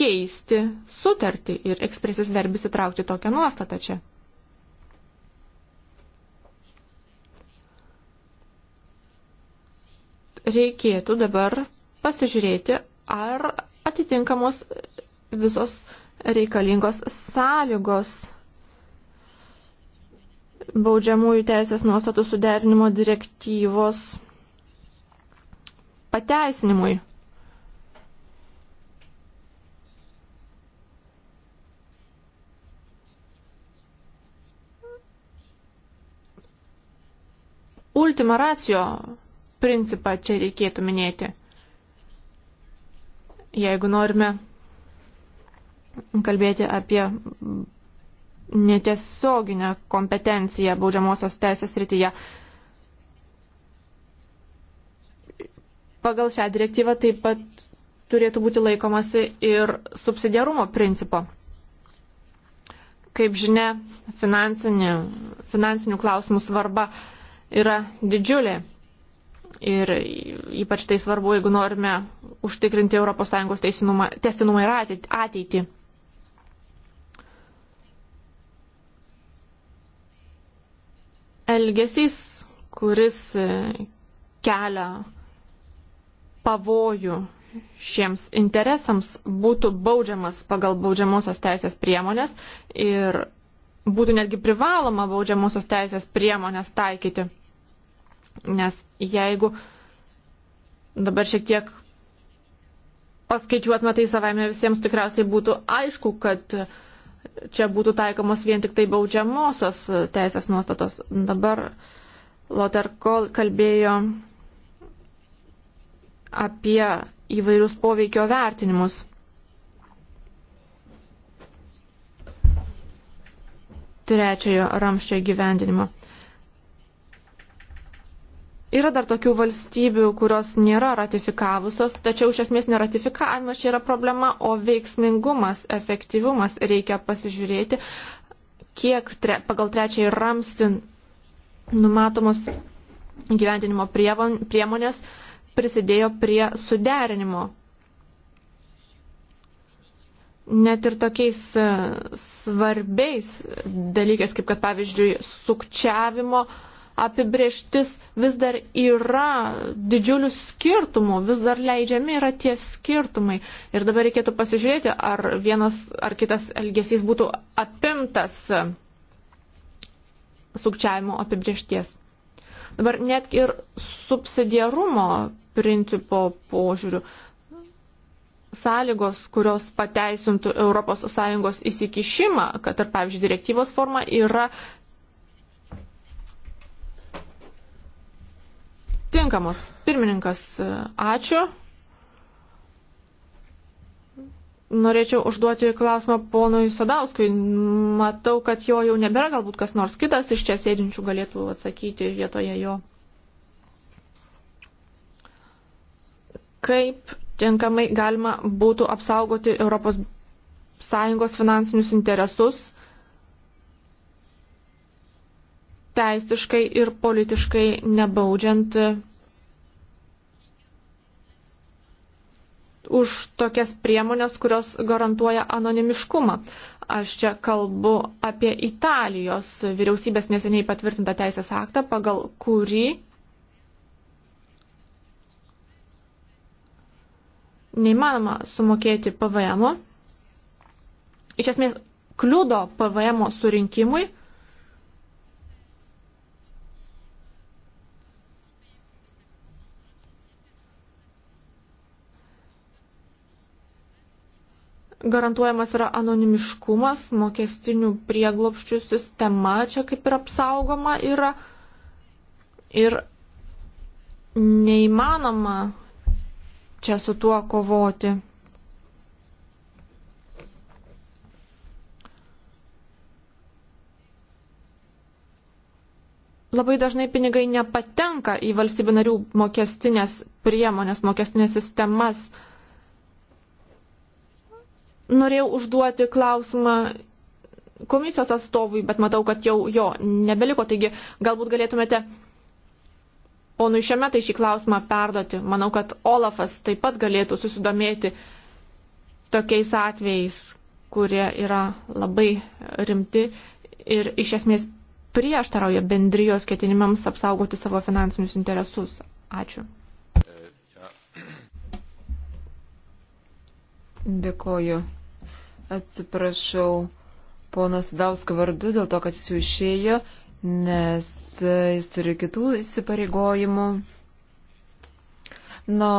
B: keisti sutartį ir ekspresis verbis įtraukti tokią nuostatą čia. Reikėtų dabar pasižiūrėti, ar atitinkamos visos reikalingos sąlygos baudžiamųjų teisės nuostatų suderinimo direktyvos pateisinimui. Ultima racijo principą čia reikėtų minėti. Jeigu norime kalbėti apie netiesioginę kompetenciją baudžiamosios teisės rytyje. Pagal šią direktyvą taip pat turėtų būti laikomasi ir subsidiarumo principo. Kaip žinia, finansinių, finansinių klausimų svarba yra didžiulė. Ir ypač tai svarbu, jeigu norime užtikrinti ES teisinumą, testinumą ir ateitį. elgesys, kuris e, kelia pavojų šiems interesams, būtų baudžiamas pagal baudžiamosios teisės priemonės ir būtų netgi privaloma baudžiamosios teisės priemonės taikyti. Nes jeigu dabar šiek tiek paskaičiuotume tai savaime visiems tikriausiai būtų aišku, kad uh, čia būtų taikomos vien tik tai baudžiamosios teisės nuostatos. Dabar Loterkol kalbėjo apie įvairius poveikio vertinimus. Trečiojo ramščio įgyvendinimo. Yra dar tokių valstybių, kurios nėra ratifikavusios, tačiau iš esmės neratifikavimas čia yra problema, o veiksmingumas, efektyvumas reikia pasižiūrėti, kiek tre, pagal trečiąjį ramstį numatomos gyvendinimo priemonės prisidėjo prie suderinimo. Net ir tokiais e, svarbiais dalykais, kaip kad pavyzdžiui sukčiavimo uh, apibrieštis vis dar yra didžiulių skirtumų, vis dar leidžiami yra tie skirtumai. Ir dabar reikėtų pasižiūrėti, ar vienas ar kitas elgesys būtų apimtas sukčiavimo apibriešties. Dabar net ir subsidiarumo principo požiūriu sąlygos, kurios pateisintų ES įsikišimą, kad ir, pavyzdžiui, direktyvos forma yra tinkamos. Pirmininkas, e, ačiū. Norėčiau užduoti klausimą ponui Sadauskui. Matau, kad jo jau nebėra, galbūt kas nors kitas iš čia sėdinčių galėtų atsakyti vietoje jo. Kaip tinkamai galima būtų apsaugoti ES finansinius interesus teisiškai ir politiškai nebaudžiant už tokias priemonės, kurios garantuoja anonimiškumą. Aš čia kalbu apie Italijos vyriausybės neseniai patvirtintą teisės aktą, pagal kurį neįmanoma sumokėti PVM. -o. Iš esmės, kliudo PVM surinkimui garantuojamas yra anonimiškumas, mokestinių prieglopščių sistema čia kaip ir apsaugoma yra. Ir neįmanoma čia su tuo kovoti. Labai dažnai pinigai nepatenka į valstybių narių mokestinės priemonės, mokestinės sistemas norėjau užduoti klausimą komisijos atstovui, bet matau, kad jau jo nebeliko, taigi galbūt galėtumėte ponui šiame tai šį klausimą perduoti. Manau, kad Olafas taip pat galėtų susidomėti tokiais atvejais, kurie yra labai rimti ir iš esmės prieštarauja bendrijos ketinimams apsaugoti savo finansinius interesus. Ačiū. Dėkoju
C: Atsiprašau ponas Dausko vardu dėl to, kad jis jau išėjo, nes jis turi kitų įsipareigojimų. Nu,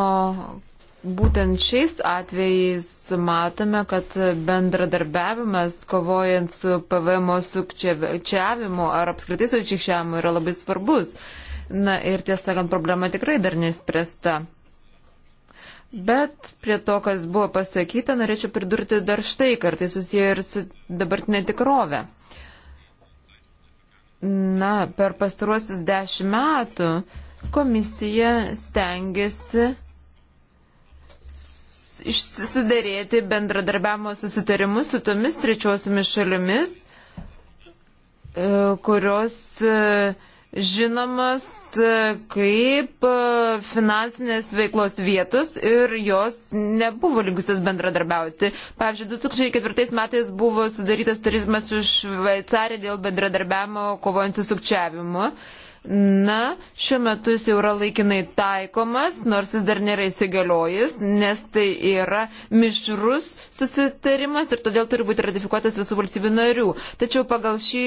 C: būtent šiais atvejais matome, kad bendradarbiavimas kovojant su PVM sukčiavimu ar apskritai sukčiavimu yra labai svarbus. Na ir tiesą sakant, problema tikrai dar nespręsta. Bet prie to, kas buvo pasakyta, norėčiau pridurti dar štai, kartai susiję ir su dabartinė tikrovė. Na, per pastaruosius dešimt metų komisija stengiasi išsidarėti bendradarbiavimo susitarimus su tomis trečiosiomis šalimis, e, kurios e, žinomas e, kaip e, finansinės veiklos vietos ir jos nebuvo lygusios bendradarbiauti. Pavyzdžiui, 2004 metais buvo sudarytas turizmas su Šveicarija dėl bendradarbiavimo kovojant su sukčiavimu. Uh, Na, šiuo metu jis jau yra laikinai taikomas, nors jis dar nėra įsigaliojęs, nes tai yra mišrus susitarimas ir todėl turi būti ratifikuotas visų valstybių narių. Tačiau pagal šį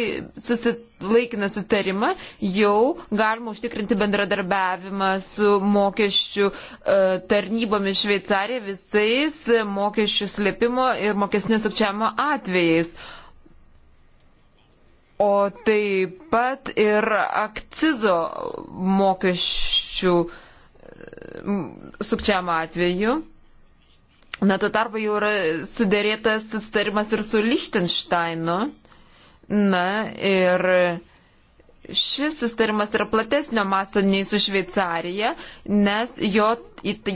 C: susi... laikiną susitarimą jau galima užtikrinti bendradarbiavimą su mokesčių e, tarnybomis Šveicarija visais mokesčių slėpimo ir mokesnės sukčiamo atvejais o taip pat ir akcizo mokesčių mm, sukčiam atveju. Na, tuo tarpu jau yra sudėrėtas sustarimas ir su Lichtensteinu. Na, ir Šis sustarimas yra platesnio masto nei su Šveicarija, nes jo,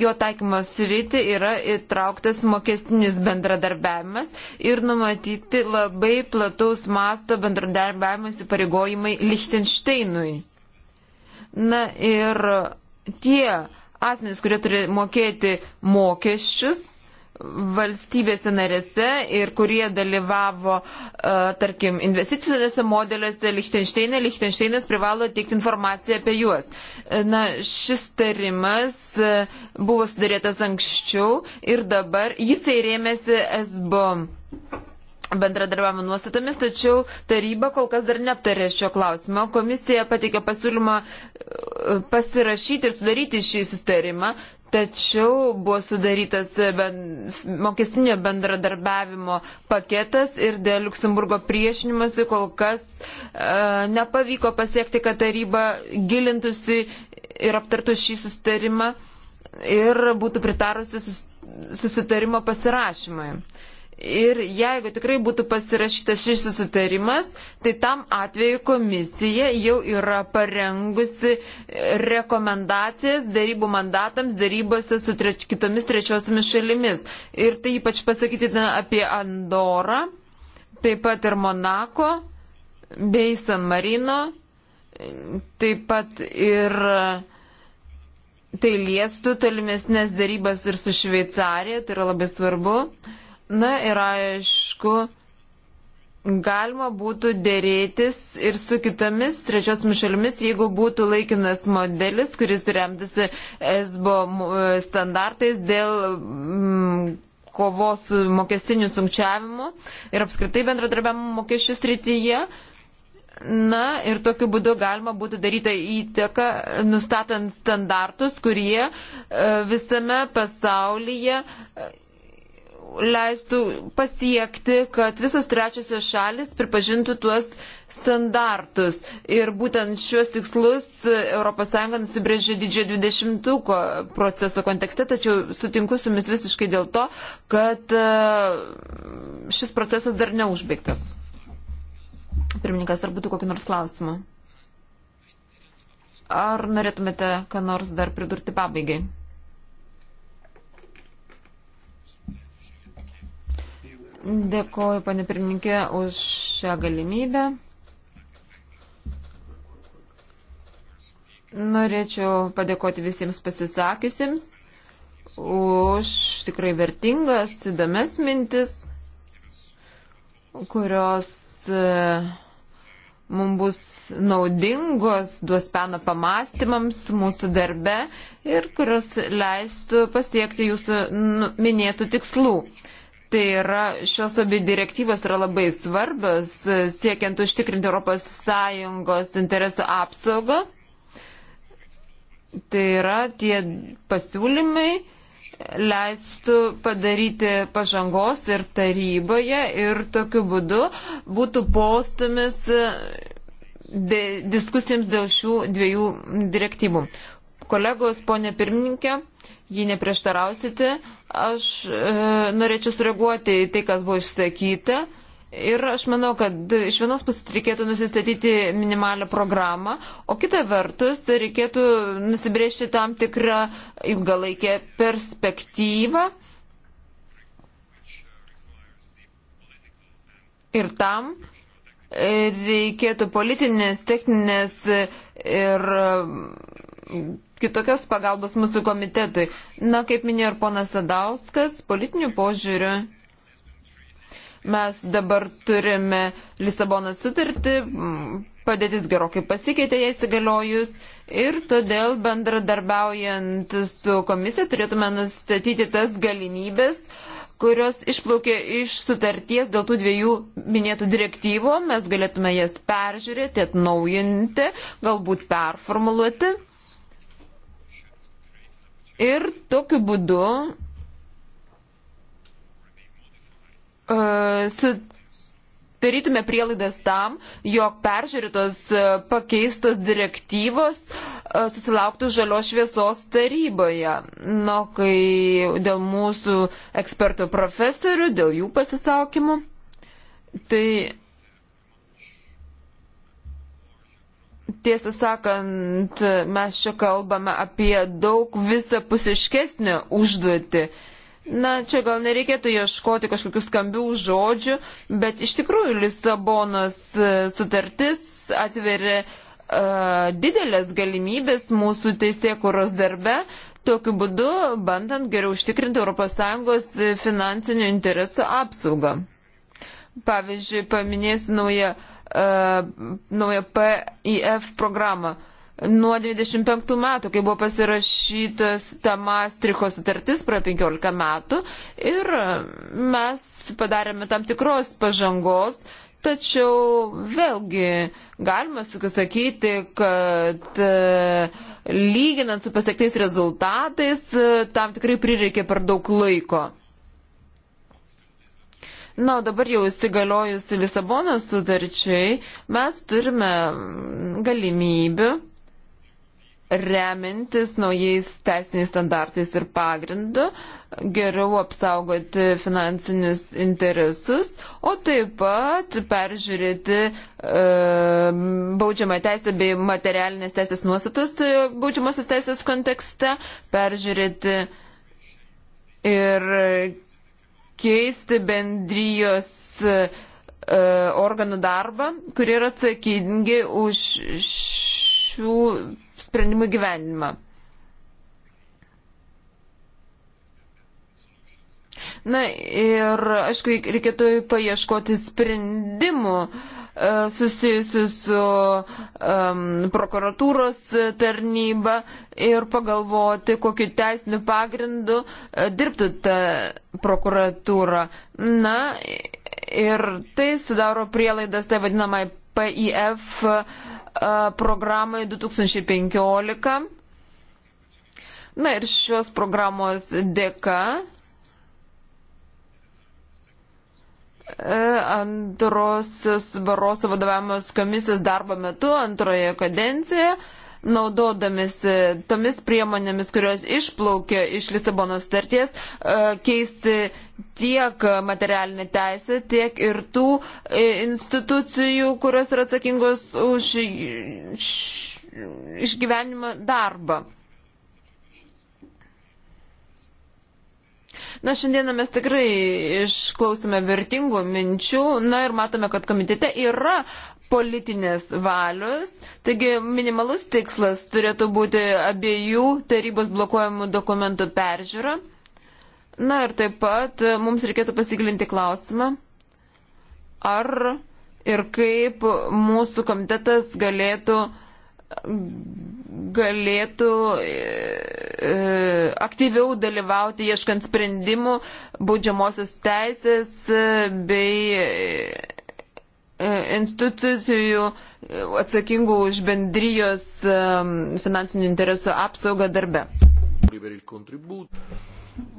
C: jo taikymos rytį yra įtrauktas mokestinis bendradarbiavimas ir numatyti labai plataus masto bendradarbiavimo įsipareigojimai Lichtensteinui. Na ir tie asmenys, kurie turi mokėti mokesčius, valstybėse narėse ir kurie dalyvavo, e, tarkim, investicinėse modeliuose Lichtensteinė, Lichtensteinas privalo teikti informaciją apie juos. E, na, šis tarimas e, buvo sudarytas anksčiau ir dabar jisai rėmėsi SBOM bendradarbiavimo nuostatomis, tačiau taryba kol kas dar neaptarė šio klausimo. Komisija pateikė pasiūlymą e, pasirašyti ir sudaryti šį sustarimą, tačiau buvo sudarytas ben, mokestinio bendradarbiavimo paketas ir dėl Luksemburgo priešinimasi kol kas e, nepavyko pasiekti, kad taryba gilintusi ir aptartų šį sustarimą ir būtų pritarusi sus, susitarimo pasirašymui. E, Ir jeigu tikrai būtų pasirašytas šis susitarimas, tai tam atveju komisija jau yra parengusi rekomendacijas darybų mandatams darybose su treč, kitomis trečiosiomis šalimis. Ir tai ypač pasakytina apie Andorą, taip pat ir Monako, bei San Marino, taip pat ir tai liestų tolimesnės darybas ir su Šveicarija, tai yra labai svarbu. Uh, Na ir aišku, galima būtų dėrėtis ir su kitomis trečiosiomis šalimis, jeigu būtų laikinas modelis, kuris remtųsi ESBO standartais dėl mm, kovos su mokestiniu sunkčiavimu ir apskritai bendradarbiavimo mokesčių srityje. Na ir tokiu būdu galima būtų daryti įteka, nustatant standartus, kurie e, visame pasaulyje leistų pasiekti, kad visos trečiosios šalis pripažintų tuos standartus. Ir būtent šiuos tikslus ES nusibrėžė didžiojo 20-ko proceso kontekste, tačiau sutinku su jumis visiškai dėl to, kad e, šis procesas dar neužbaigtas. Pirmininkas, ar būtų kokiu nors klausimu? Ar norėtumėte ką nors dar pridurti pabaigai? Dėkoju, pane pirmininkė, už šią galimybę. Norėčiau padėkoti visiems pasisakysiems už tikrai vertingas, įdomias mintis, kurios e, mums bus naudingos, duos peną pamastymams mūsų darbe ir kurios leistų pasiekti jūsų nu, minėtų tikslų. Tai yra, šios abi direktyvos yra labai svarbios, siekiant užtikrinti ES interesų apsaugą. Tai yra, tie pasiūlymai leistų padaryti pažangos ir taryboje ir tokiu būdu būtų postumis diskusijoms dėl šių dviejų direktyvų. Kolegos, ponė pirmininkė, jei neprieštarausite, Aš e, norėčiau sureaguoti į tai, kas buvo išsakyta. Ir aš manau, kad iš vienos pusės reikėtų nusistatyti minimalią programą, o kita vertus reikėtų nusibriežti tam tikrą ilgalaikę perspektyvą. Ir tam e, reikėtų politinės, techninės e, ir kitokios pagalbos mūsų komitetui. Na, kaip minėjo ir ponas Sadauskas, politinių požiūrių mes dabar turime Lisabono sutartį, padėtis gerokai pasikeitė jai įsigaliojus ir todėl bendradarbiaujant su komisija turėtume nustatyti tas galimybės, kurios išplaukė iš sutarties dėl tų dviejų minėtų direktyvų, mes galėtume jas peržiūrėti, atnaujinti, galbūt performuluoti. Ir tokiu būdu e, sudarytume prielaidas tam, jog peržiūrėtos e, pakeistos direktyvos e, susilauktų žalios šviesos taryboje. Na, kai dėl mūsų ekspertų profesorių, dėl jų pasisakymų, tai Tiesą sakant, mes čia kalbame apie daug visapusiškesnę užduotį. Na, čia gal nereikėtų ieškoti kažkokių skambių žodžių, bet iš tikrųjų Lisabonos e, sutartis atveria uh, didelės galimybės mūsų teisėkuros darbe, tokiu būdu bandant geriau užtikrinti ES finansinių interesų apsaugą. Pavyzdžiui, paminėsiu naują uh, E, naują PIF programą. Nuo 25 metų, kai buvo pasirašytas ta Maastricho sutartis, praėjo 15 metų ir mes padarėme tam tikros pažangos, tačiau vėlgi galima sakyti, kad e, lyginant su pasiektais rezultatais, e, tam tikrai prireikė per daug laiko. Na, o dabar jau įsigaliojusi Lisabonos sutarčiai, mes turime galimybių remintis naujais teisiniais standartais ir pagrindu, geriau apsaugoti finansinius interesus, o taip pat peržiūrėti e, baudžiamą teisę bei materialinės teisės nuostatas e, baudžiamosios teisės kontekste, peržiūrėti ir keisti bendrijos e, e, organų darbą, kurie yra atsakingi už šių sprendimų gyvenimą. Na ir, aišku, reikėtų paieškoti sprendimų, uh, susijusi su um, prokuratūros tarnyba ir pagalvoti, kokiu teisiniu pagrindu e, dirbtų ta prokuratūra. Na ir tai sudaro prielaidas tai vadinamai PIF e, programai 2015. Na ir šios programos dėka antrosios Baroso vadovavimos komisijos darbo metu antroje kadencijoje, naudodamėsi tomis priemonėmis, kurios išplaukė iš Lisabonos starties, e, keisti tiek materialinę teisę, tiek ir tų e, institucijų, kurios yra atsakingos už išgyvenimą darbą. Na, šiandieną mes tikrai išklausime vertingų minčių, na ir matome, kad komitete yra politinės valios, taigi minimalus tikslas turėtų būti abiejų tarybos blokuojamų dokumentų peržiūra. Na ir taip pat e, mums reikėtų pasigilinti klausimą, ar ir kaip mūsų komitetas galėtų galėtų e, e, aktyviau dalyvauti ieškant sprendimų baudžiamosios teisės e, bei institucijų atsakingų už bendrijos finansinių interesų apsaugą darbe.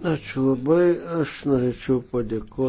D: Ačiū labai, aš norėčiau padėkoti.